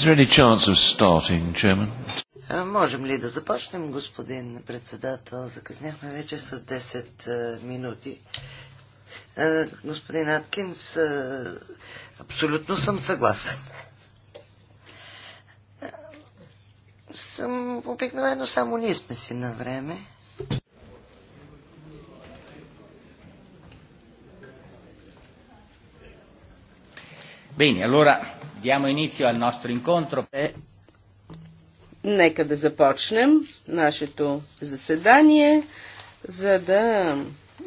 Is there any chance of starting, Chairman? Можем ли да започнем, господин председател? Закъсняхме вече с 10 минути. Господин Аткинс, абсолютно съм съгласен. Съм обикновено само ние сме си на време. Bene, allora Diamo inizio al nostro incontro. Е, нека да започнем нашето заседание, за да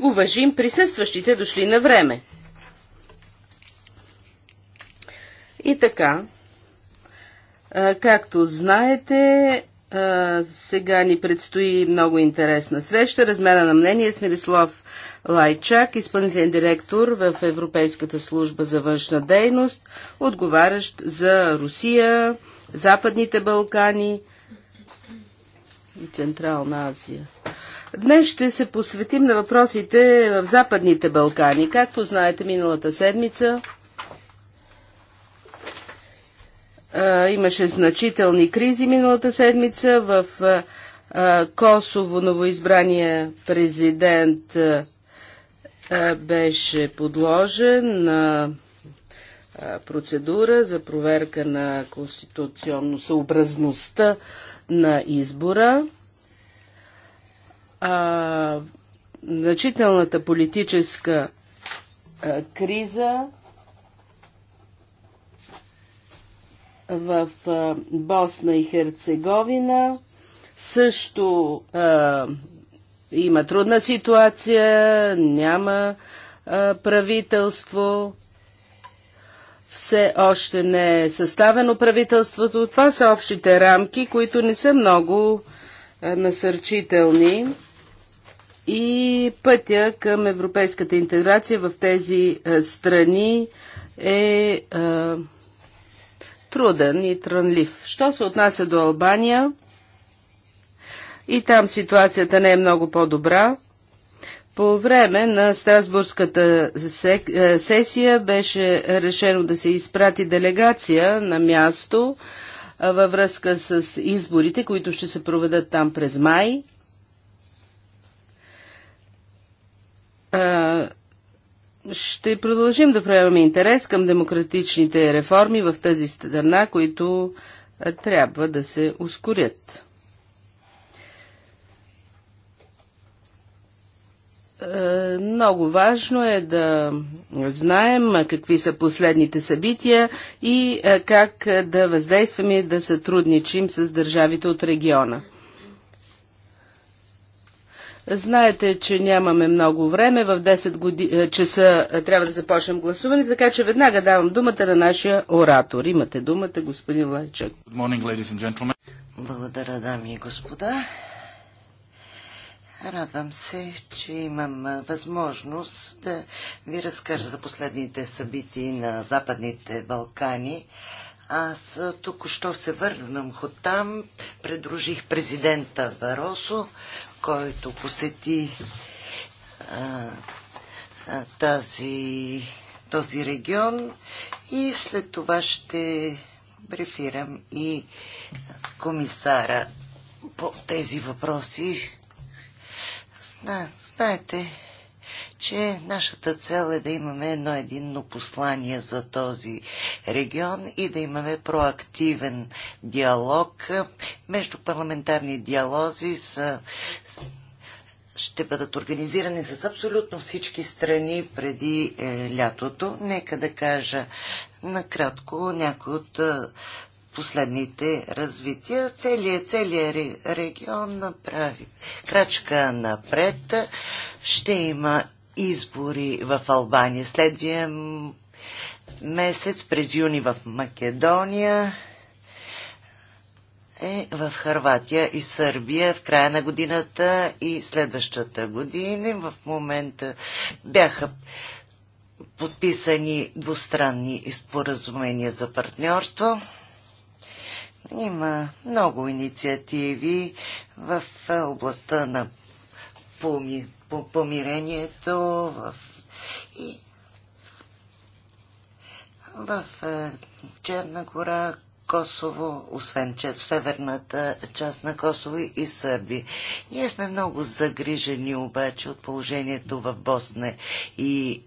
уважим присъстващите дошли на време. И така, както знаете, сега ни предстои много интересна среща. Размяна на мнение с Мирослав Лайчак, изпълнителен директор в Европейската служба за външна дейност, отговарящ за Русия, Западните Балкани и Централна Азия. Днес ще се посветим на въпросите в Западните Балкани. Както знаете, миналата седмица а, имаше значителни кризи миналата седмица в а, Косово новоизбрания президент а, беше подложен на процедура за проверка на конституционно съобразността на избора. А, значителната политическа а, криза в а, Босна и Херцеговина също а, има трудна ситуация, няма а, правителство, все още не е съставено правителството. Това са общите рамки, които не са много а, насърчителни и пътя към европейската интеграция в тези а, страни е труден и трънлив. Що се отнася до Албания, и там ситуацията не е много по-добра. По време на Страсбургската е, сесия беше решено да се изпрати делегация на място е, във връзка с изборите, които ще се проведат там през май. Е, ще продължим да проявяме интерес към демократичните реформи в тази страна, които трябва да се ускорят. Е, много важно е да знаем какви са последните събития и е, как е, да въздействаме и да сътрудничим с държавите от региона. Знаете, че нямаме много време. В 10 годи... часа трябва да започнем гласуване, така че веднага давам думата на нашия оратор. Имате думата, господин Лайчак. Благодаря, дами и господа. Радвам се, че имам възможност да ви разкажа за последните събития на Западните Балкани. Аз току-що се върнах от там, предружих президента Варосо, който посети а, а, тази, този регион и след това ще брефирам и комисара по тези въпроси да, знаете, че нашата цел е да имаме едно единно послание за този регион и да имаме проактивен диалог. Между парламентарни диалози с, ще бъдат организирани с абсолютно всички страни преди е, лятото. Нека да кажа накратко някои от е, последните развития. Целият, целият регион направи крачка напред. Ще има избори в Албания. Следвия месец през юни в Македония е в Харватия и Сърбия в края на годината и следващата година. В момента бяха подписани двустранни споразумения за партньорство. Има много инициативи в областта на поми, по, помирението в, и в Черна гора, Косово, освен че северната част на Косово и Сърби. Ние сме много загрижени обаче от положението в Босна и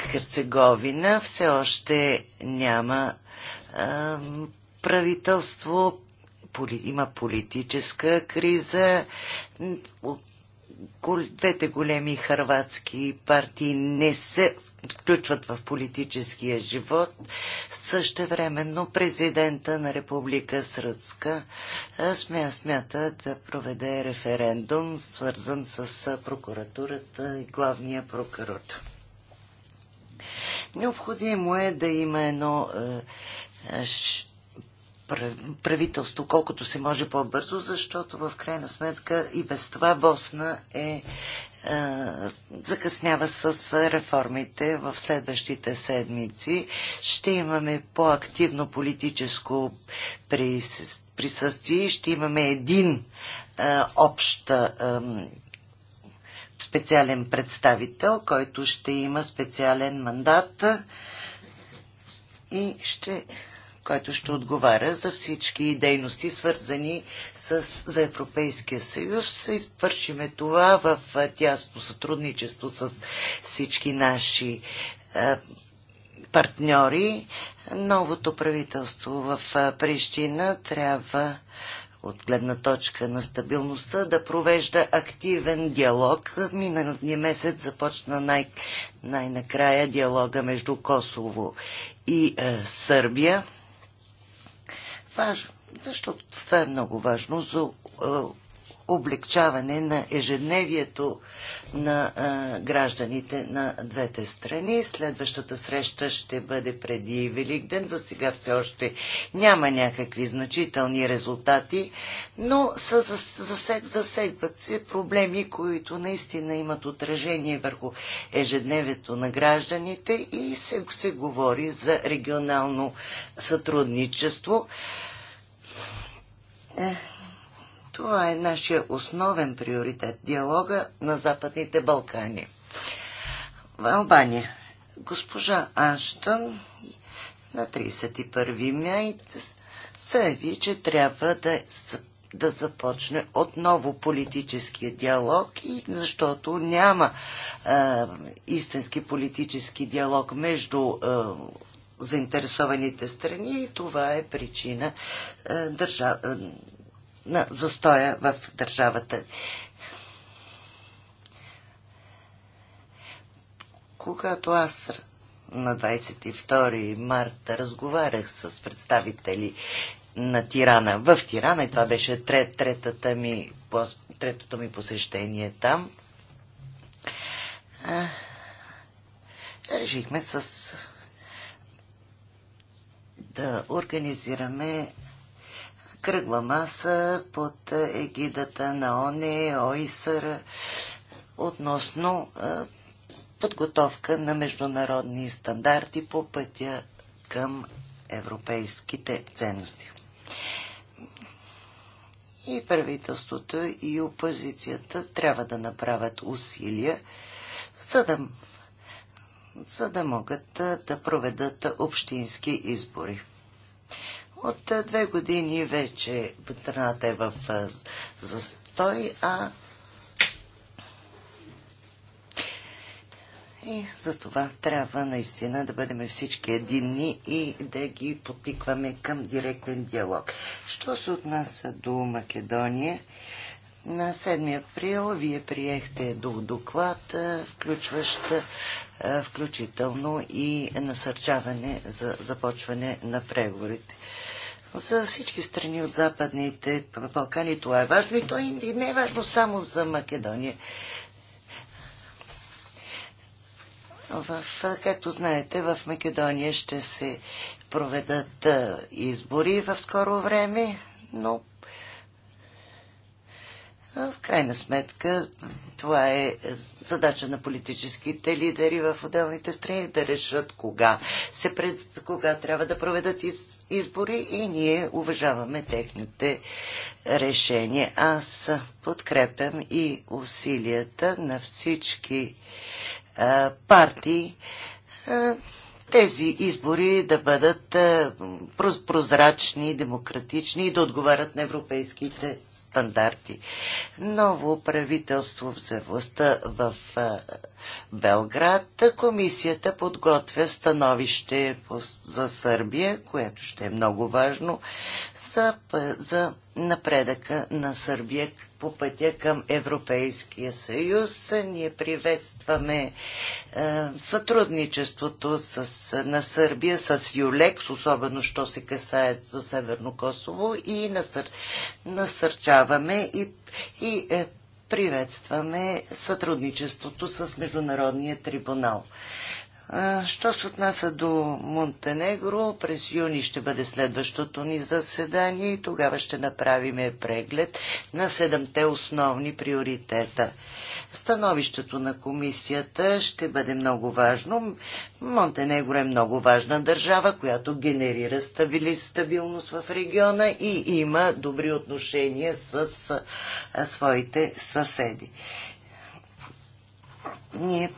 Херцеговина. Все още няма правителство, има политическа криза, двете големи хърватски партии не се включват в политическия живот. Същевременно президента на Република Сръцка смя, смята да проведе референдум, свързан с прокуратурата и главния прокурор. Необходимо е да има едно правителство колкото се може по-бързо, защото в крайна сметка и без това Босна е, е закъснява с реформите в следващите седмици. Ще имаме по-активно политическо присъствие, ще имаме един е, общ е, специален представител, който ще има специален мандат и ще който ще отговаря за всички дейности, свързани с, за Европейския съюз. Извършиме това в тясно сътрудничество с всички наши партньори. Новото правителство в Прищина трябва от гледна точка на стабилността, да провежда активен диалог. Миналия месец започна най- най-накрая диалога между Косово и е, Сърбия важно, защото това е много важно за е, облегчаване на ежедневието на а, гражданите на двете страни. Следващата среща ще бъде преди Великден. За сега все още няма някакви значителни резултати, но са, засег, засегват се проблеми, които наистина имат отражение върху ежедневието на гражданите и се, се говори за регионално сътрудничество. Е, това е нашия основен приоритет – диалога на Западните Балкани. В Албания. Госпожа Анштън на 31 май заяви, че трябва да, да започне отново политическия диалог, и защото няма е, истински политически диалог между е, заинтересованите страни и това е причина е, държа, на застоя в държавата. Когато аз на 22 марта разговарях с представители на Тирана, в Тирана, и това беше третата ми, третото ми посещение там, решихме с да организираме кръгла маса под егидата на ОНЕ, ОИСР относно подготовка на международни стандарти по пътя към европейските ценности. И правителството, и опозицията трябва да направят усилия, за да, за да могат да проведат общински избори. От две години вече страната е в застой, а И за това трябва наистина да бъдем всички единни и да ги потикваме към директен диалог. Що се отнася до Македония, на 7 април вие приехте до доклад, включващ включително и насърчаване за започване на преговорите за всички страни от Западните Балкани. Това е важно и то и не е важно само за Македония. В, както знаете, в Македония ще се проведат избори в скоро време, но в крайна сметка, това е задача на политическите лидери в отделните страни да решат кога, се пред, кога трябва да проведат из, избори и ние уважаваме техните решения. Аз подкрепям и усилията на всички а, партии а, тези избори да бъдат е, прозрачни, демократични и да отговарят на европейските стандарти. Ново правителство за властта в е, Белград. Комисията подготвя становище за Сърбия, което ще е много важно за, за напредъка на Сърбия по пътя към Европейския съюз. Ние приветстваме е, сътрудничеството с, на Сърбия с ЮЛЕКС, особено що се касае за Северно Косово и насър, насърчаваме и, и е, приветстваме сътрудничеството с Международния трибунал. Що се отнася до Монтенегро, през юни ще бъде следващото ни заседание и тогава ще направим преглед на седемте основни приоритета. Становището на комисията ще бъде много важно. Монтенегро е много важна държава, която генерира стабилност в региона и има добри отношения с своите съседи. Ние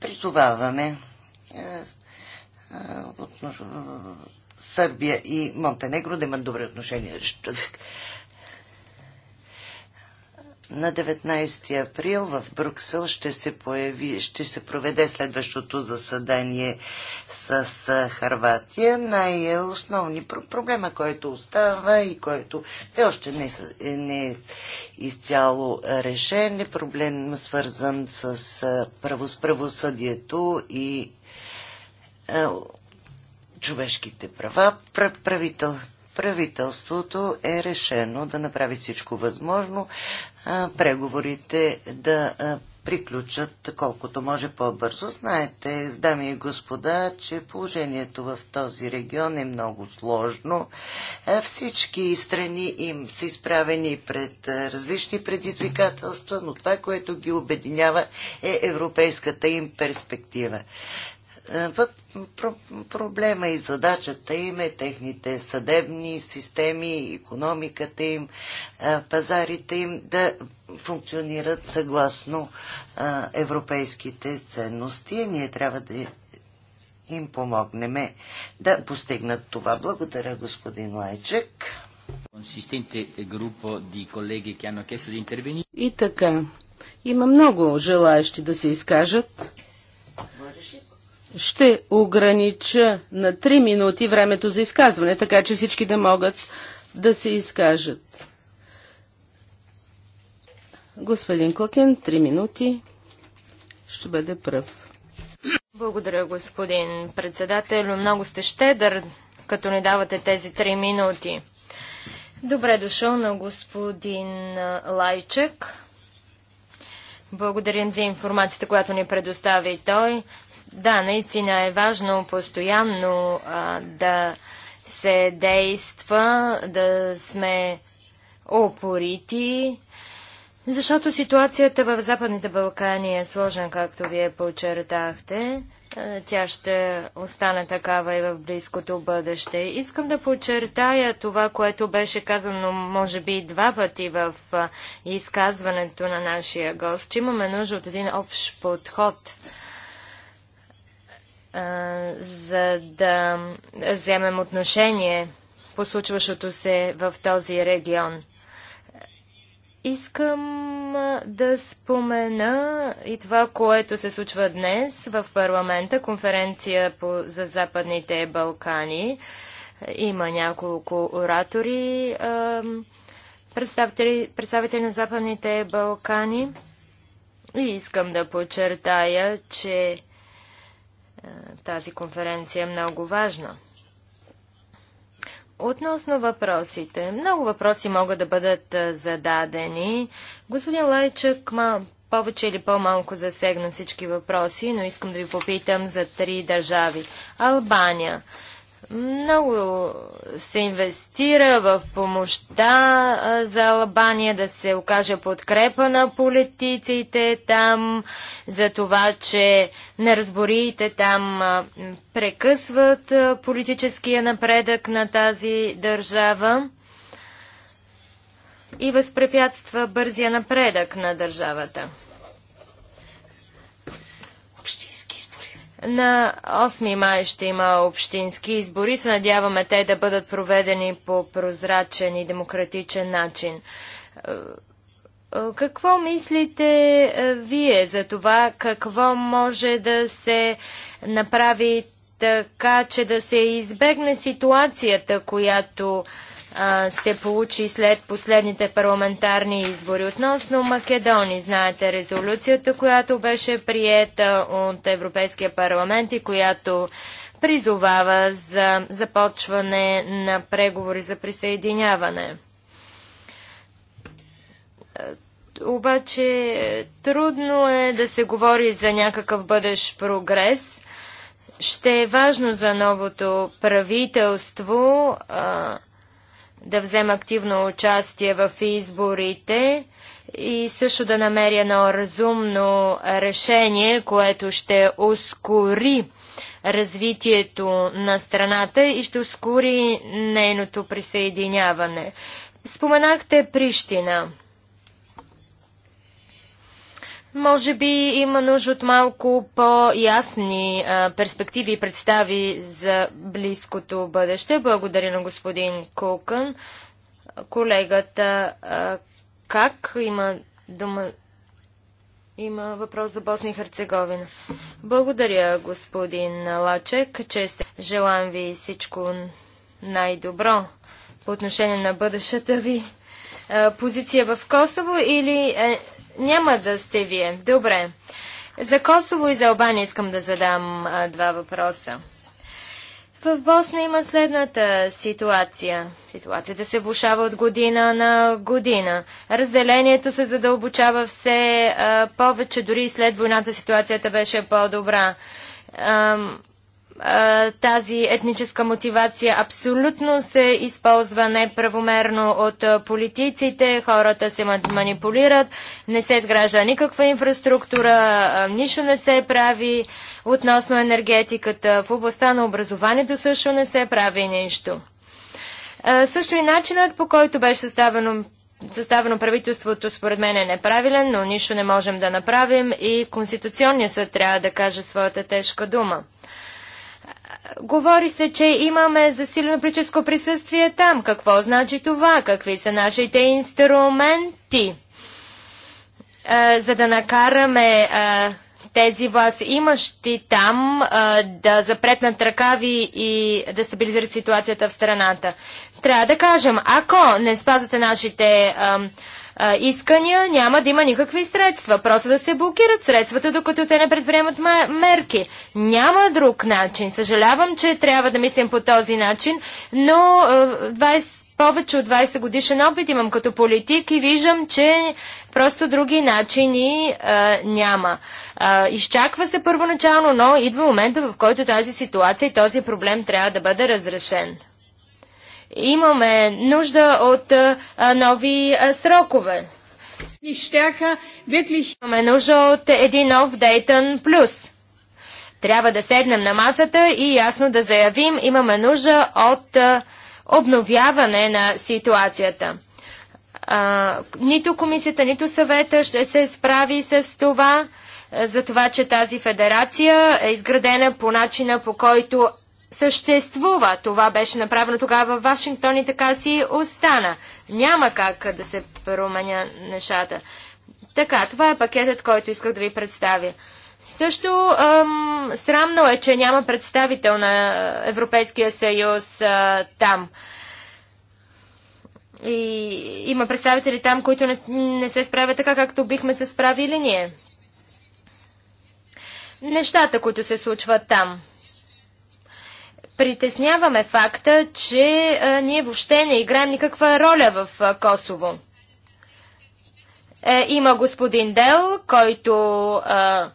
призоваваме е, е, Сърбия и Монтенегро да имат добри отношения. На 19 април в Брюксел ще се, появи, ще се проведе следващото заседание с Харватия. Най-основни е, проблема, който остава и който все още не, е, не е изцяло решен, е проблем свързан с правосъдието и човешките права. Правител, правителството е решено да направи всичко възможно преговорите да приключат колкото може по-бързо. Знаете, дами и господа, че положението в този регион е много сложно. Всички страни им са изправени пред различни предизвикателства, но това, което ги обединява е европейската им перспектива. Е, проблема и задачата им е техните съдебни системи, економиката им, е, пазарите им да функционират съгласно е, европейските ценности. Ние трябва да им помогнем да постигнат това. Благодаря, господин Лайчек. И така, има много желаящи да се изкажат. Ще огранича на 3 минути времето за изказване, така че всички да могат да се изкажат. Господин Кокен, 3 минути. Ще бъде пръв. Благодаря, господин председател. Много сте щедър, като ни давате тези 3 минути. Добре дошъл на господин Лайчек. Благодарим за информацията, която ни предостави той. Да, наистина е важно постоянно а, да се действа, да сме опорити, защото ситуацията в Западните Балкани е сложна, както вие подчертахте. Тя ще остане такава и в близкото бъдеще. Искам да подчертая това, което беше казано, може би, два пъти в изказването на нашия гост, че имаме нужда от един общ подход – за да вземем отношение по случващото се в този регион. Искам да спомена и това, което се случва днес в парламента, конференция по, за Западните Балкани. Има няколко оратори, представители, представители на Западните Балкани. И искам да подчертая, че тази конференция е много важна. Относно въпросите. Много въпроси могат да бъдат зададени. Господин Лайчък ма, повече или по-малко засегна всички въпроси, но искам да ви попитам за три държави. Албания. Много се инвестира в помощта за Албания, да се окаже подкрепа на политиците там, за това, че неразбориите там прекъсват политическия напредък на тази държава и възпрепятства бързия напредък на държавата. На 8 май ще има общински избори. Се надяваме те да бъдат проведени по прозрачен и демократичен начин. Е, какво мислите е, вие за това? Какво може да се направи така, че да се избегне ситуацията, която се получи след последните парламентарни избори. Относно Македони, знаете резолюцията, която беше приета от Европейския парламент и която призовава за започване на преговори за присъединяване. Обаче трудно е да се говори за някакъв бъдещ прогрес. Ще е важно за новото правителство а, да взема активно участие в изборите и също да намеря едно разумно решение, което ще ускори развитието на страната и ще ускори нейното присъединяване. Споменахте Прищина. Може би има нужда от малко по-ясни перспективи и представи за близкото бъдеще. Благодаря на господин Кулкън. Колегата а, как има дума? Има въпрос за Босна и Херцеговина. Благодаря, господин Лачек, че сте. Желам ви всичко най-добро по отношение на бъдещата ви а, позиция в Косово или е, няма да сте вие. Добре. За Косово и за Албания искам да задам а, два въпроса. В Босна има следната ситуация. Ситуацията се влушава от година на година. Разделението се задълбочава все а, повече, дори и след войната ситуацията беше по-добра тази етническа мотивация абсолютно се използва неправомерно от политиците, хората се манипулират, не се сгражда никаква инфраструктура, нищо не се прави относно енергетиката, в областта на образованието също не се прави нищо. Също и начинът по който беше съставено съставено правителството според мен е неправилен, но нищо не можем да направим и Конституционният съд трябва да каже своята тежка дума. Говори се, че имаме засилено политическо присъствие там. Какво значи това? Какви са нашите инструменти? Е, за да накараме е, тези вас имащи там а, да запретнат ръкави и да стабилизират ситуацията в страната. Трябва да кажем, ако не спазвате нашите а, а, искания, няма да има никакви средства. Просто да се блокират средствата, докато те не предприемат мерки. Няма друг начин. Съжалявам, че трябва да мислим по този начин, но а, 20 повече от 20 годишен опит имам като политик и виждам, че просто други начини а, няма. А, изчаква се първоначално, но идва момента, в който тази ситуация и този проблем трябва да бъде разрешен. Имаме нужда от а, нови а, срокове. Имаме нужда от един нов Дейтън Плюс. Трябва да седнем на масата и ясно да заявим, имаме нужда от а, обновяване на ситуацията. А, нито комисията, нито съвета ще се справи с това, за това, че тази федерация е изградена по начина, по който съществува. Това беше направено тогава в Вашингтон и така си остана. Няма как да се променя нещата. Така, това е пакетът, който исках да ви представя. Също ам, срамно е, че няма представител на Европейския съюз а, там. И има представители там, които не, не се справят така, както бихме се справили ние. Нещата, които се случват там. Притесняваме факта, че а, ние въобще не играем никаква роля в а, Косово. Е, има господин Дел, който а,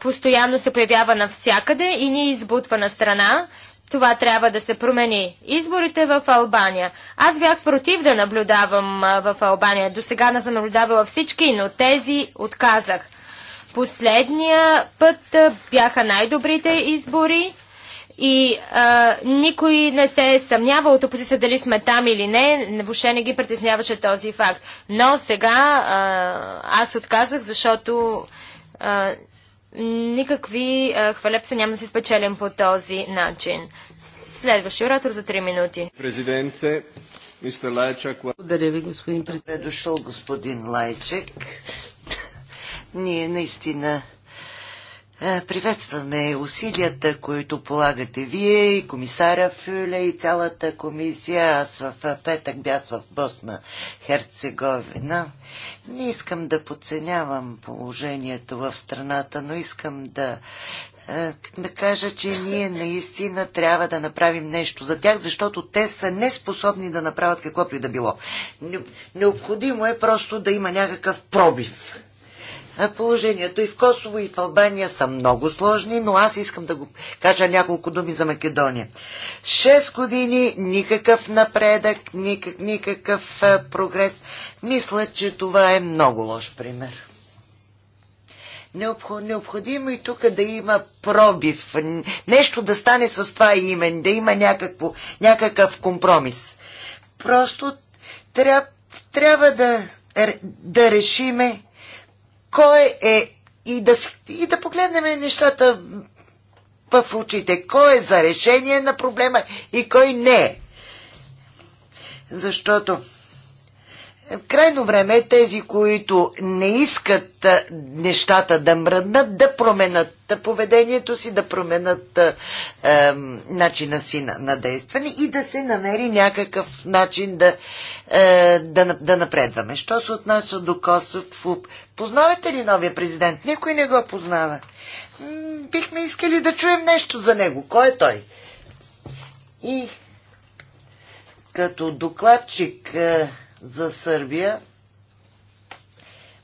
постоянно се появява навсякъде и ни избутва на страна. Това трябва да се промени. Изборите в Албания. Аз бях против да наблюдавам в Албания. До сега не съм наблюдавала всички, но тези отказах. Последния път бяха най-добрите избори и а, никой не се е съмнява от опозиция дали сме там или не. Въобще не ги притесняваше този факт. Но сега а, аз отказах, защото а, никакви а, хвалепса няма да се спечелим по този начин. Следващия оратор за 3 минути. Президенте, мистер Лайчак. Благодаря ви, господин председател. Дошъл господин Лайчек. Ние наистина е, приветстваме усилията, които полагате вие и комисара Фюле и цялата комисия. Аз в петък бях в Босна Херцеговина. Не искам да подценявам положението в страната, но искам да е, да кажа, че ние наистина трябва да направим нещо за тях, защото те са неспособни да направят каквото и да било. Необходимо е просто да има някакъв пробив. Положението и в Косово, и в Албания са много сложни, но аз искам да го кажа няколко думи за Македония. Шест години, никакъв напредък, никак, никакъв прогрес. Мисля, че това е много лош пример. Необходимо и тук да има пробив, нещо да стане с това име, да има някакво, някакъв компромис. Просто тря, трябва да, да решиме кой е и да, и да погледнем нещата в очите. Кой е за решение на проблема и кой не е. Защото крайно време е тези, които не искат нещата да мръднат, да променят поведението си, да променят е, начина си на, на действане и да се намери някакъв начин да, е, да, да напредваме. Що се отнася до Косов? Познавате ли новия президент? Никой не го познава. бихме искали да чуем нещо за него. Кой е той? И като докладчик. Е, за Сърбия,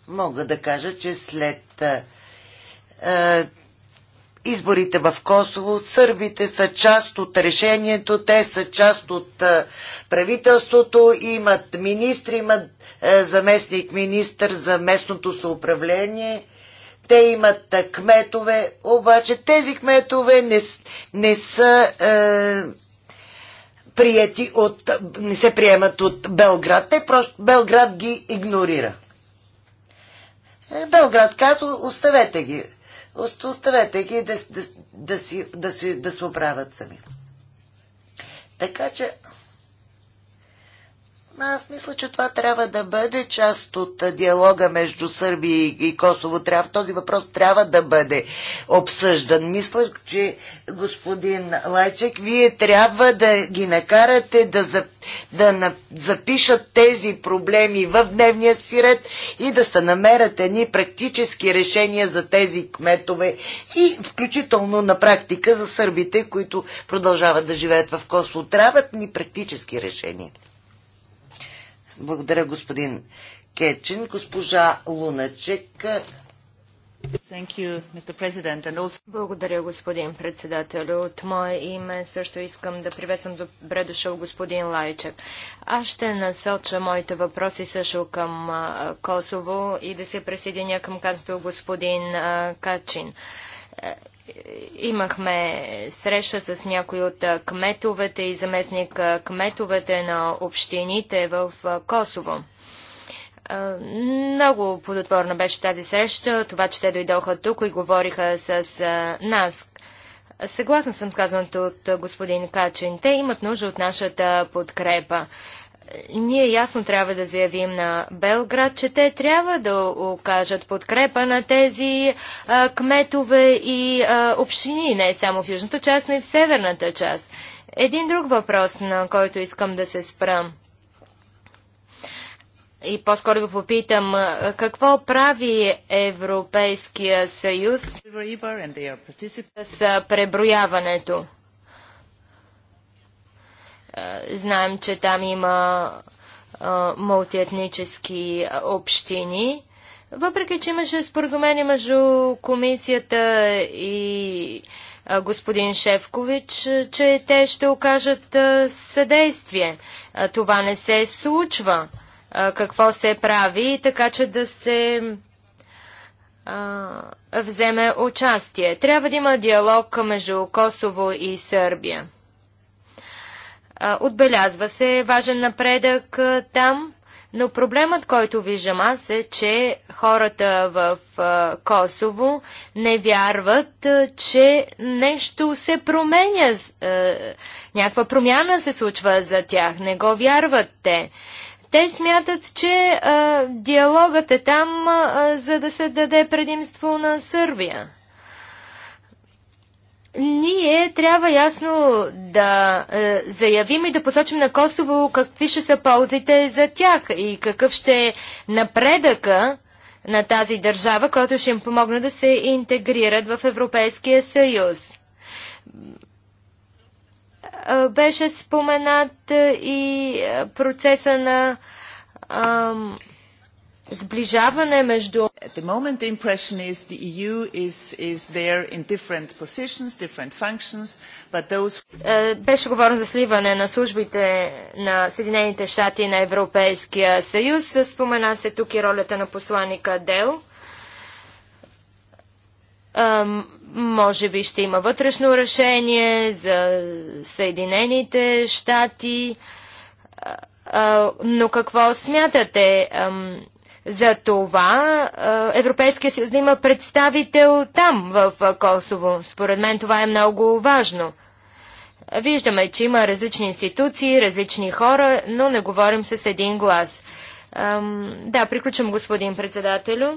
мога да кажа, че след е, изборите в Косово, сърбите са част от решението, те са част от е, правителството, имат министри, имат е, заместник министр за местното съуправление. Те имат кметове, обаче тези кметове не, не са е, прияти от, не се приемат от Белград. Те просто Белград ги игнорира. Е, Белград казва, оставете ги. Оставете ги да, да, да, си, да, си, да се оправят сами. Така че аз мисля, че това трябва да бъде част от диалога между Сърбия и Косово. Трябва, този въпрос трябва да бъде обсъждан. Мисля, че господин Лайчек, вие трябва да ги накарате да, за, да на, запишат тези проблеми в дневния си ред и да се намерят едни практически решения за тези кметове и включително на практика за сърбите, които продължават да живеят в Косово. Трябват ни практически решения. Благодаря, господин Кечин. Госпожа Луначек. Благодаря, господин председател. От мое име също искам да приветствам добре дошъл господин Лайчек. Аз ще насоча моите въпроси също към Косово и да се присъединя към казването господин Качин. Е, Имахме среща с някои от кметовете и заместник кметовете на общините в Косово. Много плодотворна беше тази среща, това, че те дойдоха тук и говориха с нас. Съгласна съм с казаното от господин Качин. Те имат нужда от нашата подкрепа ние ясно трябва да заявим на Белград, че те трябва да окажат подкрепа на тези а, кметове и а, общини, не само в южната част, но и в северната част. Един друг въпрос, на който искам да се спра. И по-скоро го попитам, какво прави Европейския съюз с преброяването? Е, знаем, че там има е, мултиетнически общини. Въпреки, че имаше споразумение между комисията и е, господин Шефкович, че те ще окажат съдействие. Това не се случва. Какво се прави, така че да се а, вземе участие. Трябва да има диалог между Косово и Сърбия. Отбелязва се важен напредък там, но проблемът, който виждам аз е, че хората в Косово не вярват, че нещо се променя, някаква промяна се случва за тях. Не го вярват те. Те смятат, че диалогът е там, за да се даде предимство на Сърбия. Ние трябва ясно да е, заявим и да посочим на Косово какви ще са ползите за тях и какъв ще е напредъка на тази държава, който ще им помогне да се интегрират в Европейския съюз. Е, беше споменат е, и е, процеса на ам, сближаване между at the moment, the impression is the EU is, is there in different positions, different functions, but those... Е, беше говорено за сливане на службите на Съединените щати и на Европейския съюз. Спомена се тук и ролята на посланика Дел. Може би ще има вътрешно решение за Съединените щати. Но какво смятате? За това Европейския съюз да има представител там, в Косово. Според мен това е много важно. Виждаме, че има различни институции, различни хора, но не говорим с един глас. Да, приключвам, господин председателю.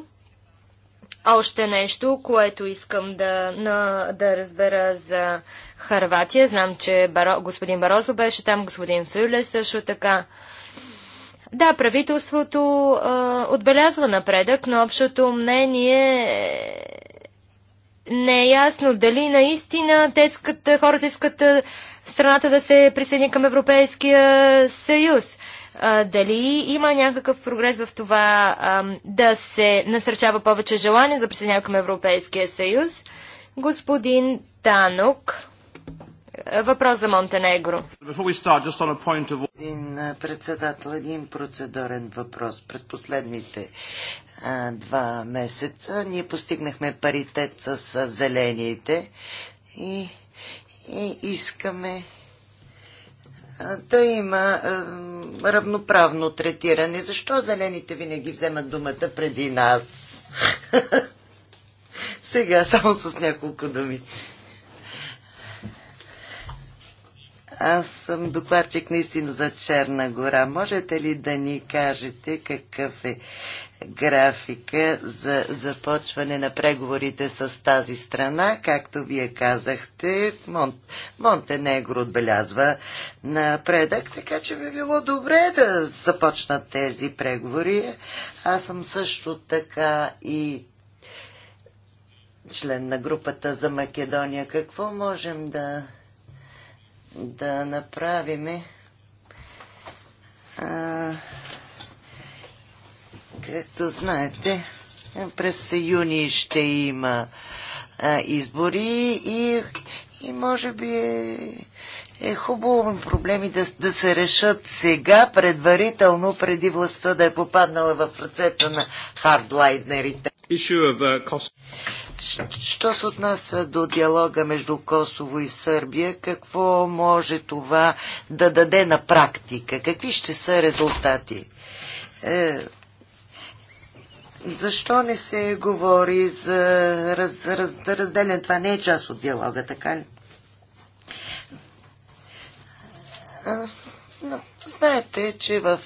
Още нещо, което искам да, на, да разбера за Харватия. Знам, че Баро, господин Барозо беше там, господин Фюле също така. Да, правителството а, отбелязва напредък, но общото мнение не е ясно дали наистина те искат, хората искат страната да се присъедини към Европейския съюз. А, дали има някакъв прогрес в това а, да се насърчава повече желание за присъединяване към Европейския съюз? Господин Танок Въпрос за Монтенегро. Един председател, един процедурен въпрос. Пред последните а, два месеца ние постигнахме паритет с, зелените и, и искаме да има а, равноправно третиране. Защо зелените винаги вземат думата преди нас? Сега, само с няколко думи. Аз съм докладчик наистина за Черна гора. Можете ли да ни кажете какъв е графика за започване на преговорите с тази страна? Както вие казахте, Мон... Монтенегро отбелязва напредък, така че би било добре да започнат тези преговори. Аз съм също така и член на групата за Македония. Какво можем да да направиме а, както знаете, през юни ще има а, избори и, и може би е, е хубаво проблеми да, да се решат сега, предварително, преди властта да е попаднала в ръцете на хардлайнерите. Uh, Що се отнася до диалога между Косово и Сърбия, какво може това да даде на практика? Какви ще са резултати? Е, защо не се говори за раз, раз, разделен? Това не е част от диалога, така ли? Знаете, че в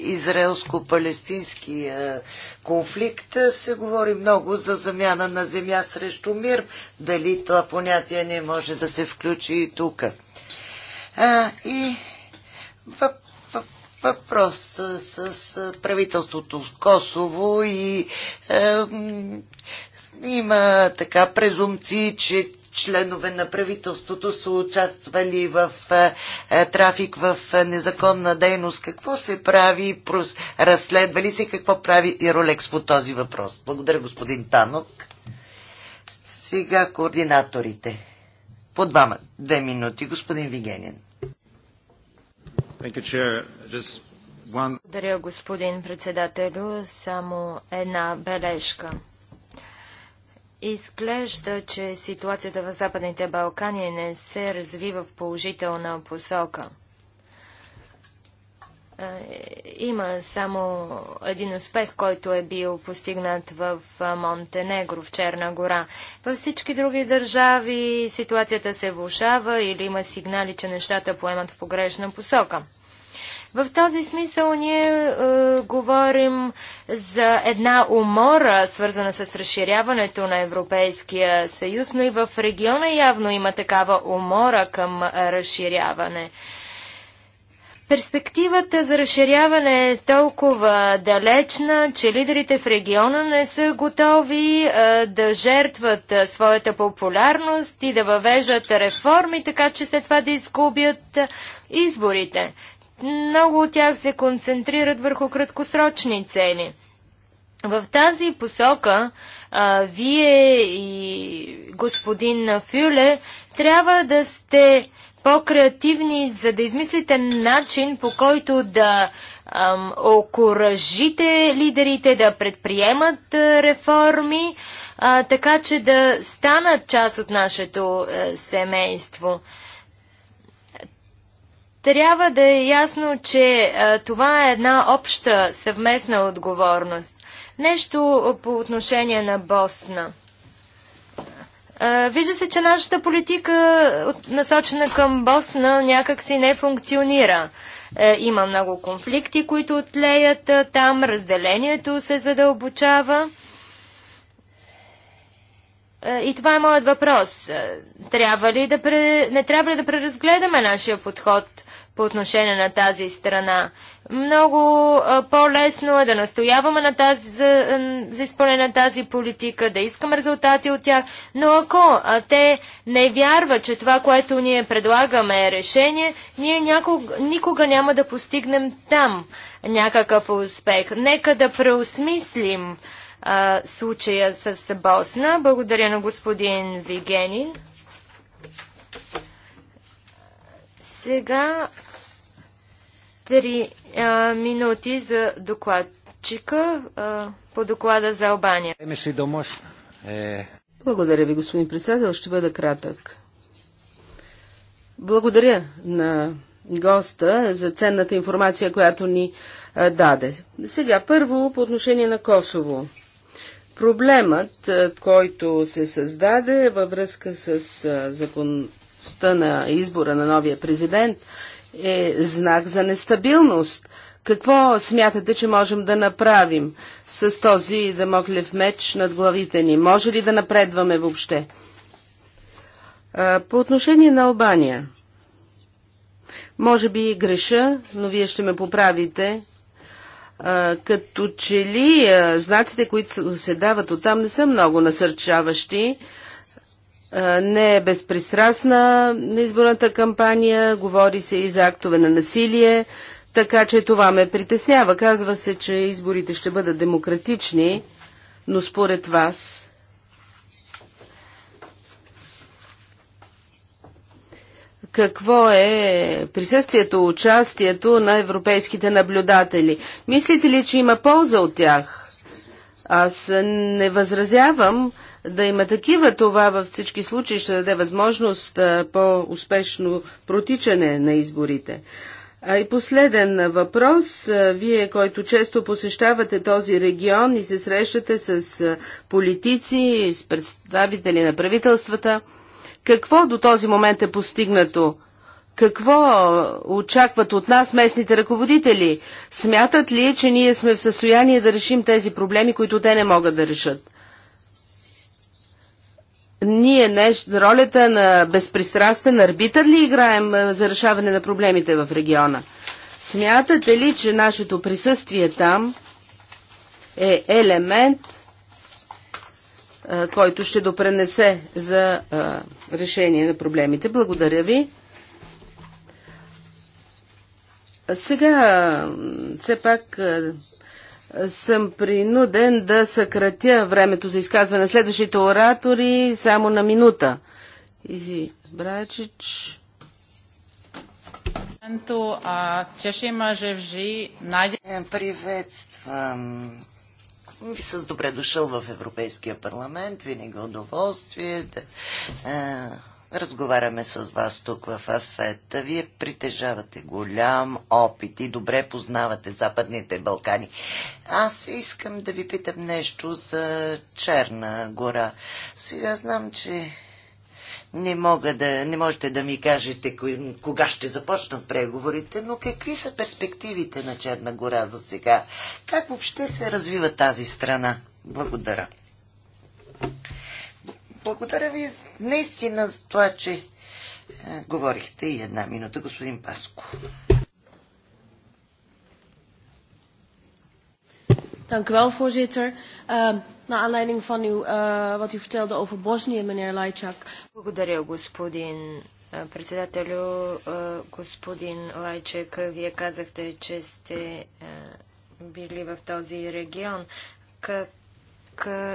израелско-палестинския конфликт се говори много за замяна на земя срещу мир. Дали това понятие не може да се включи и тук? А, и въпрос с, с правителството в Косово и е, има така презумции, че, членове на правителството са участвали в е, е, трафик, в е, незаконна дейност. Какво се прави? Разследва ли се? Какво прави и ролекс по този въпрос? Благодаря, господин Танок. Сега координаторите. По двама. Две минути. Господин Вигенин. Благодаря, господин председателю. Само една бележка. Изглежда, че ситуацията в Западните Балкани не се развива в положителна посока. Е, има само един успех, който е бил постигнат в Монтенегро, в Черна гора. Във всички други държави ситуацията се влушава или има сигнали, че нещата поемат в погрешна посока. В този смисъл ние е, говорим за една умора, свързана с разширяването на Европейския съюз, но и в региона явно има такава умора към разширяване. Перспективата за разширяване е толкова далечна, че лидерите в региона не са готови е, да жертват е, своята популярност и да въвеждат реформи, така че след това да изгубят е, изборите. Много от тях се концентрират върху краткосрочни цели. В тази посока а, вие и господин Фюле трябва да сте по-креативни, за да измислите начин по който да ам, окоръжите лидерите да предприемат а, реформи, а, така че да станат част от нашето а, е, семейство. Трябва да е ясно, че а, това е една обща съвместна отговорност. Нещо по отношение на Босна. А, вижда се, че нашата политика, насочена към Босна, някакси не функционира. А, е, има много конфликти, които отлеят там, разделението се задълбочава. Е, и това е моят въпрос. Е, трябва ли да пре... Не трябва ли да преразгледаме нашия подход по отношение на тази страна? Много е, по-лесно е да настояваме на тази, за, за изпълнение на тази политика, да искаме резултати от тях, но ако те не вярват, че това, което ние предлагаме е решение, ние няког... никога няма да постигнем там някакъв успех. Нека да преосмислим а, случая с Босна. Благодаря на господин Вигенин. Сега три а, минути за докладчика а, по доклада за Албания. Благодаря ви, господин председател. Ще бъда кратък. Благодаря на госта за ценната информация, която ни даде. Сега първо по отношение на Косово. Проблемът, който се създаде във връзка с законността на избора на новия президент, е знак за нестабилност. Какво смятате, че можем да направим с този дамоклев меч над главите ни? Може ли да напредваме въобще? По отношение на Албания, може би греша, но вие ще ме поправите като че ли знаците, които се дават оттам, не са много насърчаващи. Не е безпристрастна на изборната кампания, говори се и за актове на насилие, така че това ме притеснява. Казва се, че изборите ще бъдат демократични, но според вас какво е присъствието, участието на европейските наблюдатели. Мислите ли, че има полза от тях? Аз не възразявам да има такива. Това във всички случаи ще даде възможност по-успешно протичане на изборите. А и последен въпрос. Вие, който често посещавате този регион и се срещате с политици, с представители на правителствата – какво до този момент е постигнато? Какво очакват от нас местните ръководители? Смятат ли, че ние сме в състояние да решим тези проблеми, които те не могат да решат? Ние не, ролята на безпристрастен арбитър ли играем за решаване на проблемите в региона? Смятате ли, че нашето присъствие там е елемент който ще допренесе за решение на проблемите. Благодаря ви. Сега, все пак, съм принуден да съкратя времето за изказване. на Следващите оратори само на минута. Изи Брачич. Е, приветствам с добре дошъл в Европейския парламент. Винаги удоволствие да е, разговаряме с вас тук в Афета. Вие притежавате голям опит и добре познавате Западните Балкани. Аз искам да ви питам нещо за Черна гора. Сега знам, че не, мога да, не можете да ми кажете кога ще започнат преговорите, но какви са перспективите на Черна гора за сега? Как въобще се развива тази страна? Благодаря. Благодаря ви наистина за това, че е, говорихте и една минута, господин Паско. Dank u wel, voorzitter. Uh, Naar aanleiding van uw, uh, wat u vertelde over Bosnië, meneer Lajčak. Благодаря, господин е, председателю. Е, господин Лайчек, вие казахте, че сте е, били в този регион. Как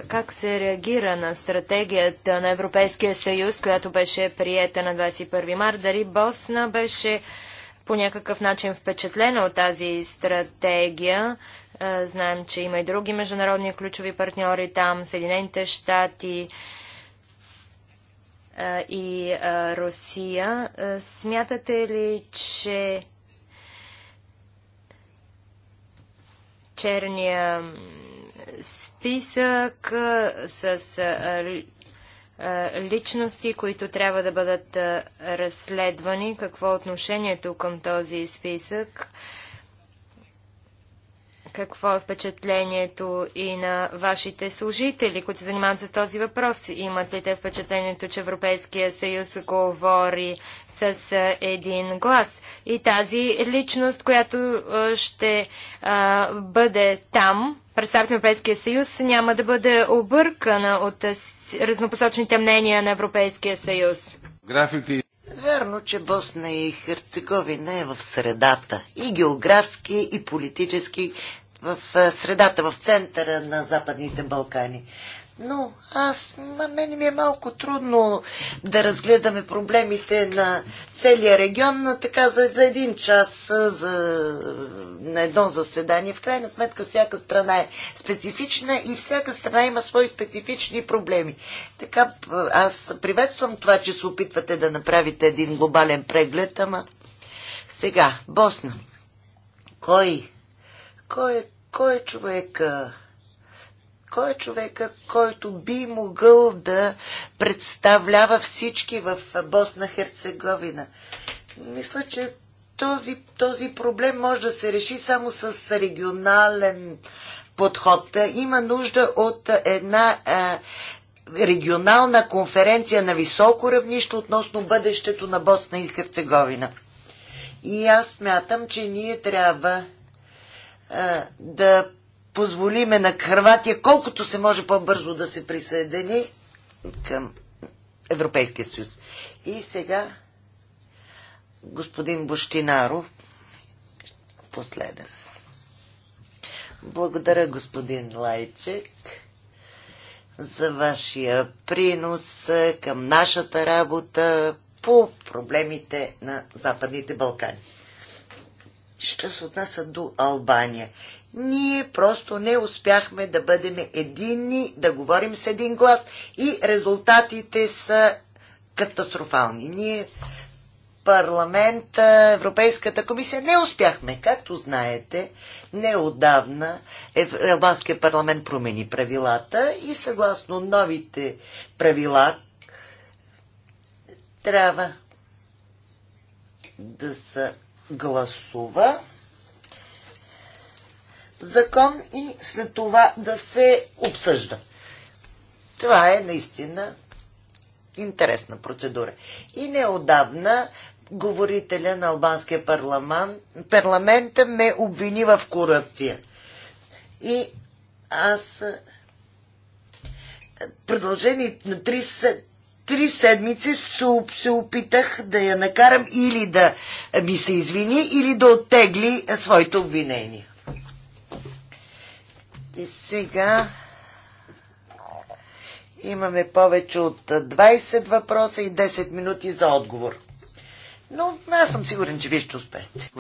как се реагира на стратегията на Европейския съюз, която беше приета на 21 март? Дали Босна беше по някакъв начин впечатлена от тази стратегия? Е, знаем, че има и други международни ключови партньори там, Съединените щати е, и е, Русия. Смятате ли, че черния списък с личности, които трябва да бъдат разследвани. Какво е отношението към този списък? какво е впечатлението и на вашите служители, които занимават с този въпрос? Имат ли те впечатлението, че Европейския съюз говори с един глас? И тази личност, която ще а, бъде там, представител на Европейския съюз, няма да бъде объркана от разнопосочните мнения на Европейския съюз. Графики. Верно, че Босна и Херцеговина е в средата и географски, и политически в е, средата, в центъра на Западните Балкани. Но аз, на мен ми е малко трудно да разгледаме проблемите на целия регион, така за, за един час, е, за, на едно заседание. В крайна сметка всяка страна е специфична и всяка страна има свои специфични проблеми. Така, аз приветствам това, че се опитвате да направите един глобален преглед, ама сега, Босна. Кой кой е, кой е човека? Кой е човека, който би могъл да представлява всички в Босна Херцеговина? Мисля, че този, този проблем може да се реши само с регионален подход. Има нужда от една а, регионална конференция на високо равнище относно бъдещето на Босна и Херцеговина. И аз смятам, че ние трябва е, да позволиме на Хрватия колкото се може по-бързо да се присъедини към Европейския съюз. И сега господин Бощинаров, последен. Благодаря, господин Лайчек, за вашия принос към нашата работа по проблемите на Западните Балкани що се отнася до Албания. Ние просто не успяхме да бъдем единни, да говорим с един глад и резултатите са катастрофални. Ние парламента, Европейската комисия не успяхме. Както знаете, неодавна Албанския парламент промени правилата и съгласно новите правила трябва да са гласува закон и след това да се обсъжда. Това е наистина интересна процедура. И неодавна говорителя на албанския парламент, парламент ме обвини в корупция. И аз продължение на 30, три седмици се опитах да я накарам или да ми се извини, или да оттегли своите обвинения. И сега имаме повече от 20 въпроса и 10 минути за отговор. Но аз съм сигурен, че вие ще успеете.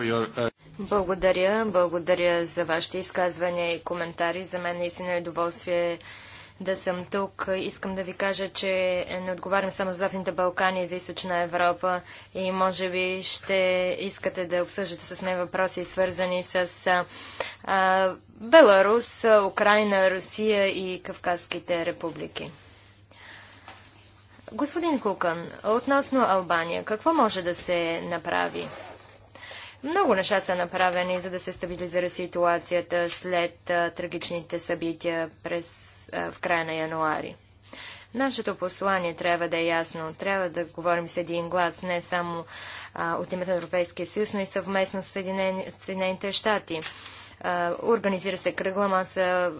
Благодаря, благодаря за вашите изказвания и коментари. За мен наистина е удоволствие да съм тук. Искам да ви кажа, че не отговарям само за Западните Балкани и за Източна Европа и може би ще искате да обсъждате с мен въпроси, свързани с а, Беларус, Украина, Русия и Кавказските републики. Господин Кукън, относно Албания, какво може да се направи? Много неща са направени, за да се стабилизира ситуацията след а, трагичните събития през в края на януари. Нашето послание трябва да е ясно. Трябва да говорим с един глас, не само а, от името на Европейския съюз, но и съвместно с Съединените щати. Организира се кръгла маса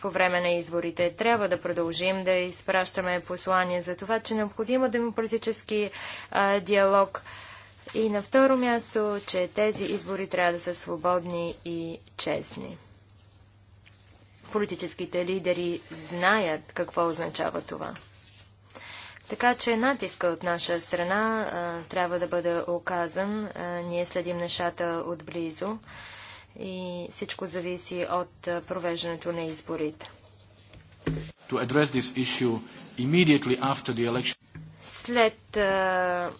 по време на изборите. Трябва да продължим да изпращаме послание за това, че е необходимо демократически а, диалог. И на второ място, че тези избори трябва да са свободни и честни политическите лидери знаят какво означава това. Така че натиска от наша страна а, трябва да бъде оказан. А, ние следим нещата отблизо и всичко зависи от а, провеждането на изборите. След а,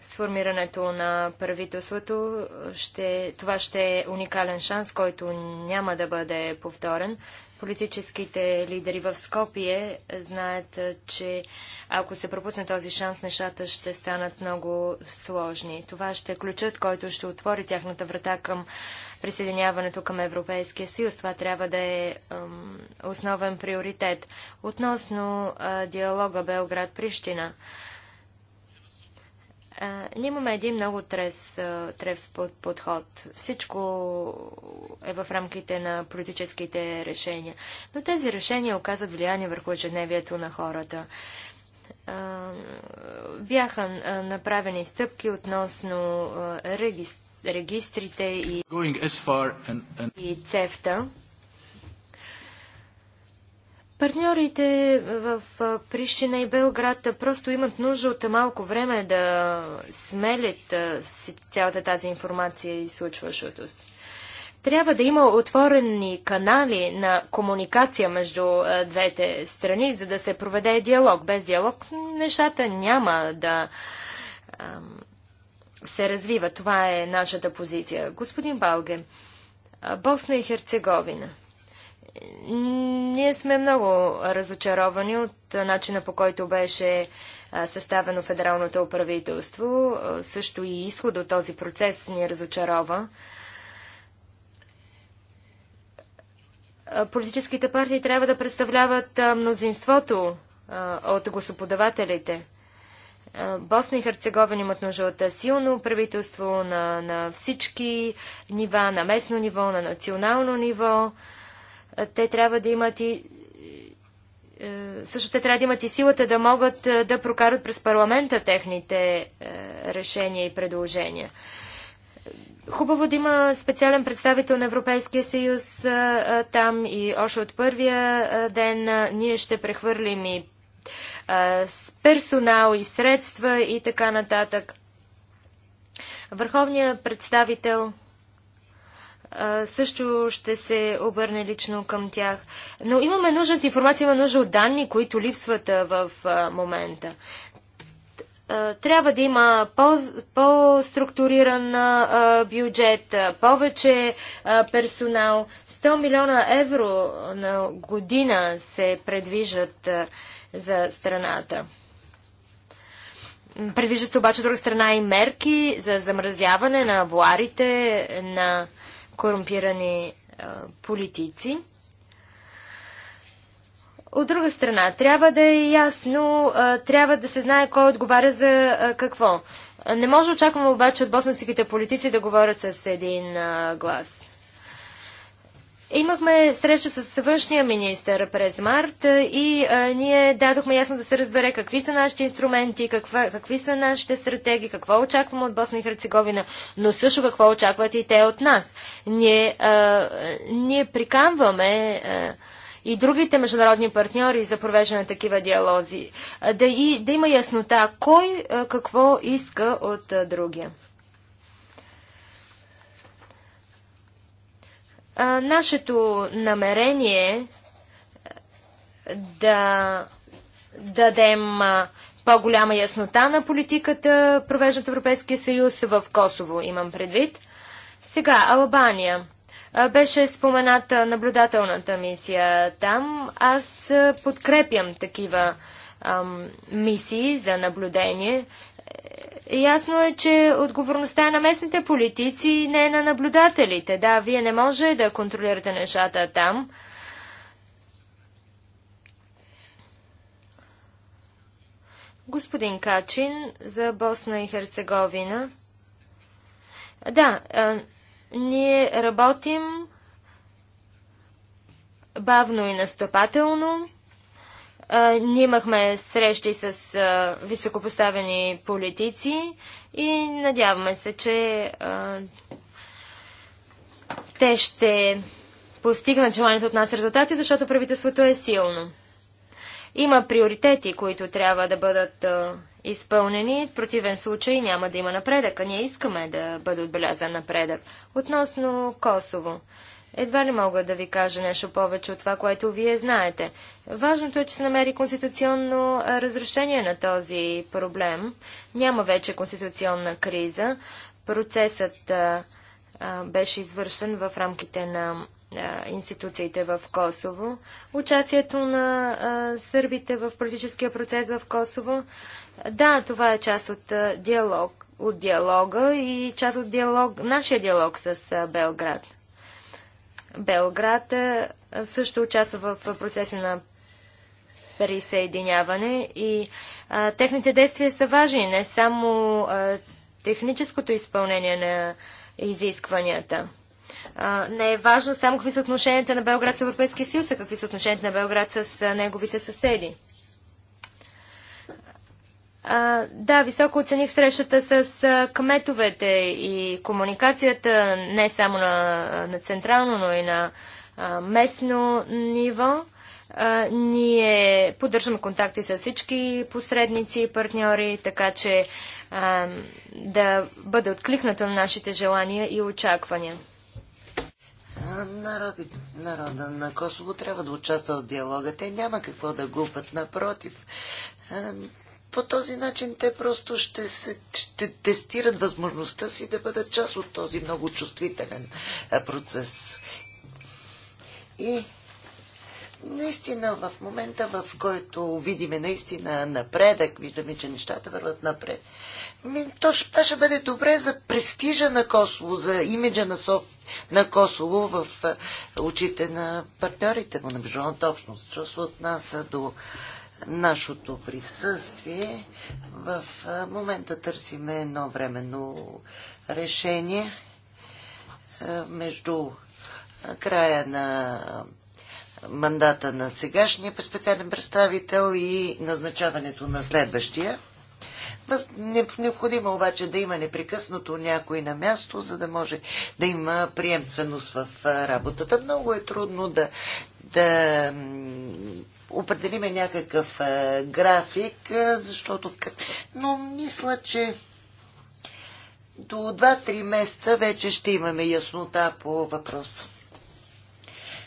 сформирането на правителството, ще, това ще е уникален шанс, който няма да бъде повторен. Политическите лидери в Скопие знаят, че ако се пропусне този шанс, нещата ще станат много сложни. Това ще е ключът, който ще отвори тяхната врата към присъединяването към Европейския съюз. Това трябва да е основен приоритет. Относно а, диалога Белград-Прищина ние имаме един много трес, трес под, подход. Всичко е в рамките на политическите решения. Но тези решения оказват влияние върху ежедневието на хората. бяха направени стъпки относно регистрите и, and, and... и цефта. Партньорите в Прищина и Белград просто имат нужда от малко време да смелят цялата тази информация и случващото се. Трябва да има отворени канали на комуникация между двете страни, за да се проведе диалог. Без диалог нещата няма да се развива. Това е нашата позиция. Господин Балге, Босна и Херцеговина – ние сме много разочаровани от начина по който беше съставено федералното правителство. Също и изход от този процес ни разочарова. Политическите партии трябва да представляват мнозинството от господавателите. Босна и Херцеговина имат нужда от силно правителство на, на всички нива, на местно ниво, на национално ниво те трябва да имат и е, също те трябва да имат и силата да могат е, да прокарат през парламента техните е, решения и предложения. Хубаво да има специален представител на Европейския съюз там и още от първия ден ние ще прехвърлим и персонал и средства и така нататък. Върховният представител също ще се обърне лично към тях. Но имаме нужда от информация, имаме нужда от данни, които липсват в момента. Трябва да има по-структуриран по бюджет, повече персонал. 100 милиона евро на година се предвижат за страната. Предвиждат се обаче от друга страна и мерки за замразяване на авуарите, на корумпирани политици. От друга страна, трябва да е ясно, трябва да се знае кой отговаря за какво. Не може очакваме обаче от боснацките политици да говорят с един глас. Имахме среща с външния министр през март и а, ние дадохме ясно да се разбере какви са нашите инструменти, каква, какви са нашите стратегии, какво очакваме от Босна и Херцеговина, но също какво очакват и те от нас. Ние, а, ние приканваме а, и другите международни партньори за провеждане на такива диалози, а, да, и, да има яснота кой а, какво иска от а, другия. А, нашето намерение е, да дадем по-голяма яснота на политиката, провеждат Европейския съюз в Косово, имам предвид. Сега, Албания. Беше спомената наблюдателната мисия там. Аз подкрепям такива ам, мисии за наблюдение. Ясно е, че отговорността е на местните политици, не е на наблюдателите. Да, вие не може да контролирате нещата там. Господин Качин за Босна и Херцеговина. Да, а, ние работим бавно и настъпателно ние имахме срещи с а, високопоставени политици и надяваме се, че а, те ще постигнат желанието от нас резултати, защото правителството е силно. Има приоритети, които трябва да бъдат а, изпълнени. В противен случай няма да има напредък, а ние искаме да бъде отбелязан напредък. Относно Косово. Едва ли мога да ви кажа нещо повече от това, което вие знаете. Важното е, че се намери конституционно разрешение на този проблем. Няма вече конституционна криза. Процесът а, а, беше извършен в рамките на а, институциите в Косово. Участието на а, сърбите в политическия процес в Косово, да, това е част от а, диалог, от диалога и част от диалог, нашия диалог с а, Белград. Белград също участва в процеса на присъединяване и а, техните действия са важни, не само а, техническото изпълнение на изискванията. А, не е важно само какви са отношенията на Белград с Европейския съюз, а какви са отношенията на Белград с а, неговите съседи. А, да, високо оцених срещата с а, кметовете и комуникацията не само на, на централно, но и на а, местно ниво. Ние поддържаме контакти с всички посредници и партньори, така че да бъде откликнато на нашите желания и очаквания. Народи, народа на Косово трябва да участва в диалога. Те няма какво да губят. Напротив, по този начин те просто ще, се, ще тестират възможността си да бъдат част от този много чувствителен процес. И наистина в момента, в който видиме наистина напредък, виждаме, че нещата върват напред, то ще, това ще бъде добре за престижа на Косово, за имиджа на, Соф, на Косово в очите на партньорите му, на международната общност. Що от нас до нашето присъствие. В момента търсиме едно временно решение между края на мандата на сегашния специален представител и назначаването на следващия. Необходимо обаче да има непрекъснато някой на място, за да може да има приемственост в работата. Много е трудно да, да определиме някакъв а, е, график, а, е, защото... Но мисля, че до 2-3 месеца вече ще имаме яснота по въпроса.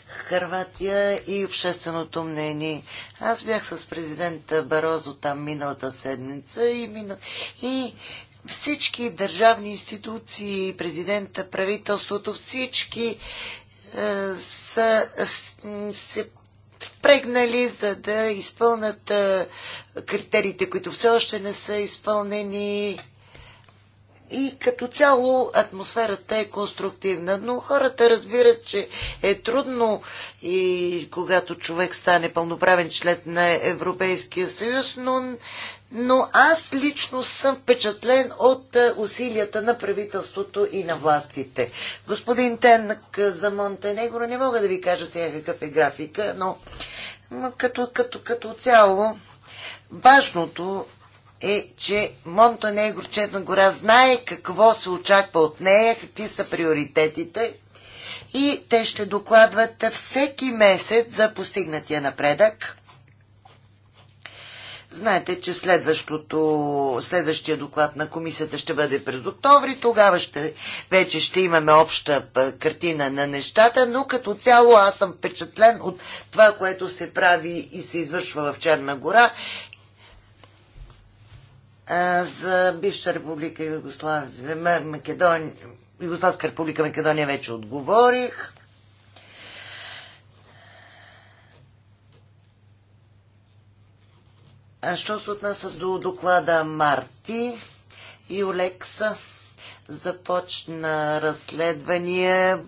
Харватия и общественото мнение. Аз бях с президента Барозо там миналата седмица и, минал... и всички държавни институции, президента, правителството, всички е, са, се впрегнали, за да изпълнат критериите, които все още не са изпълнени и като цяло атмосферата е конструктивна. Но хората разбират, че е трудно и когато човек стане пълноправен член на Европейския съюз, но, но аз лично съм впечатлен от е, усилията на правителството и на властите. Господин Тенък е, за Монтенегро не мога да ви кажа сега какъв е графика, но като, като, като цяло важното е, че Монтенегро, Черна гора, знае какво се очаква от нея, какви са приоритетите и те ще докладват всеки месец за постигнатия напредък. Знаете, че следващия доклад на комисията ще бъде през октомври. Тогава ще, вече ще имаме обща картина на нещата, но като цяло аз съм впечатлен от това, което се прави и се извършва в Черна гора за бивша република Югославия, Македония, Югославска република Македония вече отговорих. А що се отнася до доклада Марти и Олекса? започна разследвания,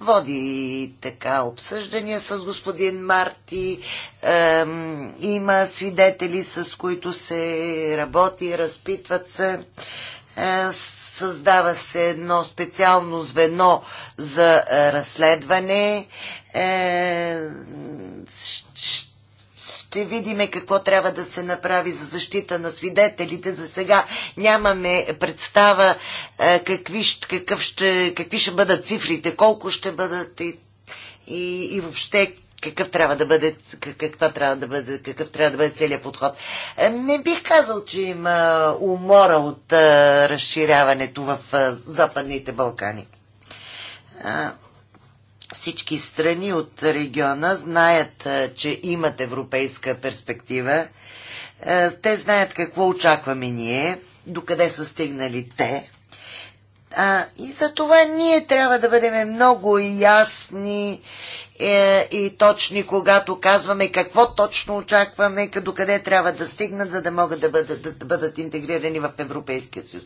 води така обсъждания с господин Марти, ем, има свидетели, с които се работи, разпитват се е, създава се едно специално звено за разследване. Ще ще видим какво трябва да се направи за защита на свидетелите. За сега нямаме представа е, какви, какъв ще, какви ще бъдат цифрите, колко ще бъдат и, и, и въобще какъв трябва да бъде, каква трябва да бъде, какъв трябва да бъде целият подход. Е, не бих казал, че има умора от е, разширяването в Западните Балкани всички страни от региона знаят, че имат европейска перспектива. Те знаят какво очакваме ние, докъде са стигнали те. и за това ние трябва да бъдем много ясни е, и точни, когато казваме какво точно очакваме, до къде трябва да стигнат, за да могат да бъдат, да, да бъдат интегрирани в Европейския съюз.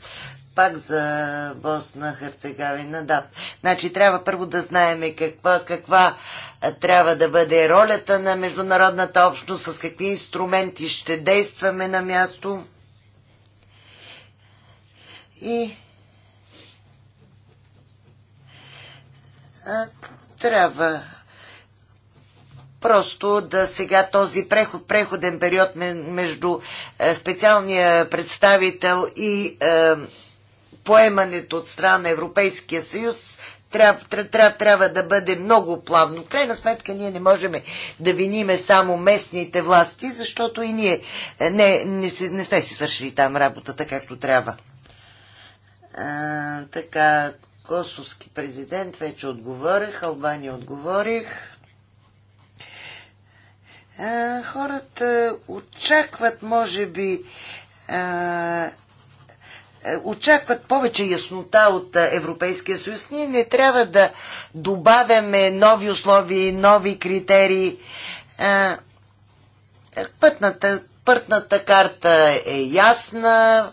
Пак за Босна, Херцеговина, да. Значи трябва първо да знаеме каква, каква е, трябва да бъде ролята на международната общност, с какви инструменти ще действаме на място. И трябва просто да сега този преход, преходен период между е, специалния представител и е, поемането от страна на Европейския съюз трябва, трябва, трябва да бъде много плавно. В крайна сметка ние не можем да виниме само местните власти, защото и ние е, не, не, си, не сме си свършили там работата както трябва. А, така, косовски президент вече отговорих, Албания отговорих хората очакват, може би, очакват повече яснота от Европейския съюз. Ние не трябва да добавяме нови условия, нови критерии. Пътната, пътната карта е ясна,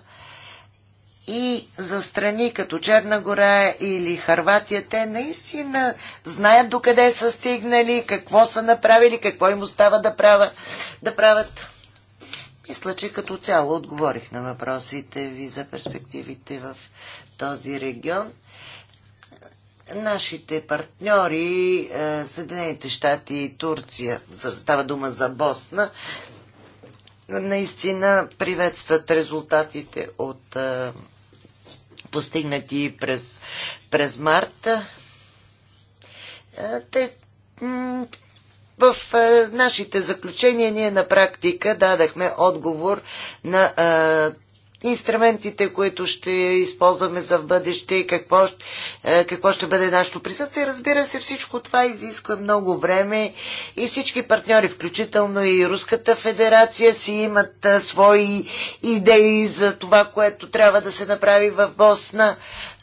и за страни като Черна гора или Харватия, те наистина знаят докъде са стигнали, какво са направили, какво им остава да, права, да правят. Мисля, че като цяло отговорих на въпросите ви за перспективите в този регион. Нашите партньори, е, Съединените щати и Турция, става дума за Босна, наистина приветстват резултатите от е, постигнати през, през марта. Е, те, в е, нашите заключения ние на практика дадахме отговор на е, инструментите, които ще използваме за в бъдеще, какво, е, какво ще бъде нашето присъствие. Разбира се, всичко това изисква много време и всички партньори, включително и Руската федерация, си имат е, свои идеи за това, което трябва да се направи в Босна,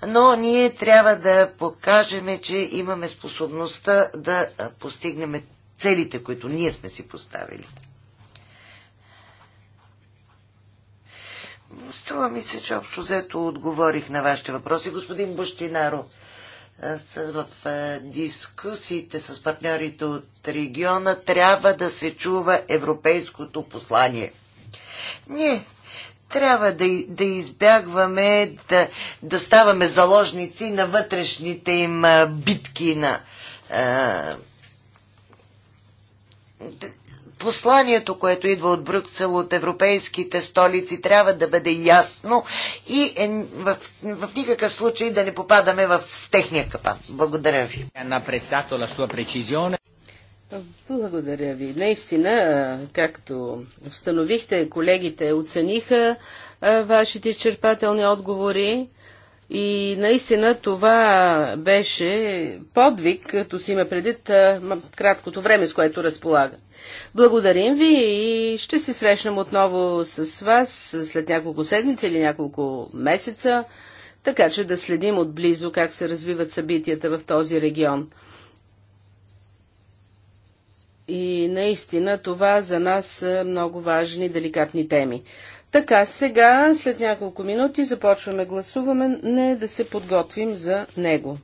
но ние трябва да покажем, че имаме способността да е, постигнем целите, които ние сме си поставили. Струва ми се, че общо взето отговорих на вашите въпроси. Господин Бощинаро, в дискусиите с партньорите от региона трябва да се чува европейското послание. Ние трябва да, да избягваме да, да ставаме заложници на вътрешните им битки на. А, посланието, което идва от Брюксел, от европейските столици, трябва да бъде ясно и е, в, в никакъв случай да не попадаме в техния капан. Благодаря ви. Благодаря ви. Наистина, както установихте, колегите оцениха вашите изчерпателни отговори. И наистина това беше подвиг, като си има предвид краткото време, с което разполагам. Благодарим ви и ще се срещнем отново с вас след няколко седмици или няколко месеца, така че да следим отблизо как се развиват събитията в този регион. И наистина това за нас са много важни, деликатни теми. Така, сега, след няколко минути, започваме гласуване, да се подготвим за него.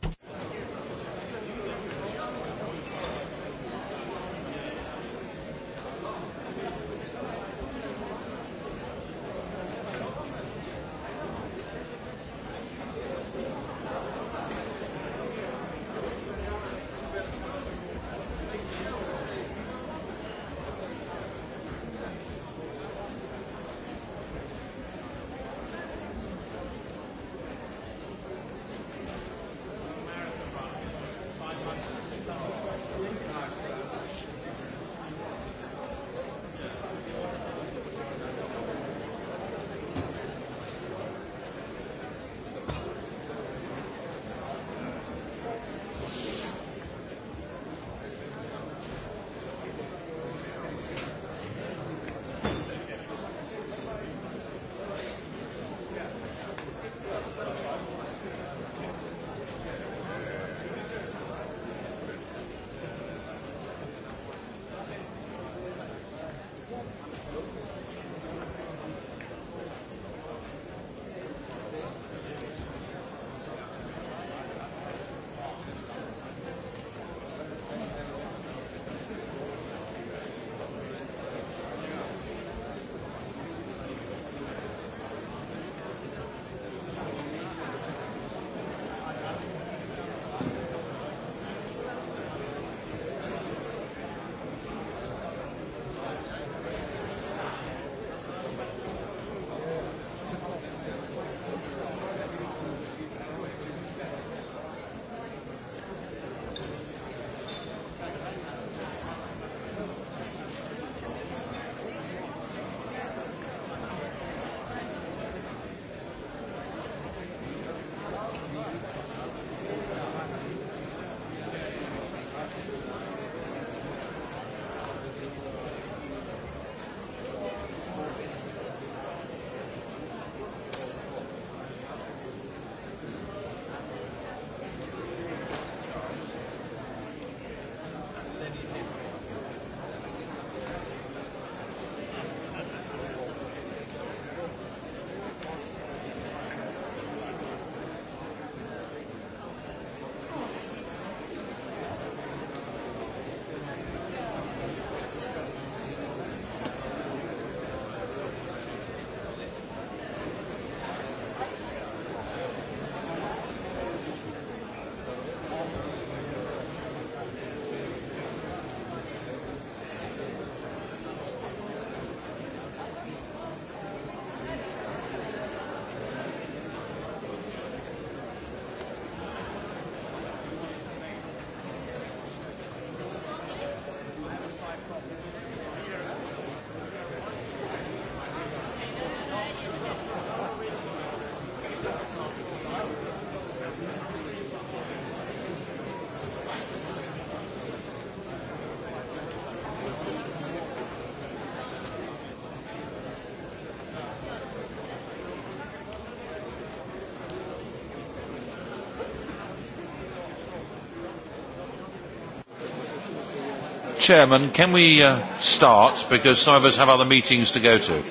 Chairman, can we start because some of us have other meetings to go to?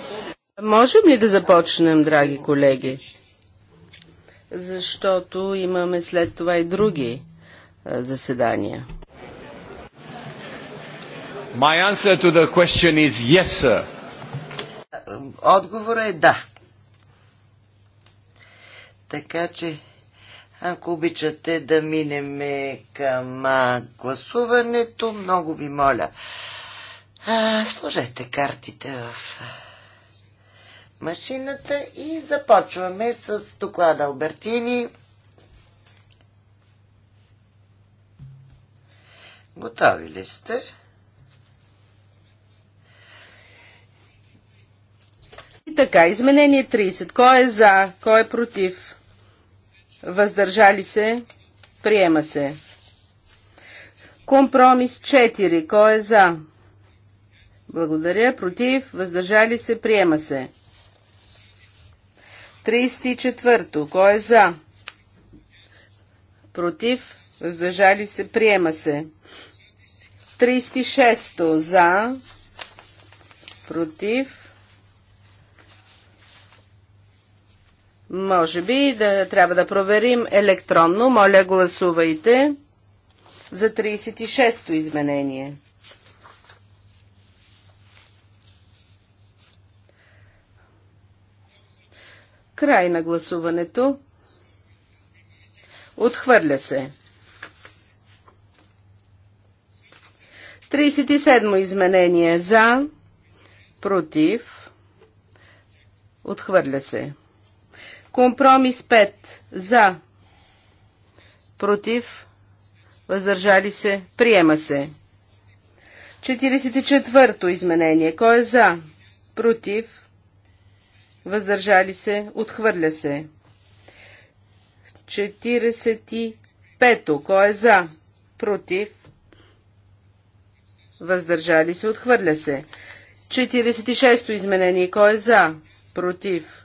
Можем ли да започнем, драги колеги? Защото имаме след това и други заседания. My answer to the question is yes, sir. Отговорът е да. Така че ако обичате да минем към гласуването, много ви моля, а, сложете картите в машината и започваме с доклада Албертини. Готови ли сте? И така, изменение 30. Кой е за? Кой е против? въздържали се, приема се. Компромис 4. Кой е за? Благодаря. Против, въздържали се, приема се. 34. Кой е за? Против, въздържали се, приема се. 36. За, против, Може би да трябва да проверим електронно. Моля, гласувайте за 36-то изменение. Край на гласуването. Отхвърля се. 37 изменение за, против, отхвърля се. Компромис 5. За. Против. Въздържали се. Приема се. 44-то изменение. Кой е за? Против. Въздържали се. Отхвърля се. 45-то. Кой е за? Против. Въздържали се. Отхвърля се. 46-то изменение. Кой е за? Против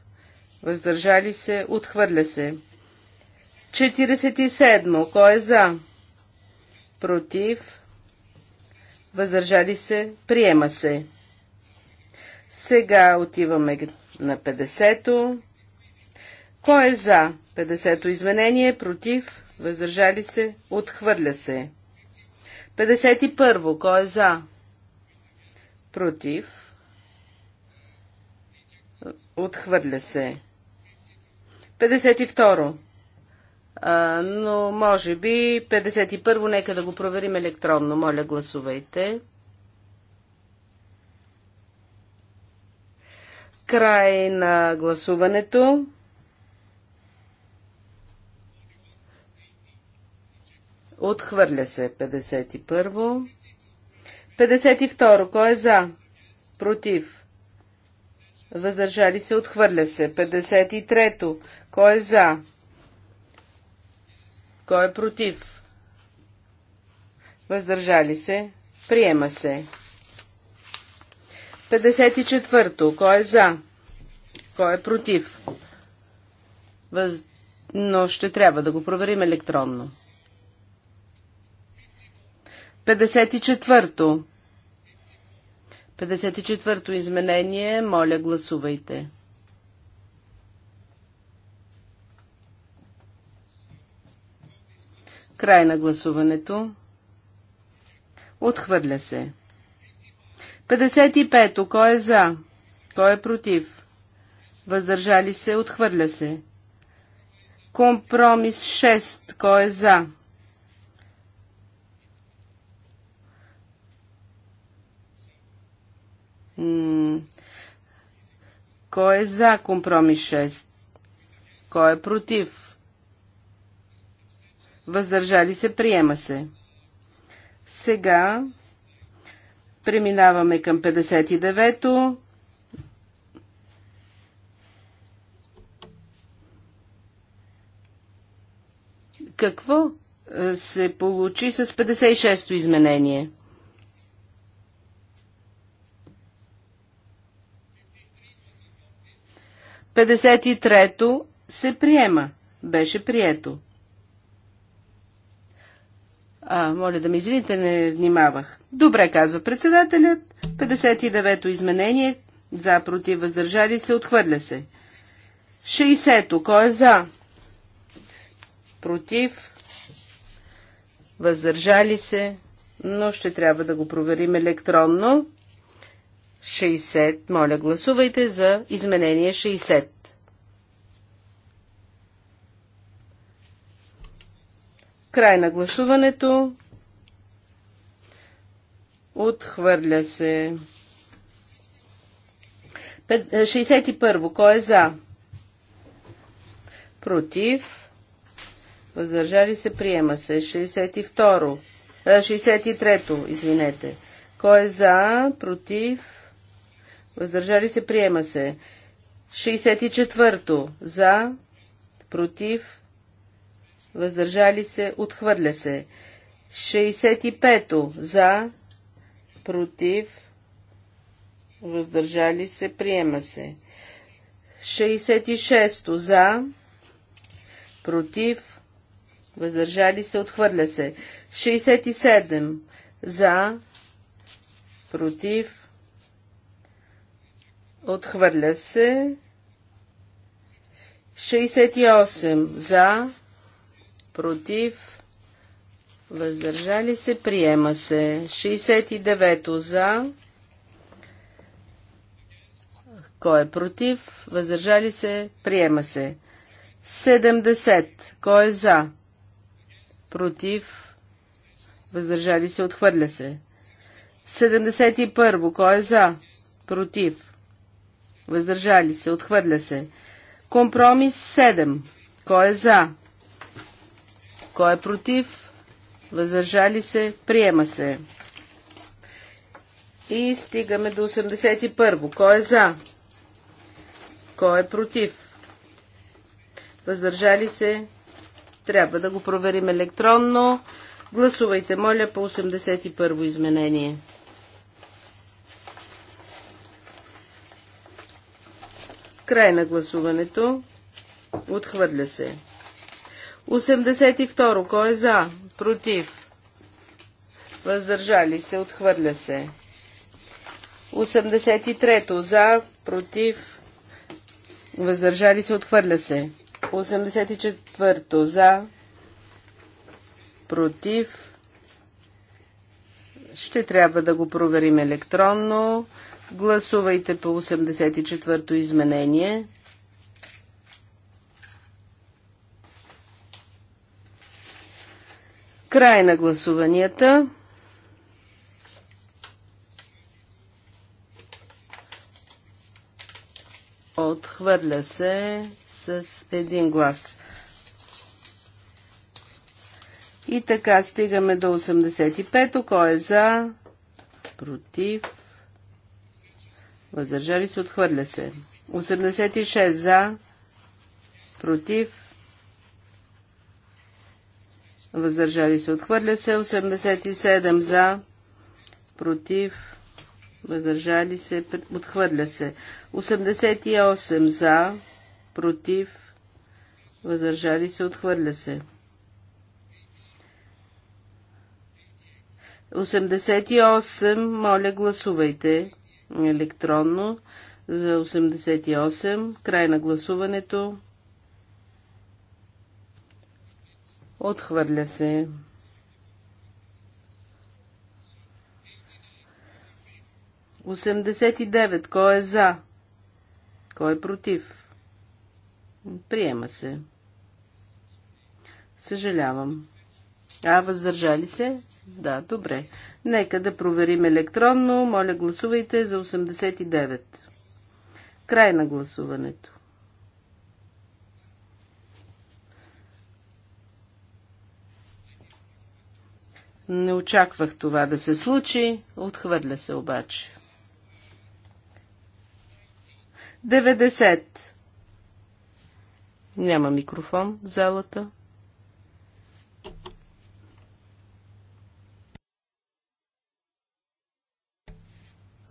въздържали се, отхвърля се. 47. Кой е за? Против, въздържали се, приема се. Сега отиваме на 50-то. Кой е за 50-то изменение? Против, въздържали се, отхвърля се. 51 Кой е за? Против, отхвърля се. 52. А, но може би 51. Нека да го проверим електронно. Моля, гласувайте. Край на гласуването. Отхвърля се 51. 52. Кой е за? Против? Въздържали се, отхвърля се. 53-то. Кой е за? Кой е против? Въздържали се, приема се. 54-то. Кой е за? Кой е против? Въз... Но ще трябва да го проверим електронно. 54-то. 54-то изменение. Моля, гласувайте. Край на гласуването. Отхвърля се. 55-то. Кой е за? Кой е против? Въздържали се? Отхвърля се. Компромис 6. Кой е за? Кой е за компромис 6? Кой е против? Въздържали се, приема се. Сега преминаваме към 59-то. Какво е, се получи с 56-то изменение? 53-то се приема. Беше прието. А, моля да ми извините, не внимавах. Добре, казва председателят. 59-то изменение. За, против, въздържали се, отхвърля се. 60-то. Кой е за? Против. Въздържали се, но ще трябва да го проверим електронно. 60. Моля, гласувайте за изменение 60. Край на гласуването. Отхвърля се. 61. Е, Кой е за? Против. Въздържали се, приема се. 62. 63. Е, Извинете. Кой е за? Против. Въздържали се, приема се. 64-то. За, против, въздържали се, отхвърля се. 65-то. За, против, въздържали се, приема се. 66-то. За, против, въздържали се, отхвърля се. 67 за, против, Отхвърля се. 68 за, против, въздържали се, приема се. 69 за, кой е против, въздържали се, приема се. 70, кой е за, против, въздържали се, отхвърля се. 71, кой е за, против, Въздържали се. Отхвърля се. Компромис 7. Кой е за? Кой е против? Въздържали се. Приема се. И стигаме до 81. Кой е за? Кой е против? Въздържали се? Трябва да го проверим електронно. Гласувайте, моля, по 81 изменение. Край на гласуването. Отхвърля се. 82. Кой е за? Против. Въздържали се. Отхвърля се. 83. За. Против. Въздържали се. Отхвърля се. 84. За. Против. Ще трябва да го проверим електронно. Гласувайте по 84-то изменение. Край на гласуванията. Отхвърля се с един глас. И така стигаме до 85-то. Кой е за? Против? Въздържали се, отхвърля се. 86 за, против, въздържали се, отхвърля се. 87 за, против, въздържали се, отхвърля се. 88 за, против, въздържали се, отхвърля се. 88, моля гласувайте електронно за 88. Край на гласуването. Отхвърля се. Осемдесет и девет. Кой е за? Кой е против? Приема се. Съжалявам. А, въздържали се? Да, добре. Нека да проверим електронно. Моля, гласувайте за 89. Край на гласуването. Не очаквах това да се случи, отхвърля се обаче. 90. Няма микрофон в залата.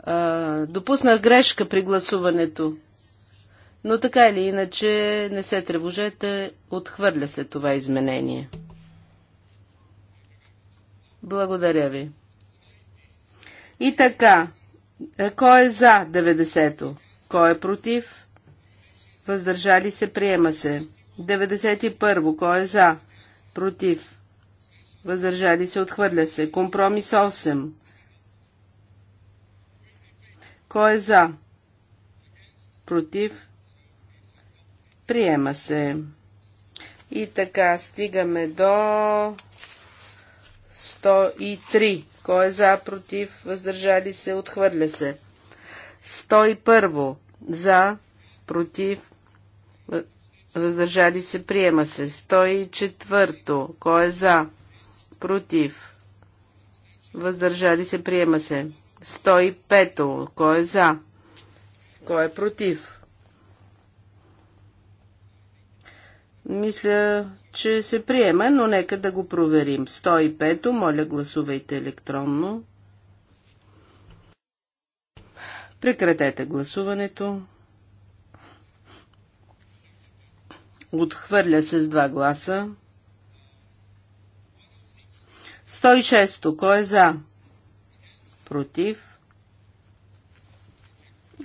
а, допуснах грешка при гласуването. Но така или иначе, не се тревожете, отхвърля се това изменение. Благодаря ви. И така, е, кой е за 90-то? Кой е против? Въздържали се, приема се. 91-во, кой е за? Против. Въздържали се, отхвърля се. Компромис 8. Кой е за? Против? Приема се. И така стигаме до 103. Кой е за, против, въздържали се, отхвърля се. 101. За, против, въздържали се, приема се. 104. Кой е за, против, въздържали се, приема се. 105-то. Кой е за? Кой е против? Мисля, че се приема, но нека да го проверим. 105-то, моля гласувайте електронно. Прекратете гласуването. Отхвърля се с два гласа. 106-то, кой е за? против,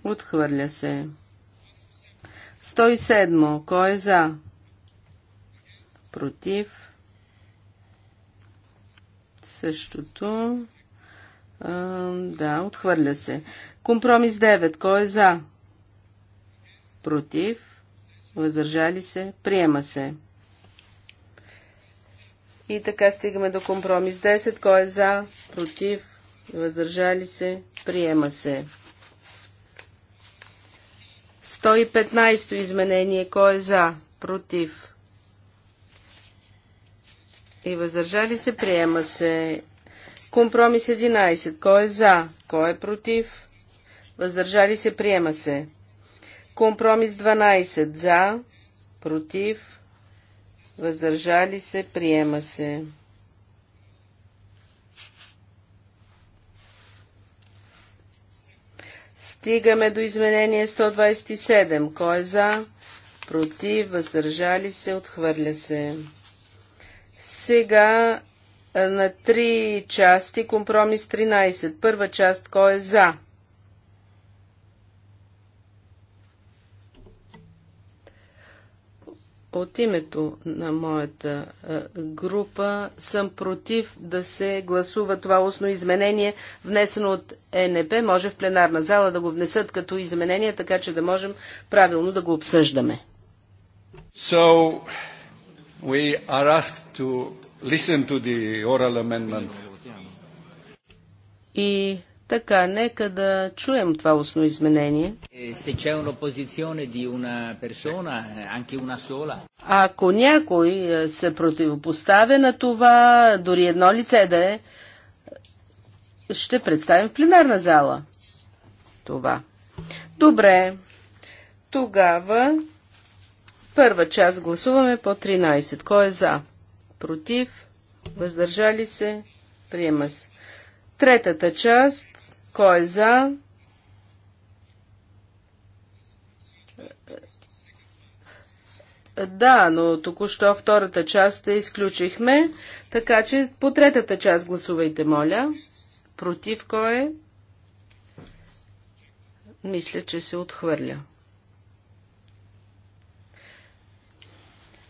отхвърля се. 107. Кой е за? Против. Същото. А, да, отхвърля се. Компромис 9. Кой е за? Против. Въздържали се. Приема се. И така стигаме до компромис 10. Кой е за? Против въздържали се, приема се. 115-то изменение, кой е за, против и въздържали се, приема се. Компромис 11, кой е за, кой е против, въздържали се, приема се. Компромис 12, за, против, въздържали се, приема се. Стигаме до изменение 127. Кой е за? Против, въздържали се, отхвърля се. Сега на три части компромис 13. Първа част кой е за? От името на моята група съм против да се гласува това устно изменение, внесено от ЕНП. Може в пленарна зала да го внесат като изменение, така че да можем правилно да го обсъждаме. So, we are asked to listen to the oral amendment. И така, нека да чуем това устно изменение. Е, е е, Ако някой се противопоставя на това, дори едно лице да е, ще представим в пленарна зала това. Добре, тогава първа част гласуваме по 13. Кой е за? Против? Въздържали се? Приема се. Третата част кой е за? Да, но току-що втората част те изключихме, така че по третата част гласувайте, моля. Против кой е? Мисля, че се отхвърля.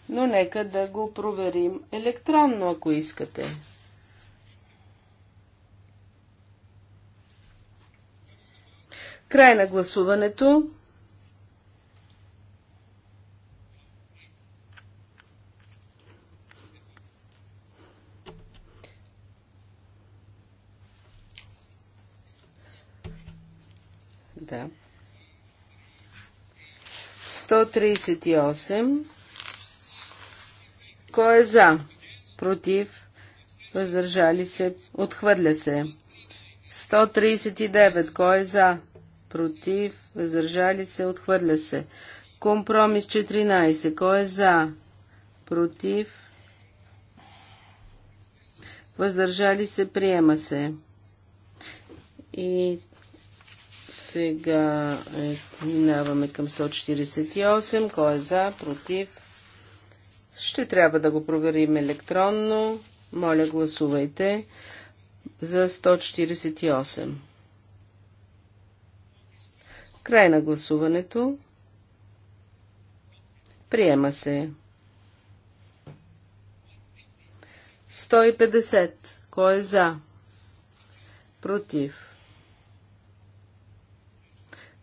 Но нека да го проверим електронно, ако искате. Край на гласуването. Да. 138. Кой е за? Против? Въздържали се? Отхвърля се. 139. Кой е за? против, въздържали се, отхвърля се. Компромис 14. Кой е за? Против. Въздържали се, приема се. И сега е, минаваме към 148. Кой е за? Против. Ще трябва да го проверим електронно. Моля, гласувайте за 148. Край на гласуването. Приема се. 150. Кой е за? Против.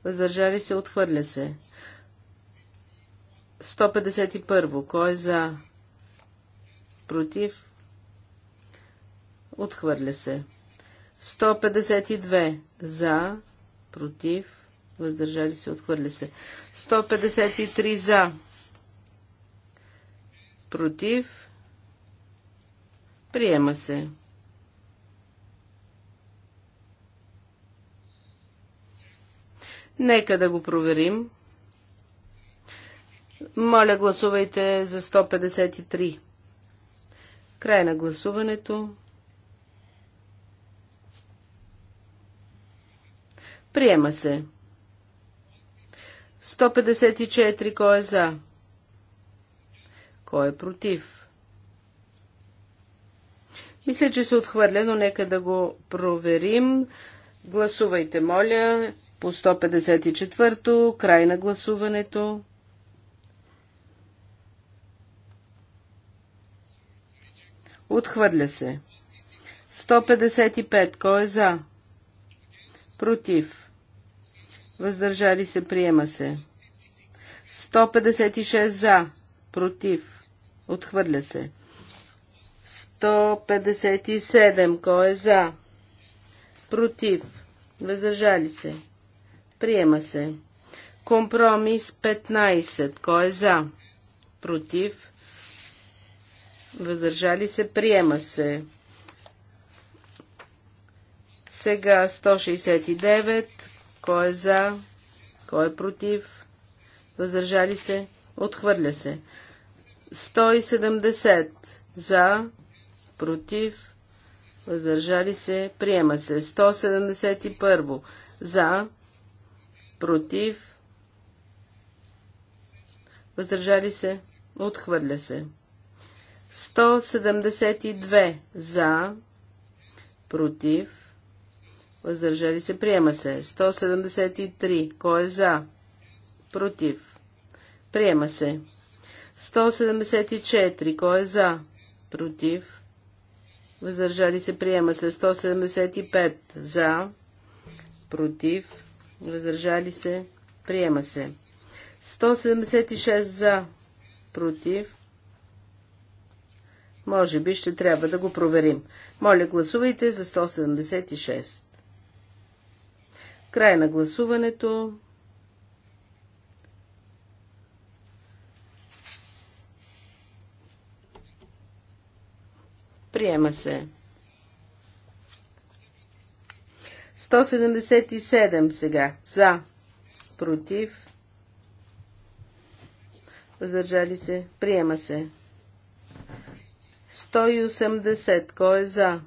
Въздържали се, отхвърля се. 151. Кой е за? Против. Отхвърля се. 152. За. Против въздържали се, отхвърли се. 153 за, против, приема се. Нека да го проверим. Моля, гласувайте за 153. Край на гласуването. Приема се. 154. Кой е за? Кой е против? Мисля, че се отхвърля, но нека да го проверим. Гласувайте, моля, по 154-то, край на гласуването. Отхвърля се. 155. Кой е за? Против въздържали се, приема се. 156 за, против, отхвърля се. 157, кой е за? Против, въздържали се, приема се. Компромис 15, кой е за? Против, въздържали се, приема се. Сега 169, кой е за? Кой е против? Въздържали се? Отхвърля се. 170 за, против, въздържали се, приема се. 171 за, против, въздържали се, отхвърля се. 172 за, против, Въздържали се, приема се. 173. Кой е за? Против. Приема се. 174. Кой е за? Против. Въздържали се, приема се. 175. За. Против. Въздържали се, приема се. 176 за. Против. Може би ще трябва да го проверим. Моля, гласувайте за 176. Край на гласуването. Приема се. 177 сега. За. Против. Въздържали се. Приема се. 180. Кой е за?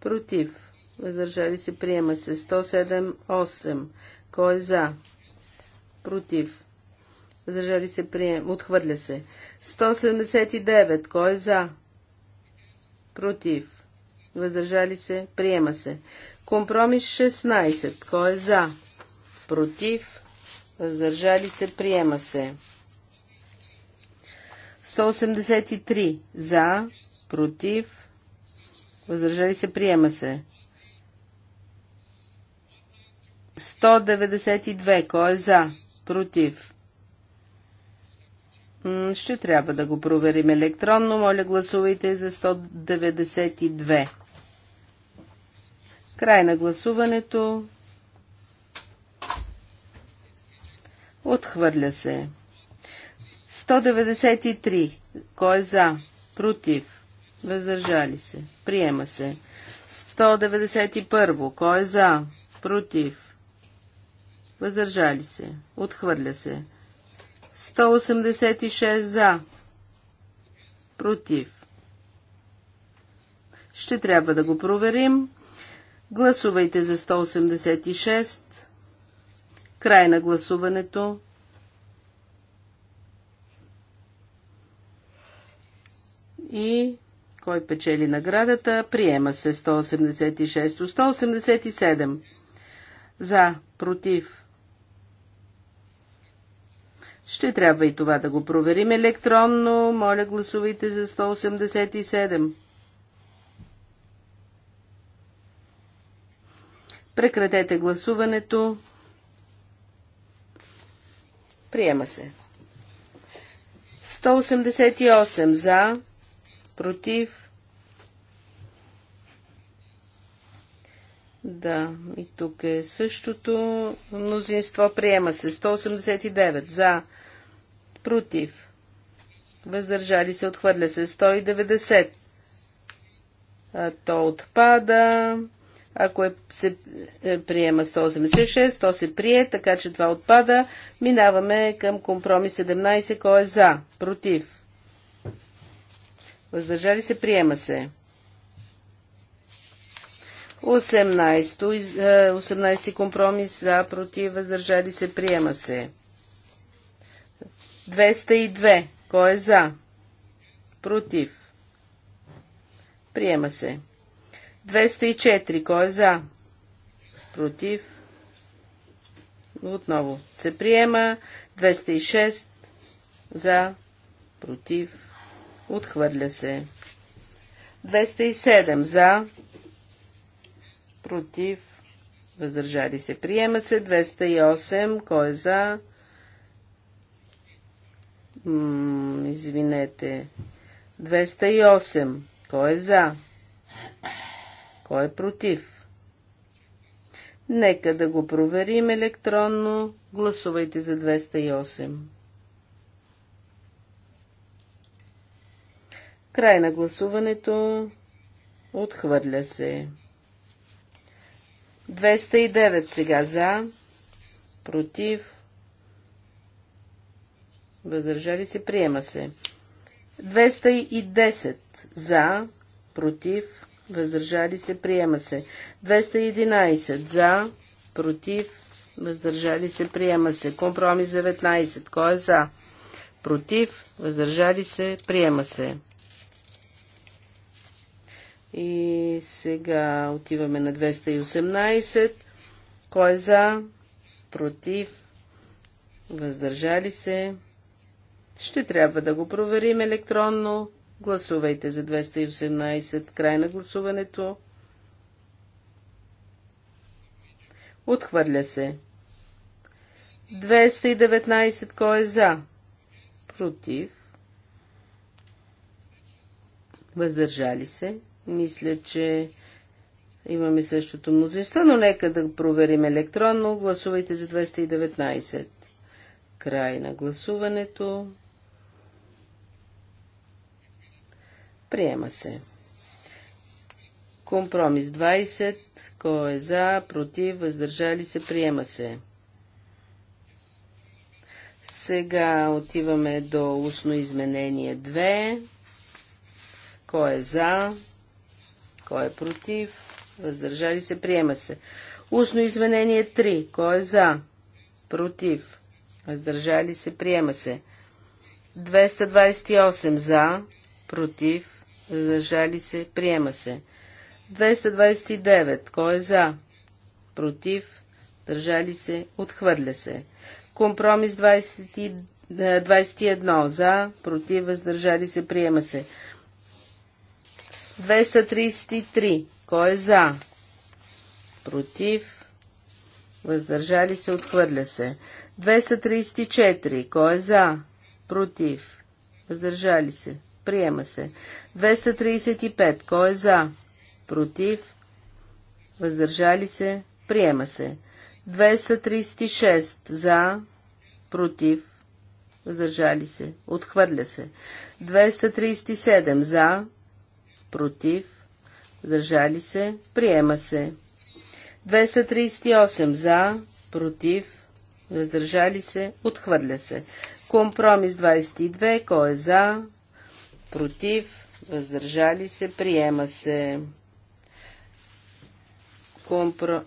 Против. Въздържали се. Приема се. 107-8. Кой е за? Против. Въздържали се. Приема. Отхвърля се. 179. Кой е за? Против. Въздържали се. Приема се. Компромис 16. Кой е за? Против. Въздържали се. Приема се. 183. За. Против. Въздържали се. Приема се. 192. Кой е за? Против? Ще трябва да го проверим електронно. Моля, гласувайте за 192. Край на гласуването. Отхвърля се. 193. Кой е за? Против? Въздържали се. Приема се. 191. Кой е за? Против? Въздържали се. Отхвърля се. 186 за. Против. Ще трябва да го проверим. Гласувайте за 186. Край на гласуването. И кой печели наградата? Приема се 186. 187. За, против, ще трябва и това да го проверим електронно. Моля, гласувайте за 187. Прекратете гласуването. Приема се. 188 за, против, Да, и тук е същото. Мнозинство приема се. 189 за, против, въздържали се, отхвърля се. 190. А, то отпада. Ако е, се е, приема 186, то се прие, така че това отпада. Минаваме към компромис 17. Кой е за? Против? Въздържали се? Приема се. 18, е, ти компромис за, против, въздържали се, приема се. 202. Кой е за? Против. Приема се. 204. Кой е за? Против. Отново се приема. 206. За. Против. Отхвърля се. 207. За против, въздържали се. Приема се 208, кой е за? М извинете. 208, кой е за? Кой е против? Нека да го проверим електронно. Гласувайте за 208. Край на гласуването. Отхвърля се. 209 сега за, против, въздържали се, приема се. 210 за, против, въздържали се, приема се. 211 за, против, въздържали се, приема се. Компромис 19, кой е за? Против, въздържали се, приема се. И сега отиваме на 218. Кой е за? Против? Въздържали се? Ще трябва да го проверим електронно. Гласувайте за 218. Край на гласуването. Отхвърля се. 219. Кой е за? Против? Въздържали се? Мисля, че имаме същото мнозинство, но нека да проверим електронно. Гласувайте за 219. Край на гласуването. Приема се. Компромис 20. Кой е за, против, въздържали се, приема се. Сега отиваме до устно изменение 2. Кой е за, кой е против? Въздържали се, приема се. Устно изменение 3. Кой е за? Против. Въздържали се, приема се. 228 за, против, въздържали се, приема се. 229. Кой е за? Против, държали се, отхвърля се. Компромис 20, 21. За, против, въздържали се, приема се. 233. Кой е за? Против. Въздържали се, отхвърля се. 234. Кой е за? Против. Въздържали се. Приема се. 235. Кой е за? Против. Въздържали се. Приема се. 236. За. Против. Въздържали се. Отхвърля се. 237. За против, държали се, приема се. 238 за, против, въздържали се, отхвърля се. Компромис 22, кой е за, против, въздържали се, приема се. Компро...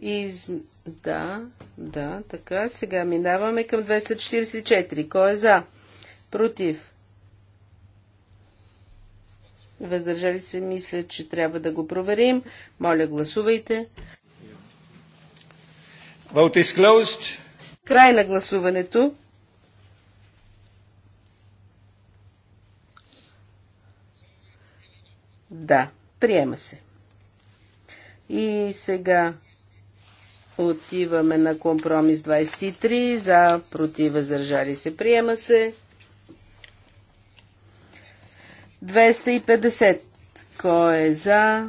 Из... Да, да, така. Сега минаваме към 244. Кой е за? Против. Въздържали се, мисля, че трябва да го проверим. Моля, гласувайте. Vote is closed. Край на гласуването. Да, приема се. И сега отиваме на компромис 23. За, против, въздържали се, приема се. 250. Кой е за?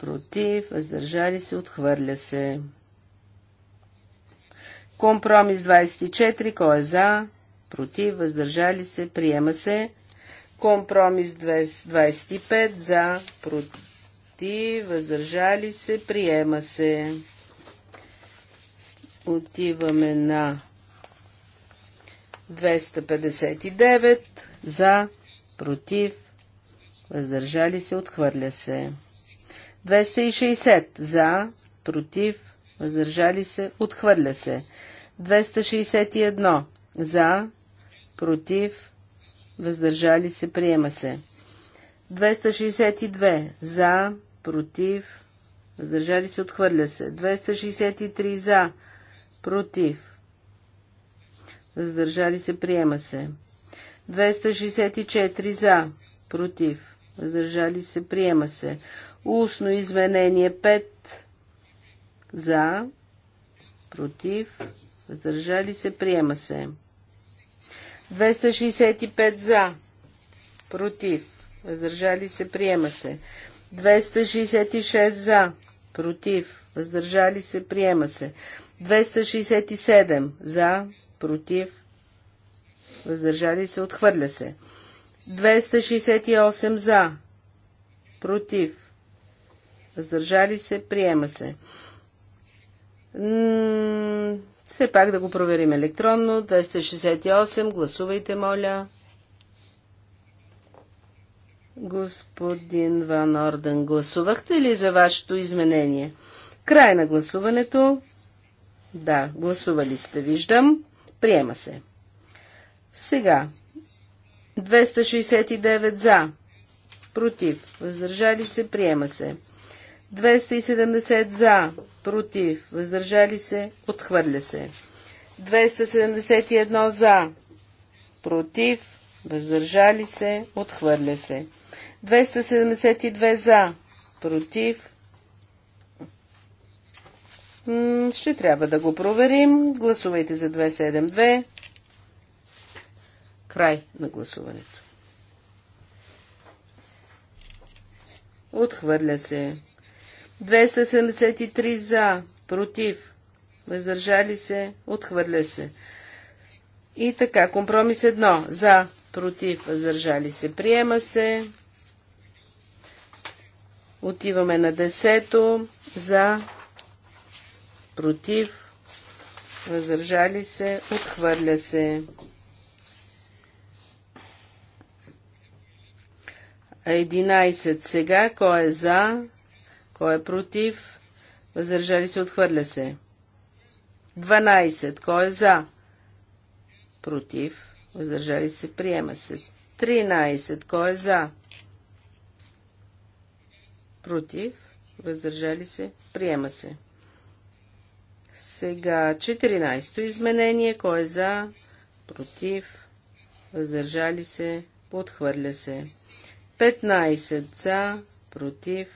Против? Въздържали се? Отхвърля се. Компромис 24. Кой е за? Против? Въздържали се? Приема се. Компромис 25. За? Против? Въздържали се? Приема се. Отиваме на 259. За? Против? въздържали се, отхвърля се. 260 за, против, въздържали се, отхвърля се. 261 за, против, въздържали се, приема се. 262 за, против, въздържали се, отхвърля се. 263 за, против, въздържали се, приема се. 264 за, против, въздържали се, приема се. Устно изменение 5 за, против, въздържали се, приема се. 265 за, против, въздържали се, приема се. 266 за, против, въздържали се, приема се. 267 за, против, въздържали се, отхвърля се. 268 за. Против. Въздържали се. Приема се. М все пак да го проверим електронно. 268. Гласувайте, моля. Господин Ван Орден, гласувахте ли за вашето изменение? Край на гласуването. Да, гласували сте, виждам. Приема се. Сега, 269 за. Против. Въздържали се. Приема се. 270 за. Против. Въздържали се. Отхвърля се. 271 за. Против. Въздържали се. Отхвърля се. 272 за. Против. Ще трябва да го проверим. Гласувайте за 272. Край на гласуването. Отхвърля се. 273 за, против, въздържали се, отхвърля се. И така, компромис едно. За, против, въздържали се, приема се. Отиваме на десето. За, против, въздържали се, отхвърля се. 11 сега. Кой е за? Кой е против? Въздържали се, отхвърля се. 12. Кой е за? Против. Въздържали се, приема се. 13. Кой е за? Против. Въздържали се, приема се. Сега 14-то изменение. Кой е за? Против. Въздържали се. Отхвърля се. 15 за, против,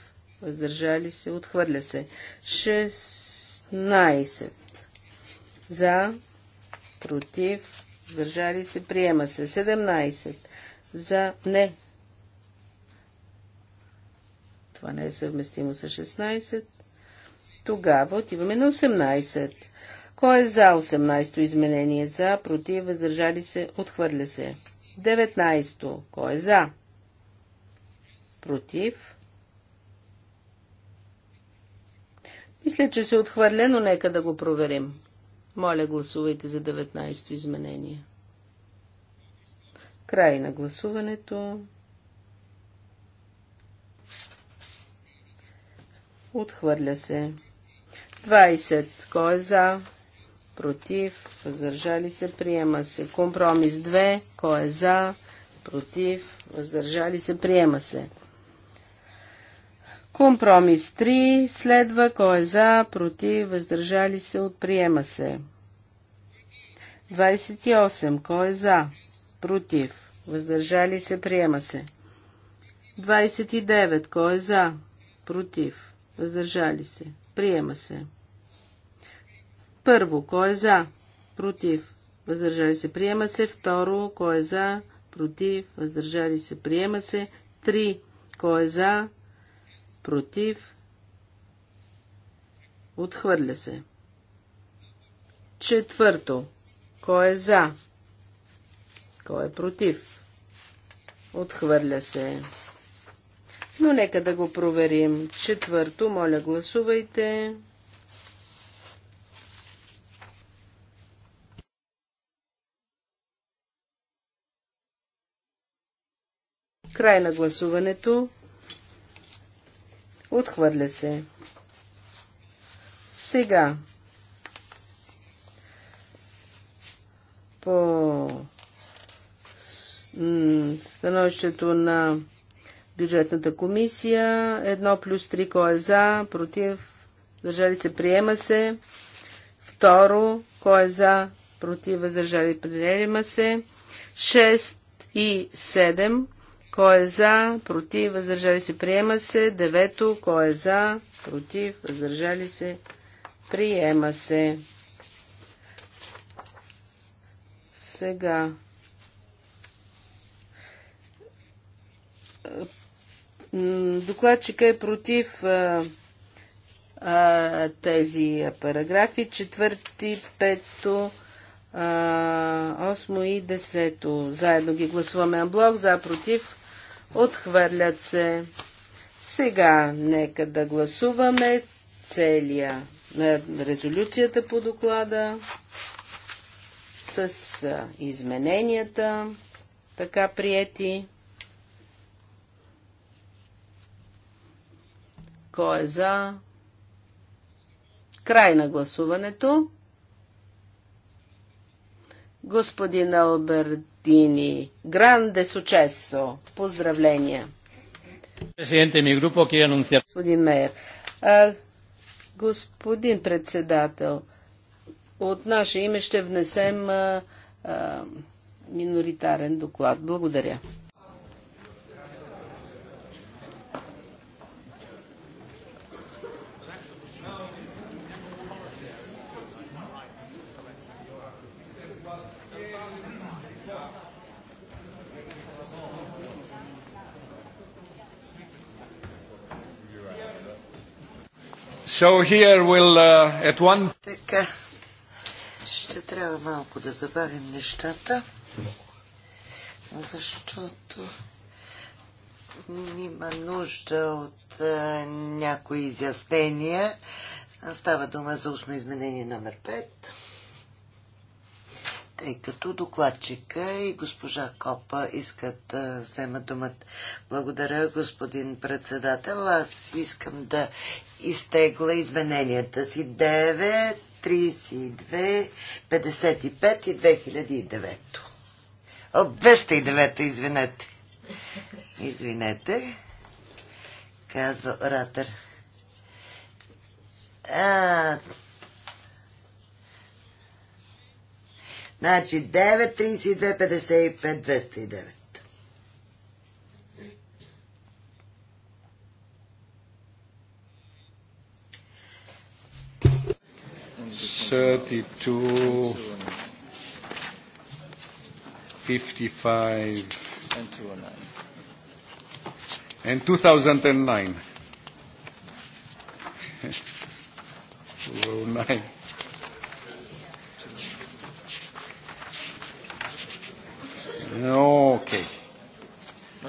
въздържали се, отхвърля се. 16 за, против, въздържали се, приема се. 17 за, не. Това не е съвместимо с 16. Тогава отиваме на 18. Кой е за 18-то изменение? За, против, въздържали се, отхвърля се. 19. Кой е за? Против. Мисля, че се отхвърля, но нека да го проверим. Моля, гласувайте за 19-то изменение. Край на гласуването. Отхвърля се. 20. Кой е за? Против. Въздържали се. Приема се. Компромис 2. Кой е за? Против. Въздържали се. Приема се. Компромис 3 следва кой е за, против, въздържали се, отприема се. 28. Кой е за? Против. Въздържали се, приема се. 29. Кой е за? Против. Въздържали се. Приема се. Първо. Кой е за? Против. Въздържали се. Приема се. Второ. Кой е за? Против. Въздържали се. Приема се. Три. Кой е за? против, отхвърля се. Четвърто. Кой е за? Кой е против? Отхвърля се. Но нека да го проверим. Четвърто, моля гласувайте. Край на гласуването. Отхвърля се. Сега. По становището на бюджетната комисия. едно плюс 3 кой е за, против, въздържали се, приема се. Второ, кой е за, против, въздържали, приема се. 6 и 7 кой е за? Против? Въздържали се? Приема се. Девето. Кой е за? Против? Въздържали се? Приема се. Сега. Докладчика е против а, а, тези параграфи. Четвърти, пето, осмо и десето. Заедно ги гласуваме на блок. За, против. Отхвърлят се. Сега нека да гласуваме целия е, резолюцията по доклада с е, измененията, така приети. Кой е за? Край на гласуването. Господин Алберт Мартини. Гранде сучесо. Поздравления. Господин Мейер. А, господин председател, от наше име ще внесем а, а, миноритарен доклад. Благодаря. So here we'll, uh, at one... Така, ще трябва малко да забавим нещата, защото има нужда от е, някои изяснения. Става дума за устно изменение номер 5 тъй като докладчика и госпожа Копа искат да вземат думата. Благодаря, господин председател. Аз искам да изтегла измененията си 9, 32, 55 и 2009. О, 209, извинете. Извинете, казва оратор. А, Значи 9, 32, and two and thousand and nine. 2009.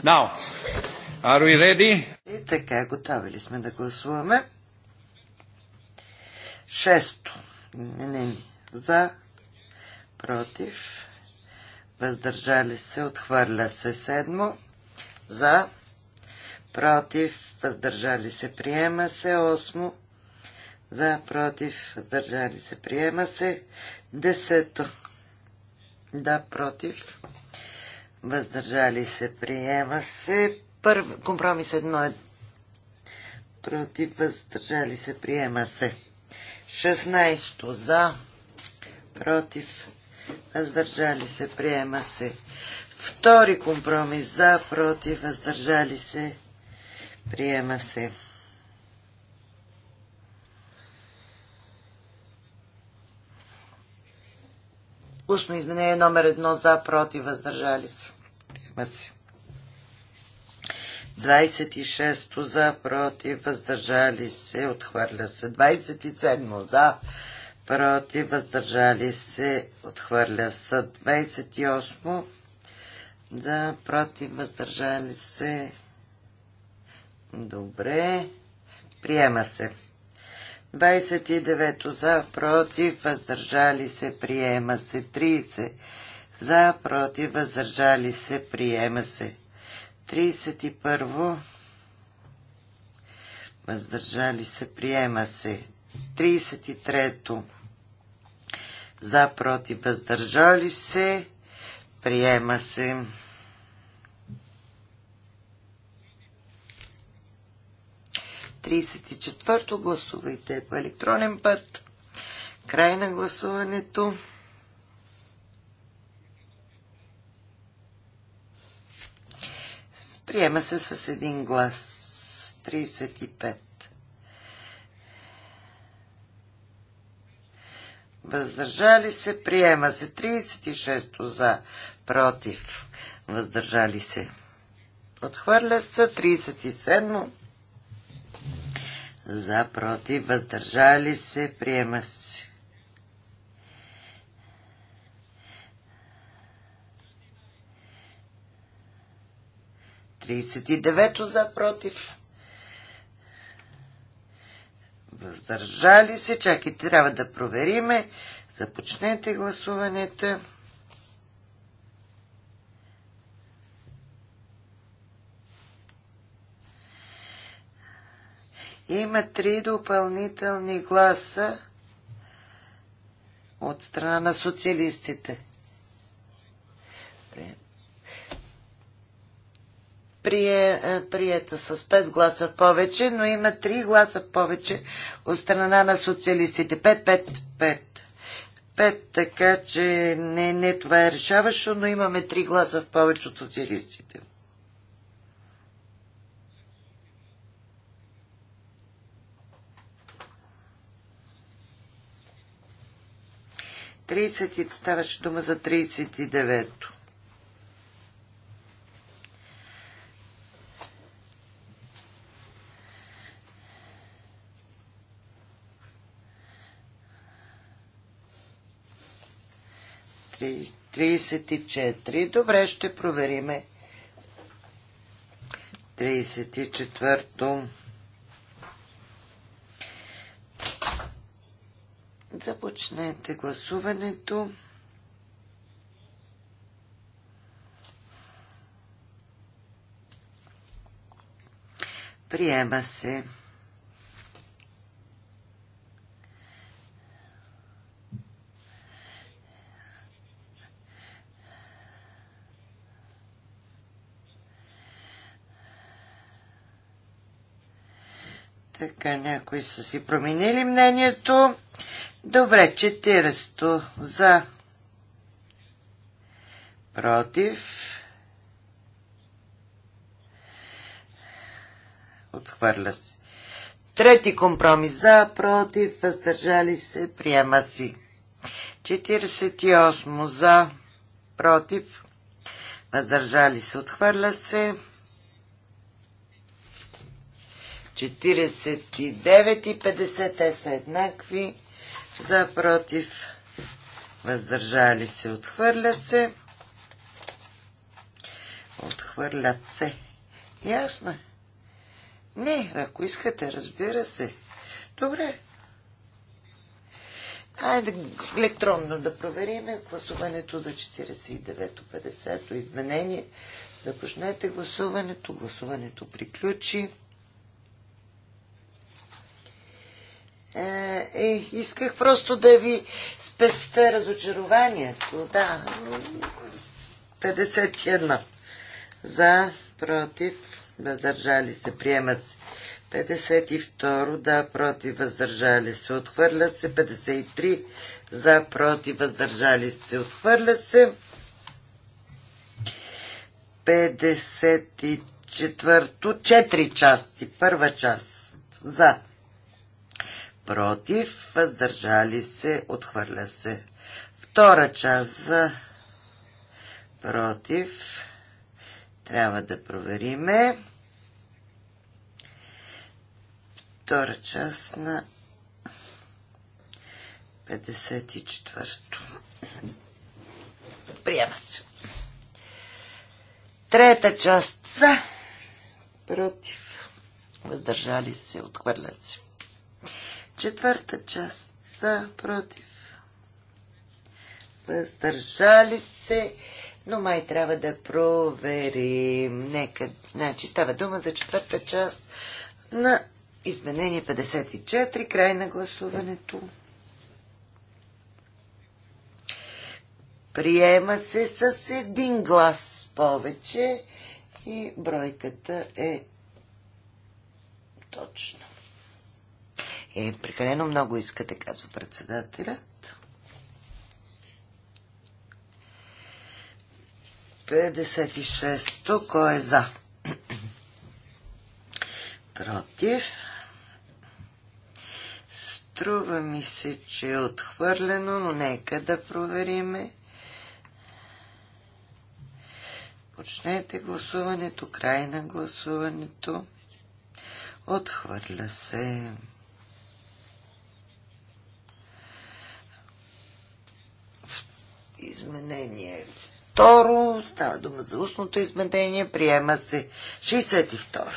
Now, are we ready? И така, готови ли сме да гласуваме? Шесто. Не, не, за, против, въздържали се, отхвърля се. Седмо, за, против, въздържали се, приема се. Осмо, за, против, въздържали се, приема се. Десето, да, против, въздържали се, приема се. Първ, компромис едно е против, въздържали се, приема се. 16 за, против, въздържали се, приема се. Втори компромис за, против, въздържали се, приема се. Устно изменение номер едно за, против, въздържали се. Приема се. 26 за, против, въздържали се, отхвърля се. 27 за, против, въздържали се, отхвърля се. 28 за, против, въздържали се. Добре. Приема се. 29 за, против, въздържали се, приема се. 30 за, против, въздържали се, приема се. 31 въздържали се, приема се. 33 за, против, въздържали се, приема се. 34-то. Гласувайте по електронен път. Край на гласуването. Приема се с един глас. 35. Въздържали се. Приема се. 36 за. Против. Въздържали се. Отхвърля се. 37 за, против, въздържали се, приема се. Тридесет и девето за, против. Въздържали се, чакайте, трябва да провериме. Започнете гласуването. Има три допълнителни гласа от страна на социалистите. Прие, е, приета с 5 гласа повече, но има 3 гласа повече от страна на социалистите. 5-5-5. 5, така че не, не това е решаващо, но имаме 3 гласа в повече от социалистите. 30 и ставаше дума за 39-то. Тридесет и четири. Добре, ще провериме. четвърто. Започнете гласуването. Приема се. Така, някои са си променили мнението. Добре, 40 за. Против. Отхвърля се. Трети компромис за, против, въздържали се, приема си. 48 за, против, въздържали се, отхвърля се. 49 и 50 те са еднакви. За, против, въздържали се, отхвърля се. Отхвърлят се. Ясно. е? Не, ако искате, разбира се. Добре. Айде електронно да проверим гласуването за 49-50 изменение. Започнете гласуването. Гласуването приключи. Е, е, исках просто да ви спеста разочарованието. Да, 51. За, против, въздържали се, приема се. 52. Да, против, въздържали се, отхвърля се. 53. За, против, въздържали се, отхвърля се. 54. Четвърто, четири части. Първа част. За против, въздържали се, отхвърля се. Втора част за против. Трябва да провериме. Втора част на 54-то. Приема се. Трета част за против. Въздържали се, отхвърлят се. Четвърта част за, против. Въздържали се, но май трябва да проверим. Нека, значи става дума за четвърта част на изменение 54, край на гласуването. Приема се с един глас повече и бройката е точно. Е, прекалено много искате, казва председателят. 56 шесто, кой е за? Против. Струва ми се, че е отхвърлено, но нека да провериме. Почнете гласуването, край на гласуването. Отхвърля се. изменение второ. Става дума за устното изменение. Приема се 62.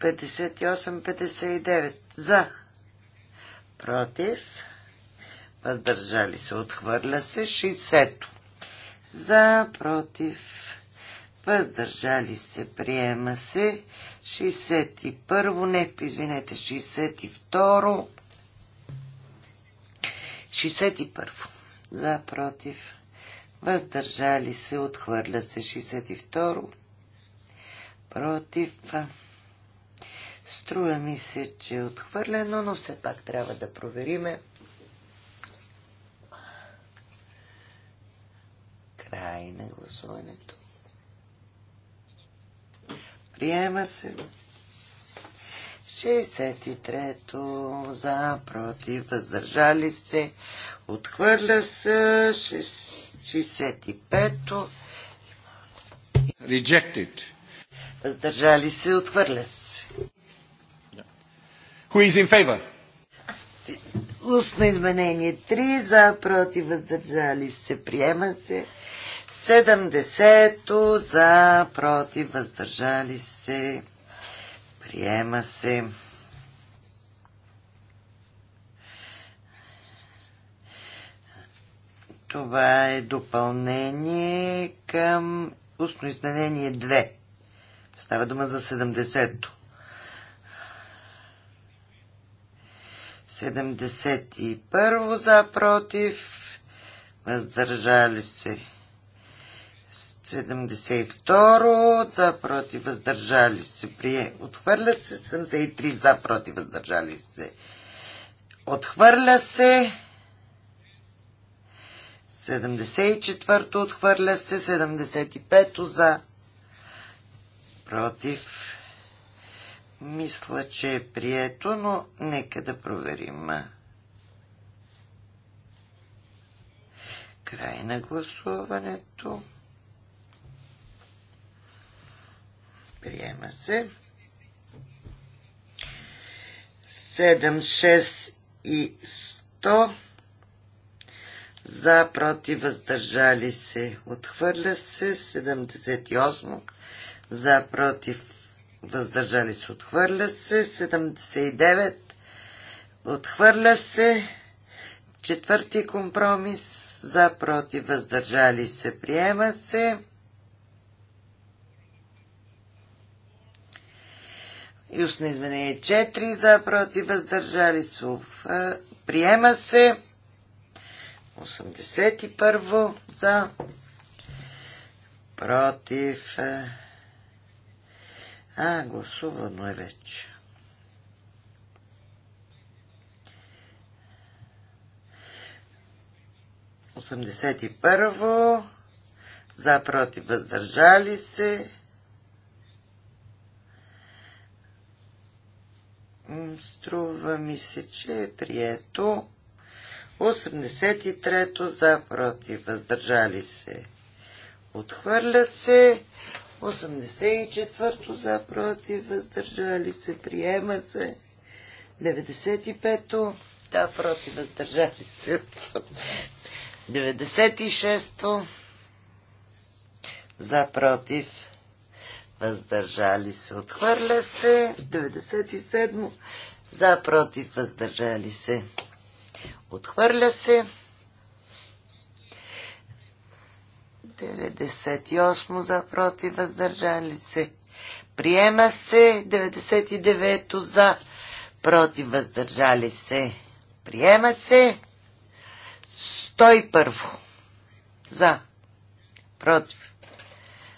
58, 59. За. Против. Въздържали се. Отхвърля се. 60. За. Против. Въздържали се. Приема се. 61. Не, извинете. 62. 61. За, против. Въздържали се, отхвърля се. 62. Против. Струва ми се, че е отхвърлено, но все пак трябва да провериме. Край на гласуването. Приема се. 63-то за, против, въздържали се, отхвърля се, 65-то. Rejected. Въздържали се, отхвърля се. Who is in favor? Устно изменение 3, за, против, въздържали се, приема се. 70-то, за, против, въздържали се, Приема се. Това е допълнение към устно изменение 2. Става дума за 70-то. 71 за против. Въздържали се. 72 за против въздържали се прие. Отхвърля се 73 за против въздържали се. Отхвърля се 74 отхвърля се 75 за против. Мисля, че е прието, но нека да проверим. Край на гласуването. приема се. 7, 6 и 100 за, против, въздържали се, отхвърля се. 78 за, против, въздържали се, отхвърля се. 79 отхвърля се. Четвърти компромис за, против, въздържали се, приема се. И устни изменение 4 за, против, въздържали се. Приема се. 81 за, против. А, гласувано е вече. Осемдесет и първо. За, против, въздържали се. Струва ми се, че е прието. 83-то за против. Въздържали се. Отхвърля се. 84-то за против. Въздържали се. Приема се. 95-то. Да, против. Въздържали се. 96-то. За против въздържали се, отхвърля се. 97 за, против, въздържали се, отхвърля се. 98 за, против, въздържали се, приема се. 99 за, против, въздържали се, приема се. 101 за, против,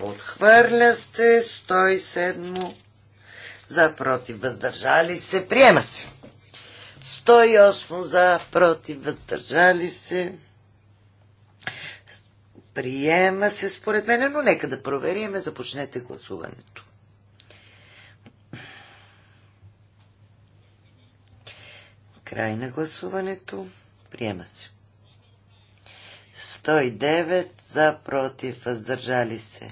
Отхвърля се 107 за против въздържали се. Приема се. 108 за против въздържали се. Приема се според мен, но нека да провериме. Започнете гласуването. Край на гласуването. Приема се. 109 за против въздържали се.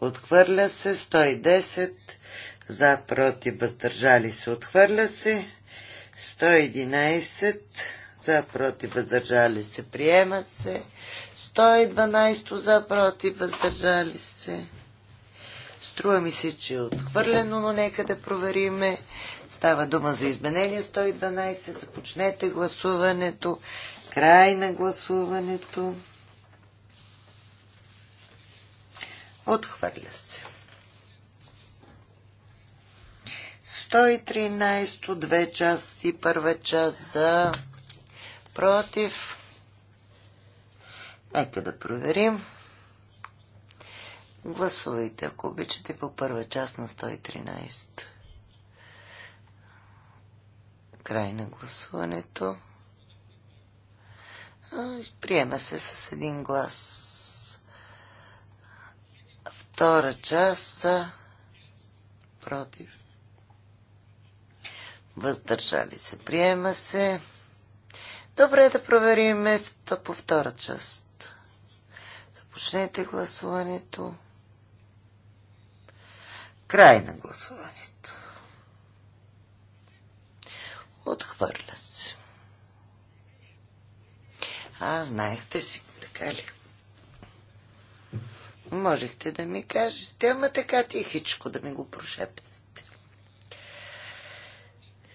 Отхвърля се. 110. За, против, въздържали се. Отхвърля се. 111. За, против, въздържали се. Приема се. 112 за, против, въздържали се. Струва ми се, че е отхвърлено, но нека да провериме. Става дума за изменение 112. Започнете гласуването. Край на гласуването. Отхвърля се. 113 две части, първа част за против. Нека да проверим. Гласувайте, ако обичате, по първа част на 113. Край на гласуването. Приема се с един глас. Втора част са против. Въздържали се. Приема се. Добре да проверим местото по втора част. Започнете гласуването. Край на гласуването. Отхвърля се. А, знаехте си, така ли? можехте да ми кажете, ама така тихичко да ми го прошепнете.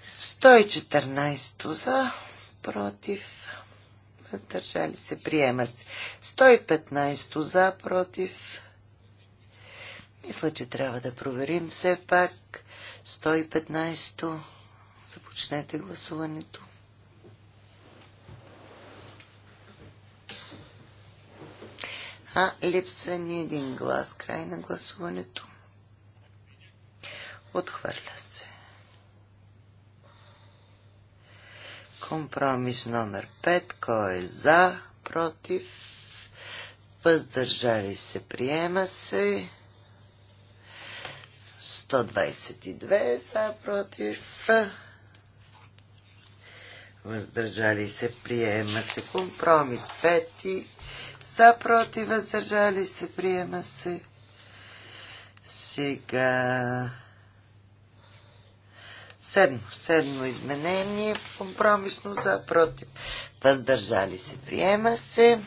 114 за, против, въздържали се, приема се. 115 за, против. Мисля, че трябва да проверим все пак. 115 започнете гласуването. А липсва ни един глас. Край на гласуването. Отхвърля се. Компромис номер 5. Кой е за? Против? Въздържали се? Приема се. 122 за против. Въздържали се, приема се компромис. 5 за, против, въздържали се, приема се. Сега... Седмо, седмо изменение, компромисно за, против, въздържали се, приема се.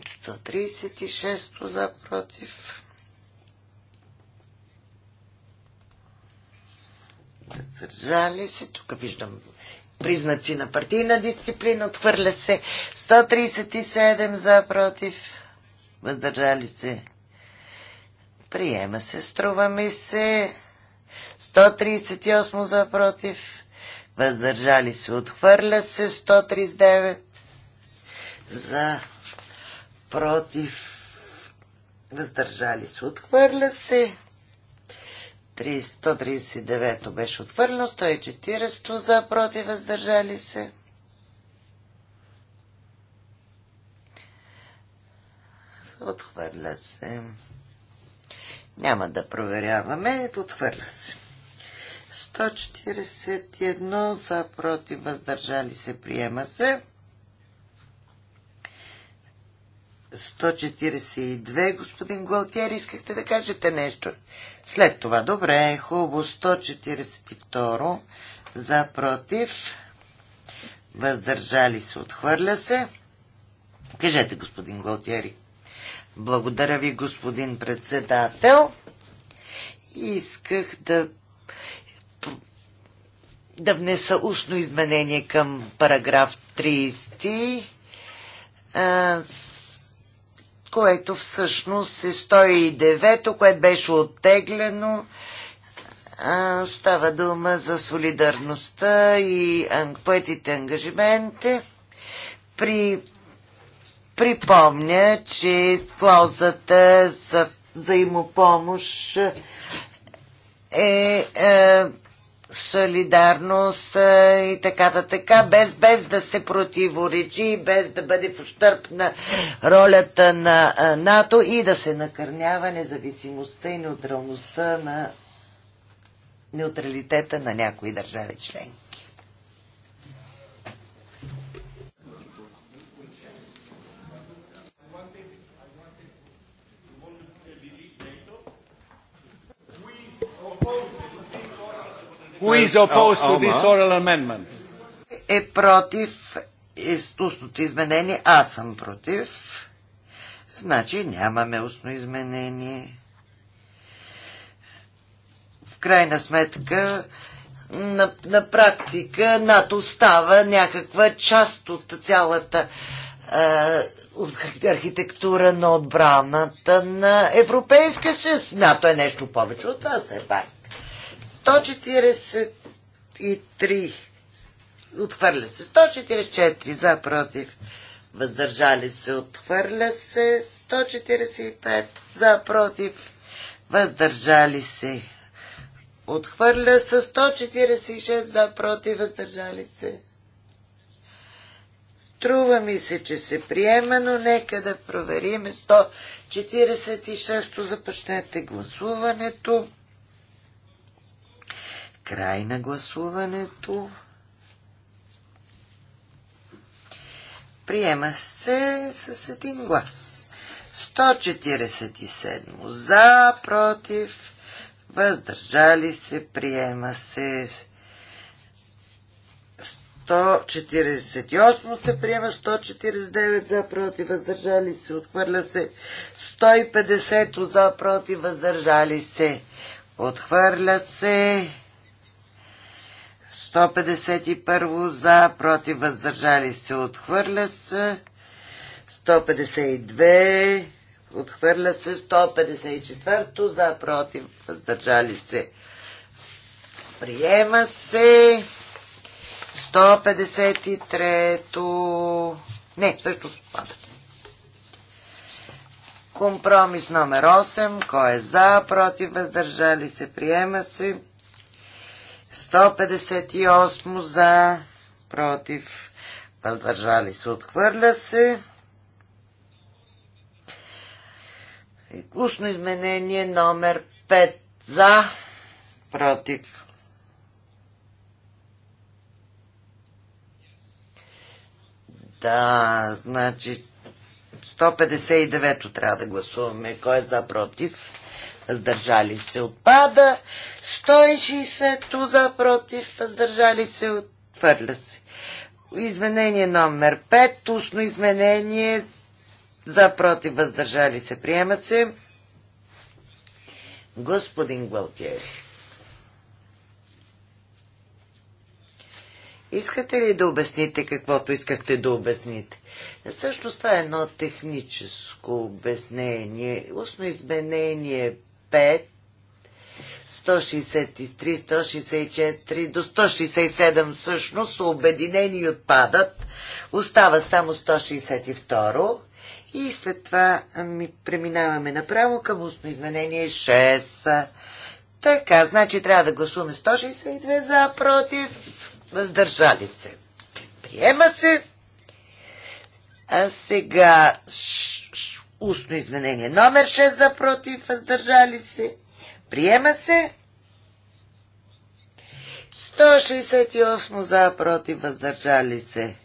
136 за, против. Въздържали се, тук виждам признаци на партийна дисциплина. Отхвърля се 137 за против. Въздържали се. Приема се. Струва ми се. 138 за против. Въздържали се. Отхвърля се. 139 за против. Въздържали се. Отхвърля се. 139 беше отвърлено, 140 за, против, въздържали се. Отхвърля се. Няма да проверяваме. Отхвърля се. 141 за, против, въздържали се, приема се. 142, господин Гуалтиер, искахте да кажете нещо. След това, добре, хубаво, 142, за против, въздържали се, отхвърля се. Кажете, господин Гуалтери. Благодаря ви, господин председател. Исках да да внеса устно изменение към параграф 30. А, с което всъщност е 109-то, което беше оттеглено. А, става дума за солидарността и поетите ангажименти. При, припомня, че клаузата за взаимопомощ е, е солидарност и така да така, без, без да се противоречи без да бъде в ущърп на ролята на НАТО и да се накърнява независимостта и неутралността на неутралитета на някои държави членки. Who is е, opposed to this oral amendment? Е против устното изменение. Аз съм против. Значи нямаме устно изменение. В крайна сметка, на, на практика НАТО става някаква част от цялата е, архитектура на отбраната на Европейска съюз. НАТО е нещо повече от това, все пак. 143 отхвърля се. 144 за против. Въздържали се. Отхвърля се. 145 за против. Въздържали се. Отхвърля се. 146 за против. Въздържали се. Струва ми се, че се приема, но нека да проверим 146-то. Започнете гласуването. Край на гласуването. Приема се с един глас. 147 за, против, въздържали се, приема се. 148 се приема, 149 за, против, въздържали се, отхвърля се. 150 за, против, въздържали се, отхвърля се. 151 за, против, въздържали се, отхвърля се. 152 отхвърля се. 154 за, против, въздържали се. Приема се. 153 Не, също пада. Компромис номер 8. Кой е за, против, въздържали се, приема се. 158 за, против, въздържали се, отхвърля се. Устно изменение номер 5 за, против. Да, значи 159 трябва да гласуваме. Кой е за, против? въздържали се отпада. 160 за против, въздържали се отвърля се. Изменение номер 5, устно изменение за против, въздържали се, приема се. Господин Гвалтиери. Искате ли да обясните каквото искахте да обясните? Всъщност това е едно техническо обяснение. Устно изменение 163, 164 до 167 всъщност са обединени и отпадат. Остава само 162 и след това ми преминаваме направо към устно изменение 6. Така, значи трябва да гласуваме 162 за, против, въздържали се. Приема се. А сега Устно изменение номер 6 за против, въздържали се. Приема се. 168 за против, въздържали се.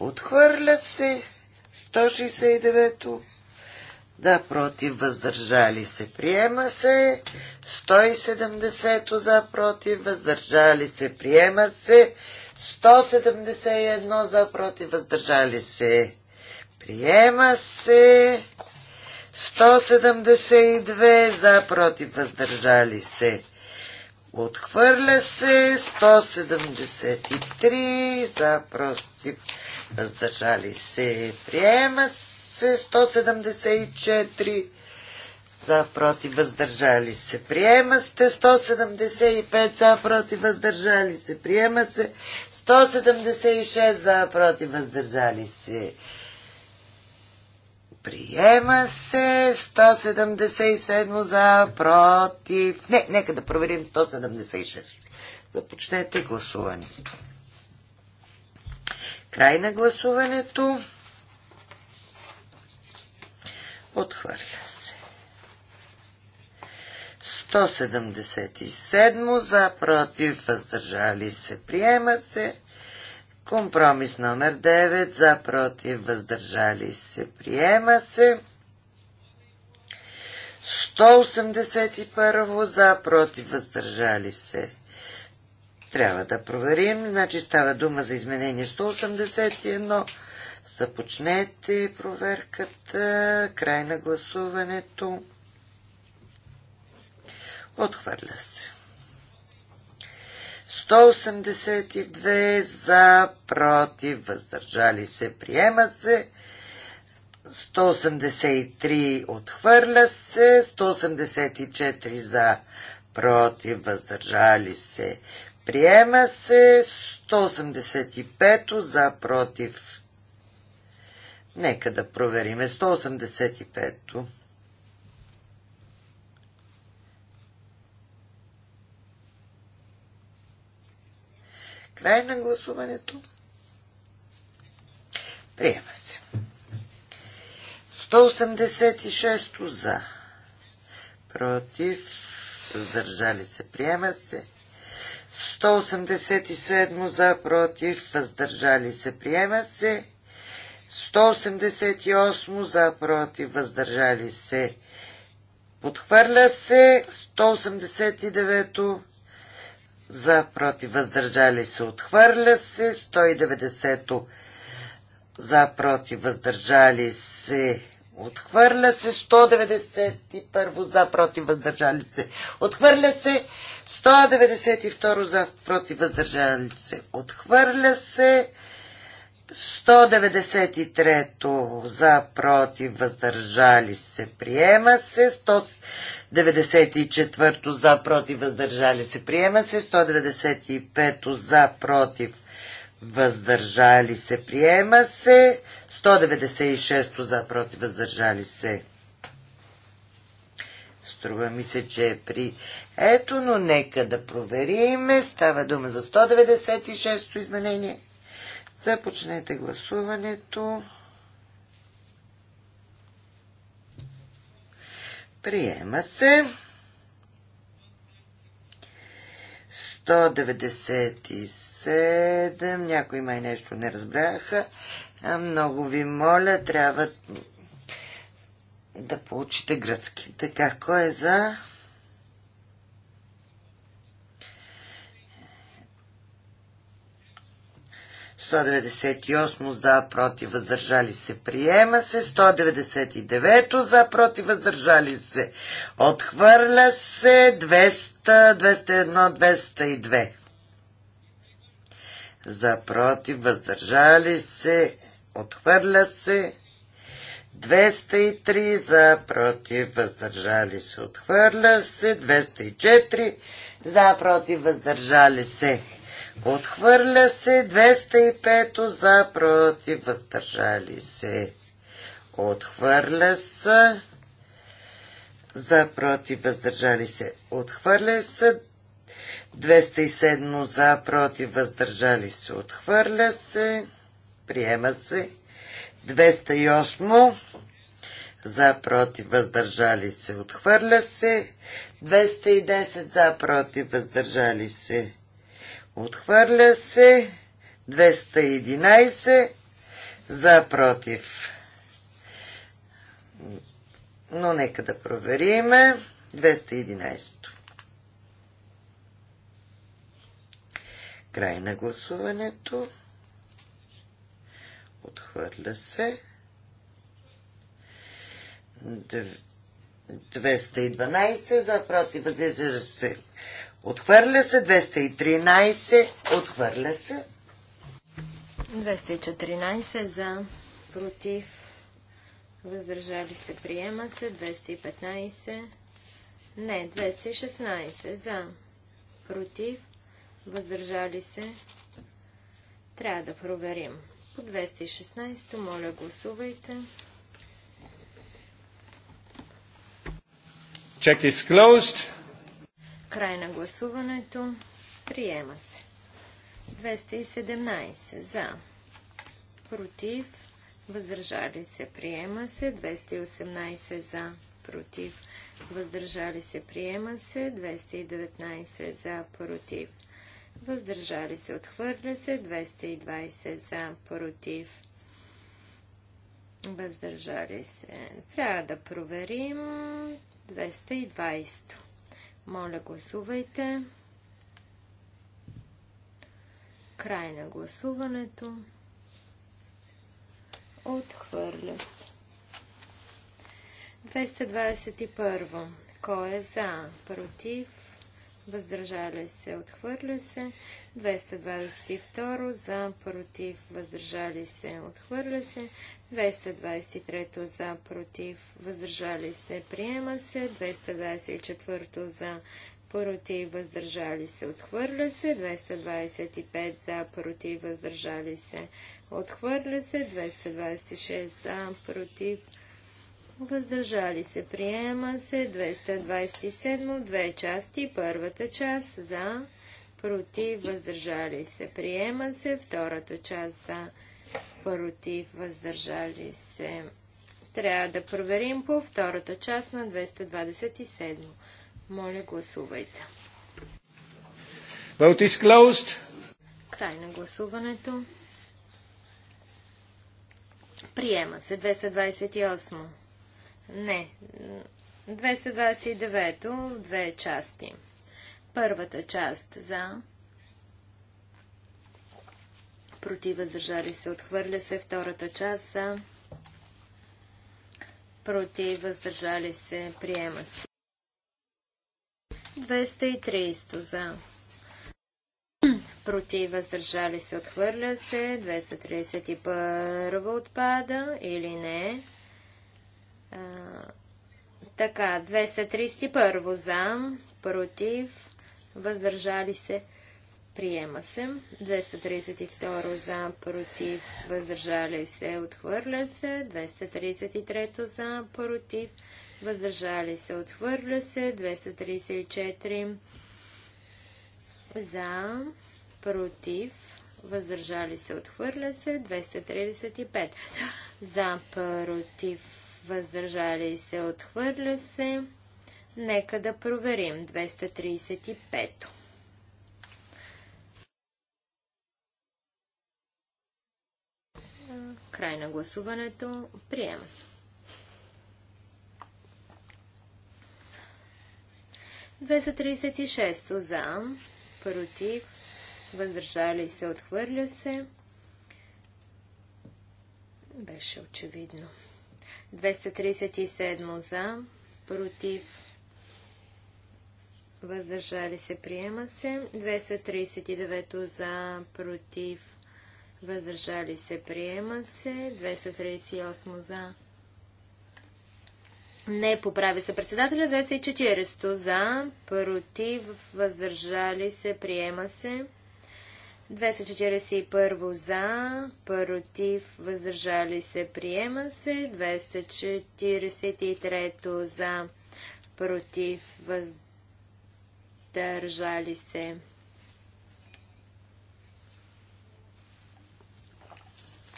Отхвърля се. 169 да, против, въздържали се. Приема се. 170 за, против, въздържали се. Приема се. 171 за, против, въздържали се. Приема се. 172 за против въздържали се. Отхвърля се 173 за против въздържали се. Приема се 174 за против въздържали се. Приема сте 175 за против въздържали се. Приема се 176 за против въздържали се. Приема се 177 за против. Не, нека да проверим 176. Започнете гласуването. Край на гласуването. Отхвърля се. 177 за против. Въздържали се. Приема се. Компромис номер 9 за против въздържали се приема се. 181 за против въздържали се. Трябва да проверим. Значи става дума за изменение 181. Започнете проверката. Край на гласуването. Отхвърля се. 182 за, против, въздържали се, приема се. 183 отхвърля се, 184 за, против, въздържали се, приема се. 185 за, против. Нека да провериме 185. Край на гласуването. Приема се. 186 за. Против. Въздържали се. Приема се. 187 за. Против. Въздържали се. Приема се. 188 за. Против. Въздържали се. Подхвърля се. 189 за против въздържали се отхвърля се, 190 за против въздържали се отхвърля се, 191 за против въздържали се отхвърля се, 192 за против въздържали се отхвърля се, 193 за против въздържали се приема се 194 за против въздържали се приема се 195 за против въздържали се приема се 196 за против въздържали се Струва ми се, че е при... Ето, но нека да провериме. Става дума за 196-то изменение. 196 Започнете гласуването. Приема се. 197. Някои май нещо не разбраха. Много ви моля, трябва да получите гръцки. Така, кой е за? 198 за, против, въздържали се, приема се. 199 за, против, въздържали се, отхвърля се. 200, 201, 202 за, против, въздържали се, отхвърля се. 203 за, против, въздържали се, отхвърля се. 204 за, против, въздържали се. Отхвърля се 205 за против въздържали се. Отхвърля се за против въздържали се. Отхвърля се 207 за против въздържали се. Отхвърля се. Приема се. 208 за против въздържали се. Отхвърля се. 210 за против въздържали се. Отхвърля се. 211 за против. Но нека да провериме. 211. Край на гласуването. Отхвърля се. 212 за против. Въздържа се. Отхвърля се. 213. Отхвърля се. 214 за. Против. Въздържали се. Приема се. 215. Не. 216 за. Против. Въздържали се. Трябва да проверим. По 216 моля гласувайте. Check is closed. Край на гласуването. Приема се. 217 за. Против. Въздържали се. Приема се. 218 за. Против. Въздържали се. Приема се. 219 за. Против. Въздържали се. Отхвърля се. 220 за. Против. Въздържали се. Трябва да проверим. 220. Моля, гласувайте. Край на гласуването. Отхвърля се. 221. Кой е за? Против? въздържали се, отхвърля се. 222 за, против, въздържали се, отхвърля се. 223 за, против, въздържали се, приема се. 224 за, против, въздържали се, отхвърля се. 225 за, против, въздържали се, отхвърля се. 226 за, против, въздържали се въздържали се. Приема се 227, две части, първата част за, против, въздържали се. Приема се втората част за, против, въздържали се. Трябва да проверим по втората част на 227. Моля, гласувайте. Vote is closed. Край на гласуването. Приема се 228. Не. 229-то в две части. Първата част за против въздържали се отхвърля се. Втората част за против въздържали се приема се. 230 за против въздържали се отхвърля се. 231 отпада или не така, 231 за, против, въздържали се, приема се. 232 за, против, въздържали се, отхвърля се. 233 за, против, въздържали се, отхвърля се. 234 за, против, въздържали се, отхвърля се. 235 за, против, въздържали се, отхвърля се. Нека да проверим 235. Край на гласуването. Приема се. 236 за, против, въздържали се, отхвърля се. Беше очевидно. 237 за, против, въздържали се, приема се. 239 за, против, въздържали се, приема се. 238 за. Не поправи се председателя. 240 за, против, въздържали се, приема се. 241 за, против, въздържали се, приема се. 243 за, против, въздържали се.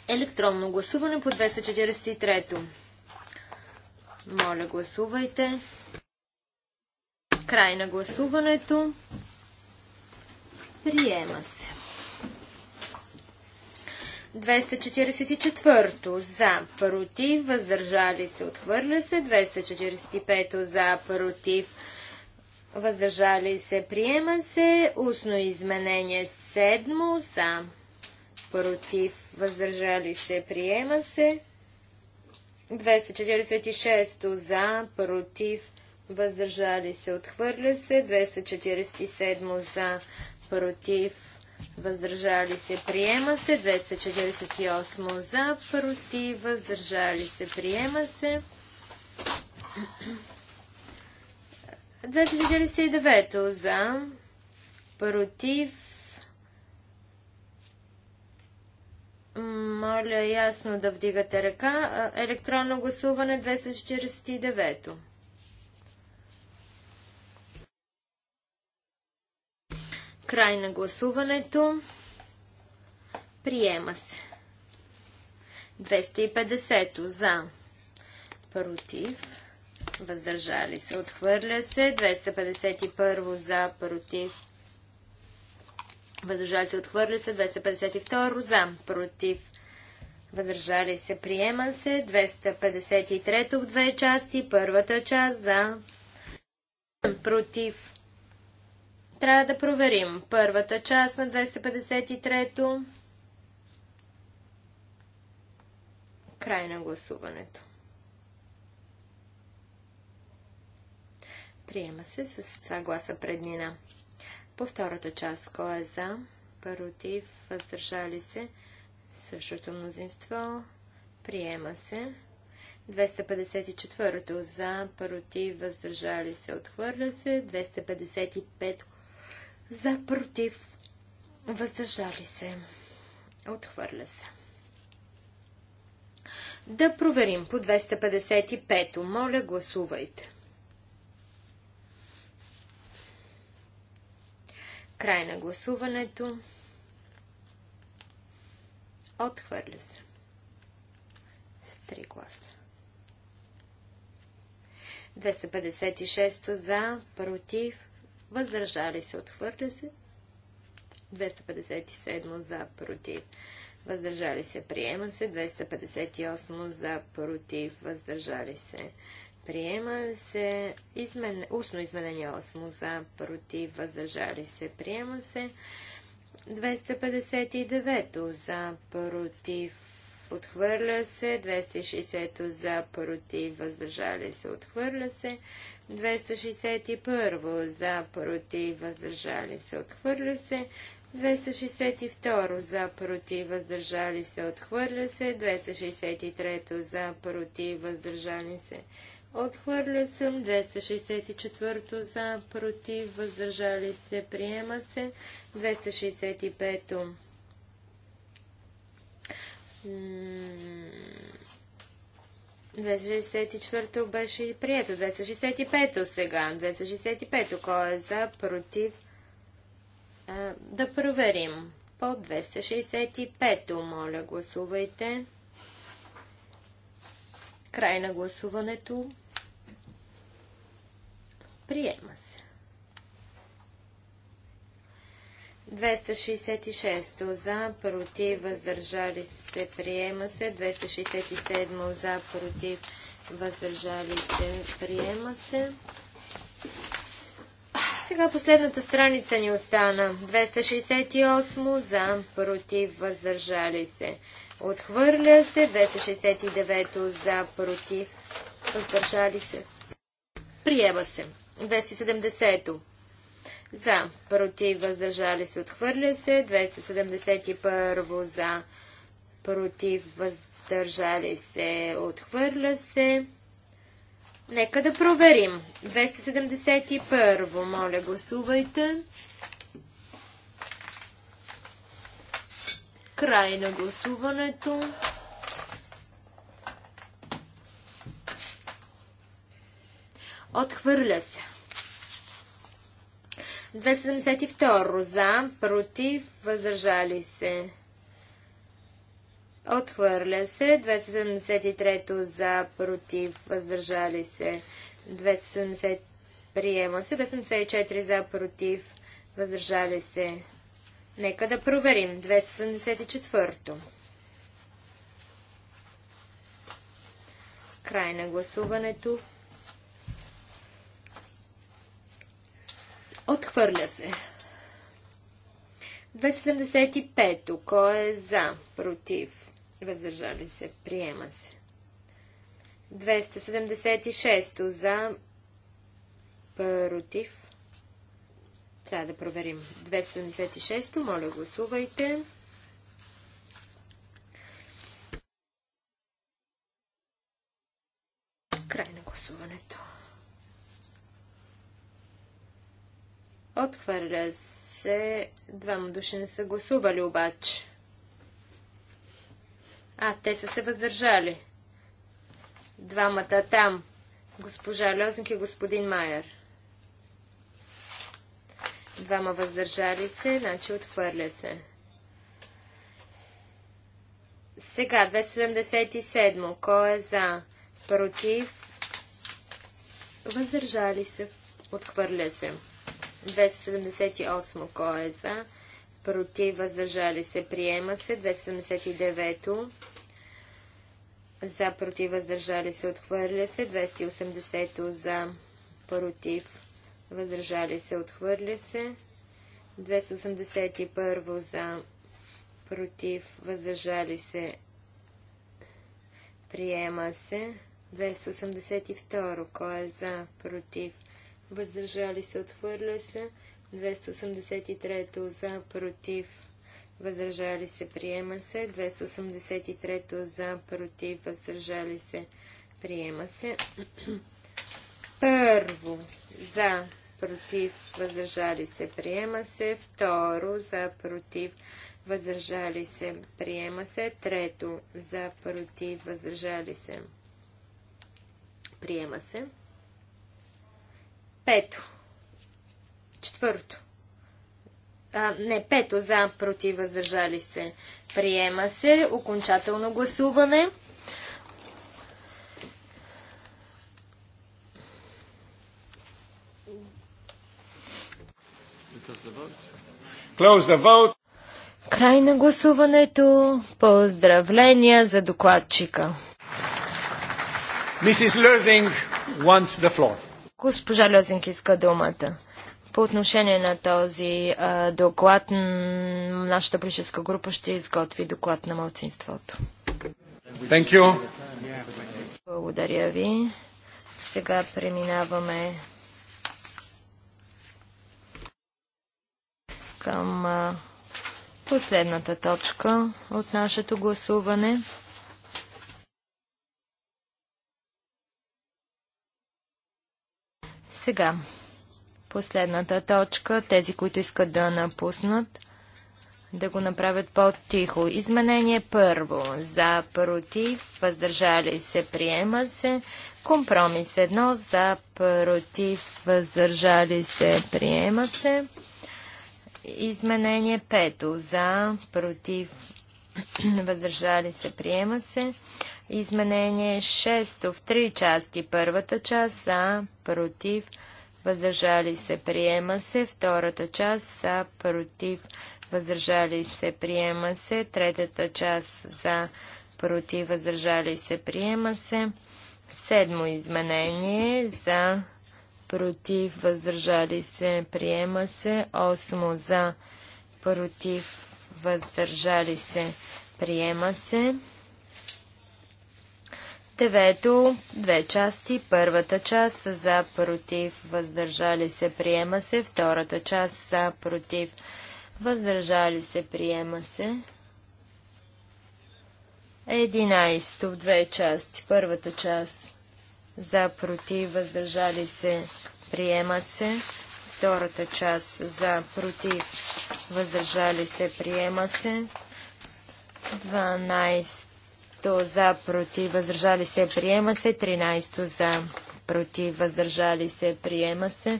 Електронно гласуване по 243 Моля, гласувайте. Край на гласуването. Приема се. 244 за, против, въздържали се, отхвърля се. 245 за, против, въздържали се, приема се. Устно изменение 7 за, против, въздържали се, приема се. 246 за, против, въздържали се, отхвърля се. 247 за, против, въздържали се, приема се. 248 за, против, въздържали се, приема се. 249 за, против. Моля ясно да вдигате ръка. Електронно гласуване 249. Край на гласуването. Приема се. 250 за. Против. Въздържали се. Отхвърля се. 251 за. Против. Въздържали се. Отхвърля се. 252 за. Против. Въздържали се. Приема се. 253 в две части. Първата част за. Против трябва да проверим първата част на 253-то. Край на гласуването. Приема се с това гласа преднина. По втората част, кой е за, против, въздържали се, същото мнозинство, приема се. 254 то за, против, въздържали се, отхвърля се. 255 за против, въздържали се, отхвърля се. Да проверим по 255. Моля, гласувайте. Край на гласуването. Отхвърля се. С 3 гласа. 256 за, против, въздържали се, отхвърля се. 257 за, против, въздържали се, приема се. 258 за, против, въздържали се, приема се. Измен... Устно изменение 8 за, против, въздържали се, приема се. 259 за, против, отхвърля се. 260 за, против, въздържали се, отхвърля се. 261 за, против, въздържали се, отхвърля се. 262 за, против, въздържали се, отхвърля се. 263 за, против, въздържали се, отхвърля се. 264 за, против, въздържали се, приема се. 265 264-то беше и прието. 265-то сега. 265-то. Кой е за, против? А, да проверим. По 265-то, моля, гласувайте. Край на гласуването. Приема се. 266 за, против, въздържали се, приема се. 267 за, против, въздържали се, приема се. Сега последната страница ни остана. 268 за, против, въздържали се. Отхвърля се. 269 за, против, въздържали се. Приема се. 270 за, против, въздържали се, отхвърля се. 271 за, против, въздържали се, отхвърля се. Нека да проверим. 271. Моля, гласувайте. Край на гласуването. Отхвърля се. 272 за, против, въздържали се. Отхвърля се. 273 за, против, въздържали се. 270 приема се. 274 за, против, въздържали се. Нека да проверим. 274. Край на гласуването. Отхвърля се. 275. Кой е за? Против? Въздържали се. Приема се. 276. За? Против? Трябва да проверим. 276. Моля, гласувайте. Край на гласуването. Отхвърля се. Двама души не са гласували обаче. А, те са се въздържали. Двамата там. Госпожа Лозник и господин Майер. Двама въздържали се, значи отхвърля се. Сега, 277. Кой е за? Против? Въздържали се. Отхвърля се. 278. Кой е за? Против. Въздържали се. Приема се. 279. За. Против. Въздържали се. Отхвърля се. 280. За. Против. Въздържали се. Отхвърля се. 281. За. Против. Въздържали се. Приема се. 282. Кой е за? Против въздържали се, отхвърля се. 283 за, против, въздържали се, приема се. 283 за, против, въздържали се, приема се. Първо, за, против, въздържали се, приема се. Второ, за, против, въздържали се, приема се. Трето, за, против, въздържали се, приема се. Пето. Четвърто. А, не, пето за, против, въздържали се. Приема се. Окончателно гласуване. Close the vote. Край на гласуването. Поздравления за докладчика. Mrs. Lösing wants the floor. Госпожа Лозинг иска думата. По отношение на този а, доклад, нашата политическа група ще изготви доклад на младсинството. Thank you. Благодаря ви. Сега преминаваме към а, последната точка от нашето гласуване. Сега, последната точка, тези, които искат да напуснат, да го направят по-тихо. Изменение първо. За, против, въздържали се, приема се. Компромис едно. За, против, въздържали се, приема се. Изменение пето. За, против, въздържали се, приема се. Изменение 6 в три части. Първата част за, против, въздържали се, приема се. Втората част за, против, въздържали се, приема се. Третата част за, против, въздържали се, приема се. Седмо изменение за, против, въздържали се, приема се. Осмо за, против, въздържали се, приема се. Девето, две части. Първата част за против, въздържали се, приема се. Втората част за против, въздържали се, приема се. Единайсто в две части. Първата част за против, въздържали се, приема се. Втората част за против въздържали се приема се. 12 за против въздържали се приема се. 13 за против въздържали се приема се.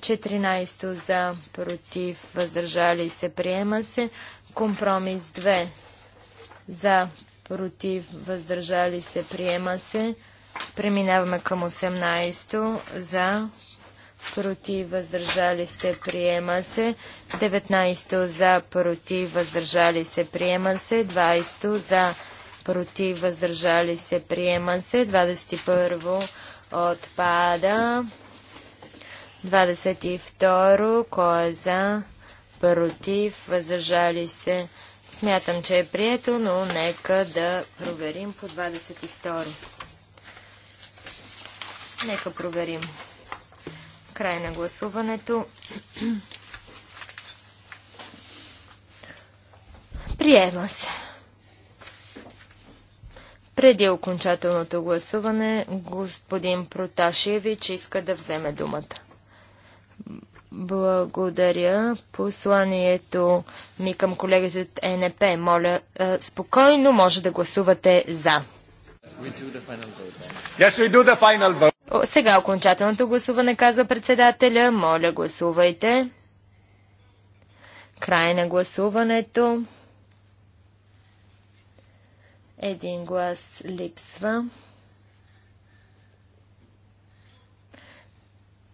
14 за против въздържали се приема се. Компромис 2 за против въздържали се приема се. Преминаваме към 18 за против, въздържали се, приема се. 19 за, против, въздържали се, приема се. 20 за, против, въздържали се, приема се. 21 отпада. 22 кой е за, против, въздържали се. Смятам, че е прието, но нека да проверим по 22. Нека проверим. Край на гласуването. Приема се. Преди окончателното гласуване, господин Проташевич иска да вземе думата. Благодаря. Посланието ми към колегите от ЕНП. Моля, спокойно може да гласувате за. Yes, сега окончателното гласуване, каза председателя. Моля, гласувайте. Край на гласуването. Един глас липсва.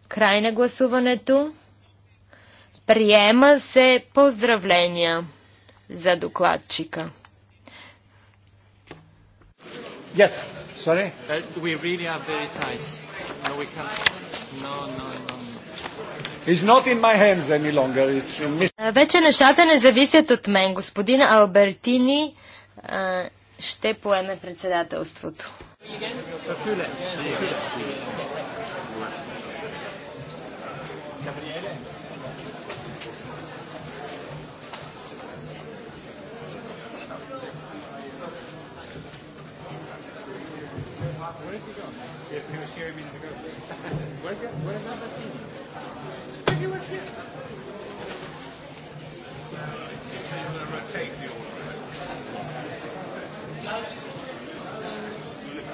Край на гласуването. Приема се поздравления за докладчика. Yes. Sorry? Uh, we really are very tight. No, we can't. No, no, no. It's not in my hands any longer. It's in my... Вече нещата не зависят от мен. Господин Албертини а, ще поеме председателството.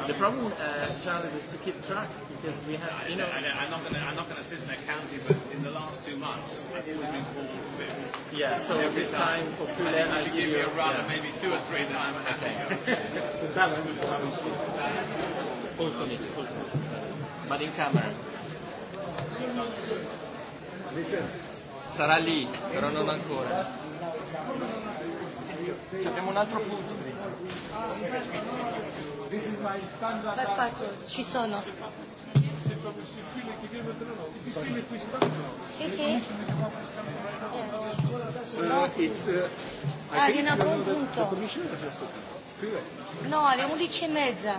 The problem, uh, Charlie, is to keep track because we have. You know, I, I, I'm not going to. I'm not going to sit in a county, but in the last two months, I've think been forward fifth. Yeah. So Every time, time for I should give you a run, yeah. maybe two or three that I'm happy. Okay. full committee, full committee, but in camera. Sarà lì, però non ancora. Ci abbiamo un altro punto. Perfetto, ci sono. Sì, sì. Ah, viene a buon punto. No, alle 11 e mezza.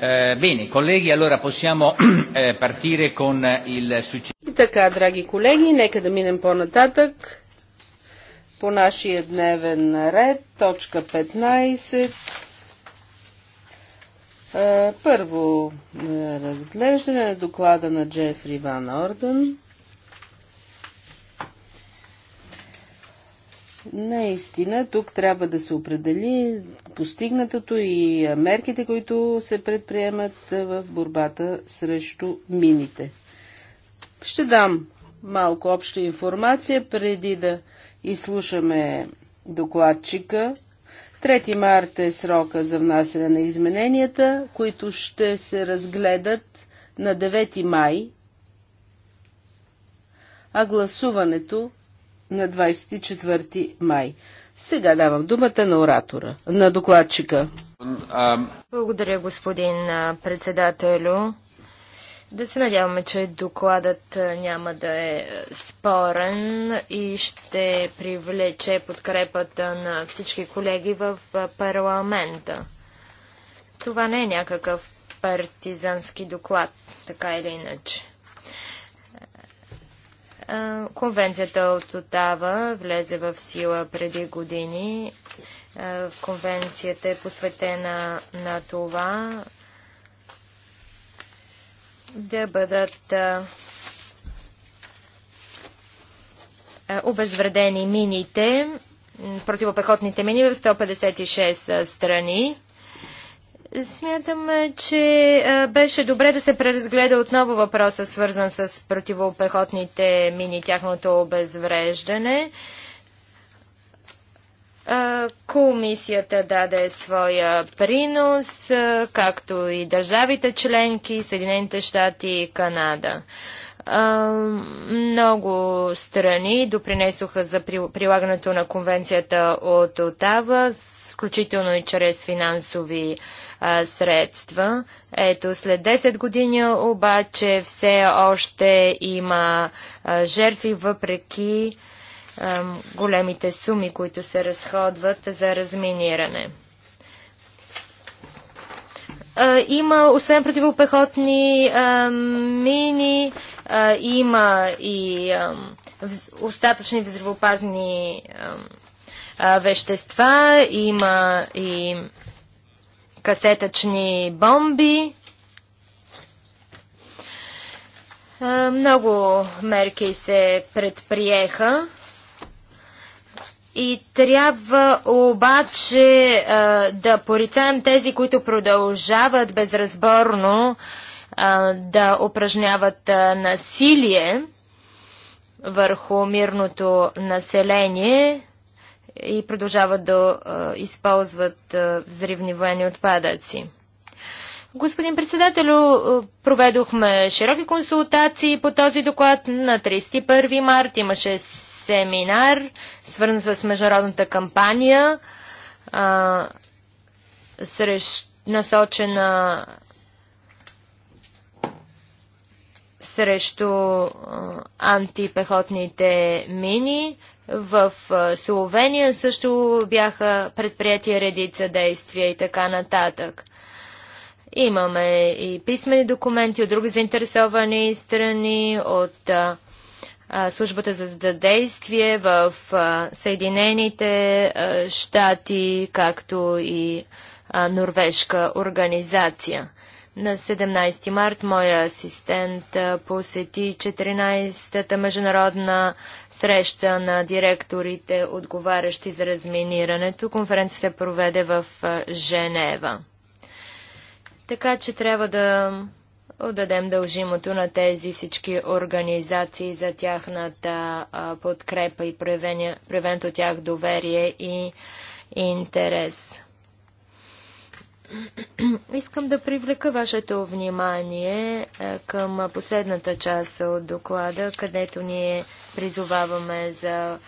Така, драги колеги, нека да минем по-нататък по нашия дневен ред, точка 15. Е, първо е, разглеждане на доклада на Джефри Ван Орден. Наистина, тук трябва да се определи постигнатото и мерките, които се предприемат е, в борбата срещу мините. Ще дам малко обща информация преди да изслушаме докладчика. 3 марта е срока за внасяне на измененията, които ще се разгледат на 9 май, а гласуването на 24 май. Сега давам думата на оратора, на докладчика. Благодаря, господин председателю. Да се надяваме, че докладът няма да е спорен и ще привлече подкрепата на всички колеги в парламента. Това не е някакъв партизански доклад, така или иначе. Конвенцията от Отава влезе в сила преди години. Конвенцията е посветена на това да бъдат обезвредени мините, противопехотните мини в 156 страни. Смятаме, че беше добре да се преразгледа отново въпроса, свързан с противопехотните мини, тяхното обезвреждане. Комисията даде своя принос, както и държавите членки, Съединените щати и Канада. Много страни допринесоха за прилагането на конвенцията от Отава включително и чрез финансови а, средства. Ето, след 10 години обаче все още има а, жертви, въпреки а, големите суми, които се разходват за разминиране. Има, освен противопехотни мини, има и остатъчни взривопазни а, вещества, има и касетъчни бомби. А, много мерки се предприеха. И трябва обаче а, да порицаем тези, които продължават безразборно а, да упражняват а, насилие върху мирното население и продължават да използват взривни военни отпадъци. Господин председателю, проведохме широки консултации по този доклад. На 31 март имаше семинар, свързан с международната кампания, а, срещ, насочена срещу антипехотните мини. В Словения също бяха предприятия редица действия и така нататък. Имаме и писмени документи от други заинтересовани страни, от службата за задействие в Съединените щати, както и норвежка организация. На 17 март моя асистент посети 14-та международна среща на директорите, отговарящи за разминирането. Конференция се проведе в Женева. Така че трябва да отдадем дължимото на тези всички организации за тяхната подкрепа и превен от тях доверие и интерес. Искам да привлека вашето внимание е, към последната част от доклада, където ние призоваваме за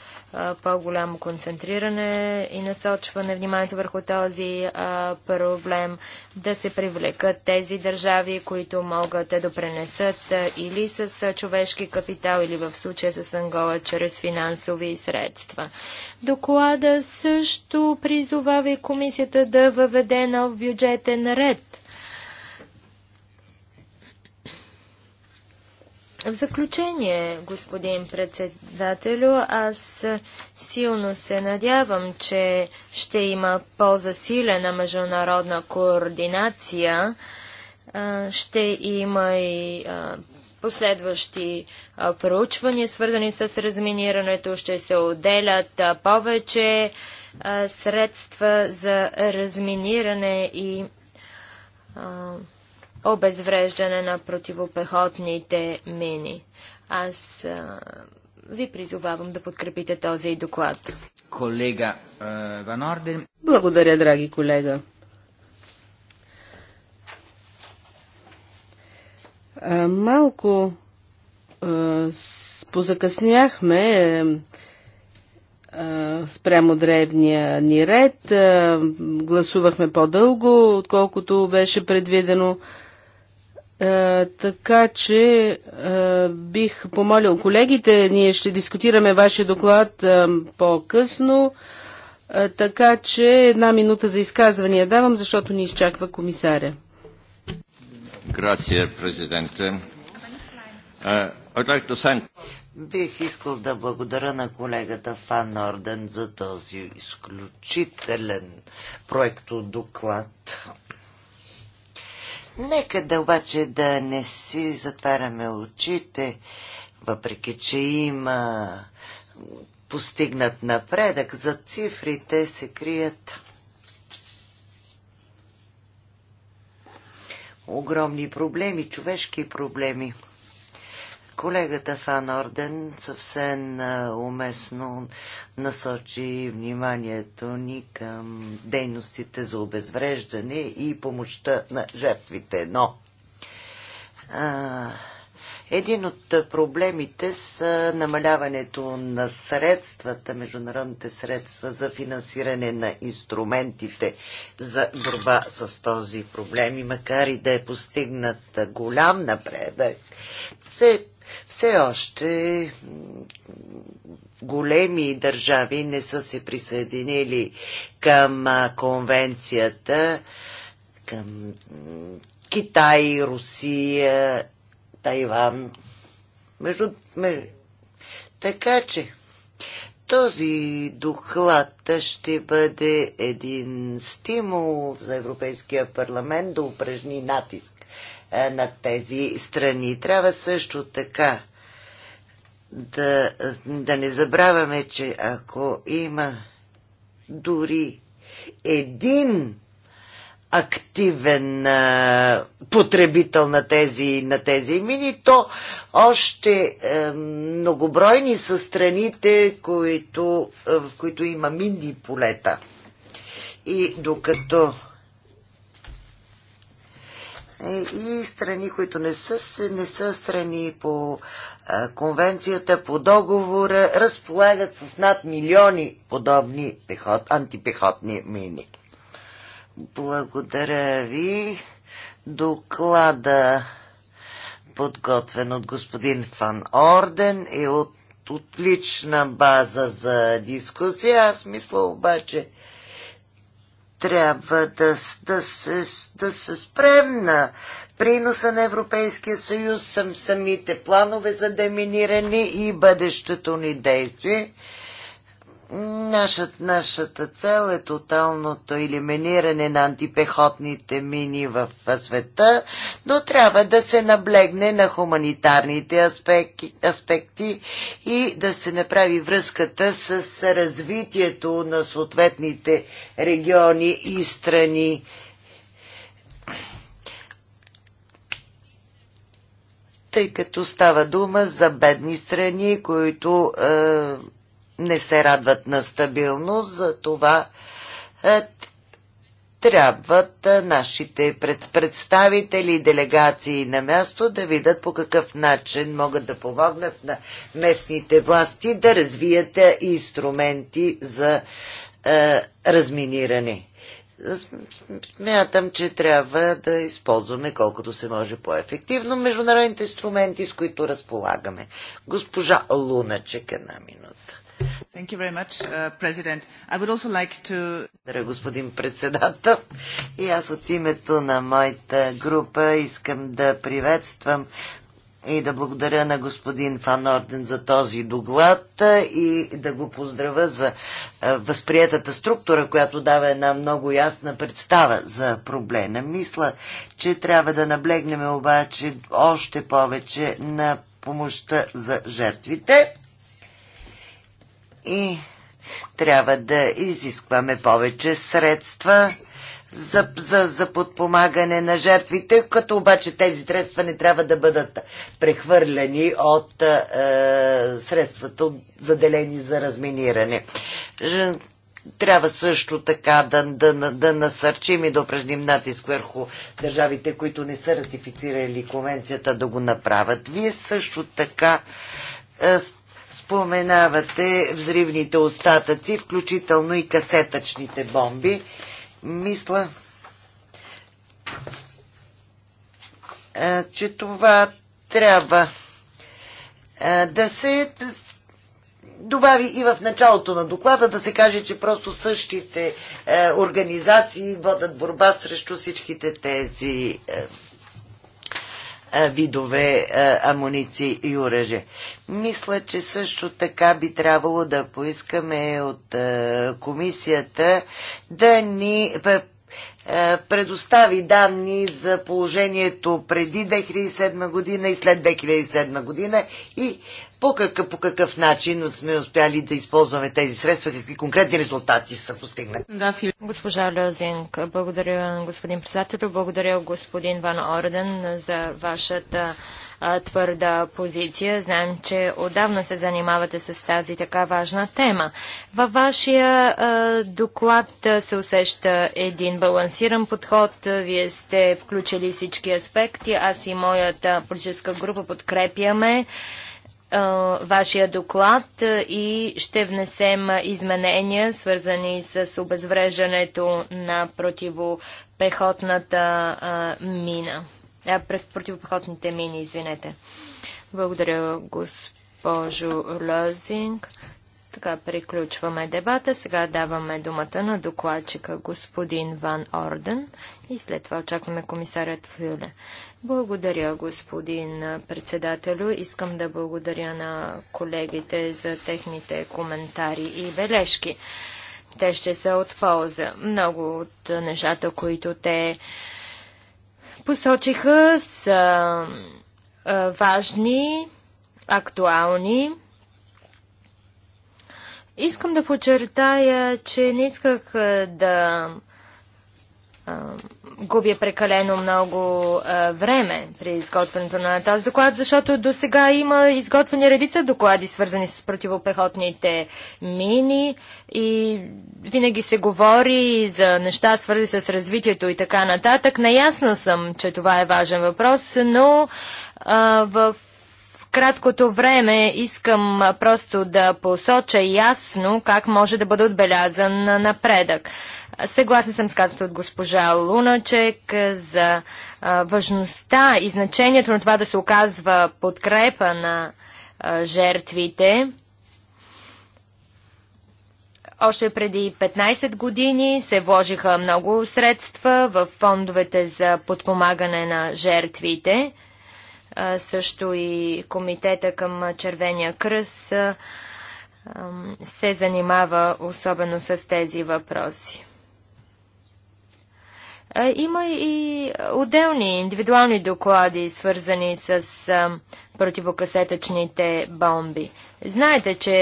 по-голямо концентриране и насочване вниманието върху този а, проблем, да се привлекат тези държави, които могат да допренесат а, или с а, човешки капитал, или в случая с Ангола, чрез финансови средства. Доклада също призовава и комисията да въведе нов бюджетен ред В заключение, господин председателю, аз силно се надявам, че ще има по-засилена международна координация, ще има и последващи проучвания, свързани с разминирането, ще се отделят повече средства за разминиране и обезвреждане на противопехотните мини. Аз а, ви призовавам да подкрепите този доклад. Колега Ван Орден. Благодаря, драги колега. А, малко а, позакъсняхме позакъсняхме спрямо древния ни ред. Гласувахме по-дълго, отколкото беше предвидено. Е, така че е, бих помолил колегите, ние ще дискутираме вашия доклад е, по-късно, така че една минута за изказвания давам, защото ни изчаква комисаря. Грация, президенте. Бих искал да благодаря на колегата Фан Орден за този изключителен от доклад. Нека да обаче да не си затваряме очите, въпреки че има постигнат напредък, за цифрите се крият огромни проблеми, човешки проблеми – Колегата Фан Орден съвсем уместно насочи вниманието ни към дейностите за обезвреждане и помощта на жертвите, но а, един от проблемите с намаляването на средствата, международните средства за финансиране на инструментите за борба с този проблем. И макар и да е постигнат голям напредък, се все още големи държави не са се присъединили към конвенцията, към Китай, Русия, Тайван. Между... Така че този доклад ще бъде един стимул за Европейския парламент да упражни натиск е, на тези страни. Трябва също така да, да не забравяме, че ако има дори един активен а, потребител на тези, на тези мини, то още а, е, многобройни са страните, които, а, е, в които има мини полета. И докато е, и страни, които не са, не са страни по а, конвенцията, по договора, разполагат с над милиони подобни пехот, антипехотни мини. Благодаря ви. Доклада, подготвен от господин Фан Орден, е от отлична база за дискусия. Аз мисля обаче, трябва да, да, се, да се спрем на приноса на Европейския съюз, съм самите планове за деминиране и бъдещето ни действие. Нашът, нашата цел е тоталното елиминиране на антипехотните мини в света, но трябва да се наблегне на хуманитарните аспекти, аспекти и да се направи връзката с развитието на съответните региони и страни. Тъй като става дума за бедни страни, които. Е, не се радват на стабилност, за това е, трябват е, нашите представители и делегации на място да видят по какъв начин могат да помогнат на местните власти да развият е, инструменти за е, разминиране. Смятам, че трябва да използваме колкото се може по-ефективно международните инструменти, с които разполагаме. Госпожа Луначек, една минута. Thank you very much, uh, President. I would also like to... Благодаря, господин председател. И аз от името на моята група искам да приветствам и да благодаря на господин Фан Орден за този доклад и да го поздравя за възприятата структура, която дава една много ясна представа за проблема. Мисля, че трябва да наблегнем обаче още повече на помощта за жертвите и трябва да изискваме повече средства за, за, за подпомагане на жертвите, като обаче тези средства не трябва да бъдат прехвърляни от е, средствата, заделени за разминиране. Трябва също така да, да, да насърчим и да упражним натиск върху държавите, които не са ратифицирали конвенцията, да го направят. Вие също така е, Споменавате взривните остатъци, включително и касетъчните бомби. Мисля, че това трябва да се добави и в началото на доклада да се каже, че просто същите организации водят борба срещу всичките тези видове амуниции и оръже. Мисля, че също така би трябвало да поискаме от комисията да ни предостави данни за положението преди 2007 година и след 2007 година и по какъв, по какъв начин сме успяли да използваме тези средства, какви конкретни резултати са постигнати. Да, Госпожа Лозинг, благодаря господин председател, благодаря господин Ван Орден за вашата твърда позиция. Знаем, че отдавна се занимавате с тази така важна тема. Във вашия доклад се усеща един балансиран подход. Вие сте включили всички аспекти. Аз и моята политическа група подкрепяме вашия доклад и ще внесем изменения, свързани с обезвреждането на противопехотната мина. А, противопехотните мини, извинете. Благодаря, госпожо Лозинг. Така приключваме дебата. Сега даваме думата на докладчика господин Ван Орден и след това очакваме комисарят Фюле. Благодаря, господин председателю. Искам да благодаря на колегите за техните коментари и бележки. Те ще са от полза. Много от нещата, които те посочиха, са важни, актуални. Искам да подчертая, че не исках да губя прекалено много а, време при изготвянето на този доклад, защото до сега има изготвени редица доклади, свързани с противопехотните мини и винаги се говори за неща, свързани с развитието и така нататък. Наясно съм, че това е важен въпрос, но а, в краткото време искам просто да посоча ясно как може да бъде отбелязан напредък. Съгласна съм с казата от госпожа Луначек за важността и значението на това да се оказва подкрепа на жертвите. Още преди 15 години се вложиха много средства в фондовете за подпомагане на жертвите – също и комитета към Червения кръст се занимава особено с тези въпроси. Има и отделни индивидуални доклади, свързани с противокасетъчните бомби. Знаете, че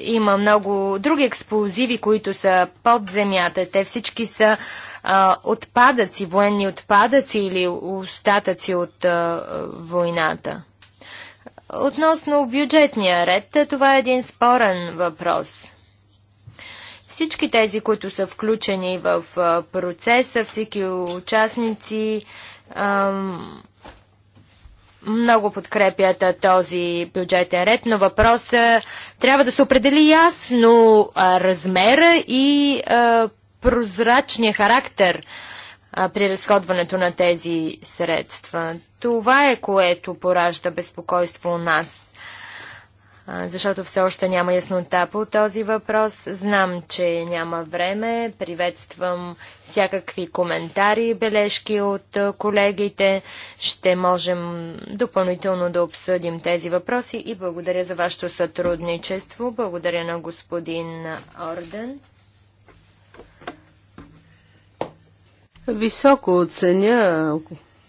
има много други експлозиви, които са под земята. Те всички са а, отпадъци, военни отпадъци или остатъци от а, войната. Относно бюджетния ред, това е един спорен въпрос. Всички тези, които са включени в процеса, всички участници, много подкрепят този бюджетен ред, но въпросът трябва да се определи ясно размера и прозрачния характер при разходването на тези средства. Това е което поражда безпокойство у нас защото все още няма яснота по този въпрос. Знам, че няма време. Приветствам всякакви коментари и бележки от колегите. Ще можем допълнително да обсъдим тези въпроси и благодаря за вашето сътрудничество. Благодаря на господин Орден. Високо оценя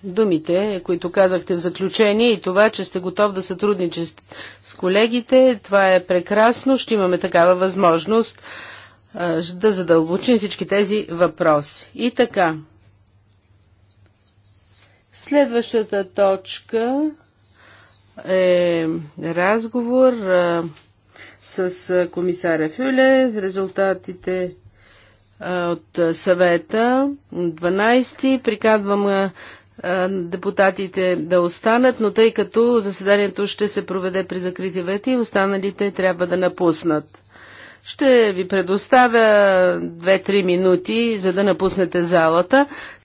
думите, които казахте в заключение и това, че сте готов да сътрудничи с колегите. Това е прекрасно. Ще имаме такава възможност да задълбочим всички тези въпроси. И така. Следващата точка е разговор с комисаря Фюле. Резултатите от съвета 12. Прикадвам депутатите да останат, но тъй като заседанието ще се проведе при закрити врати, останалите трябва да напуснат. Ще ви предоставя 2-3 минути, за да напуснете залата.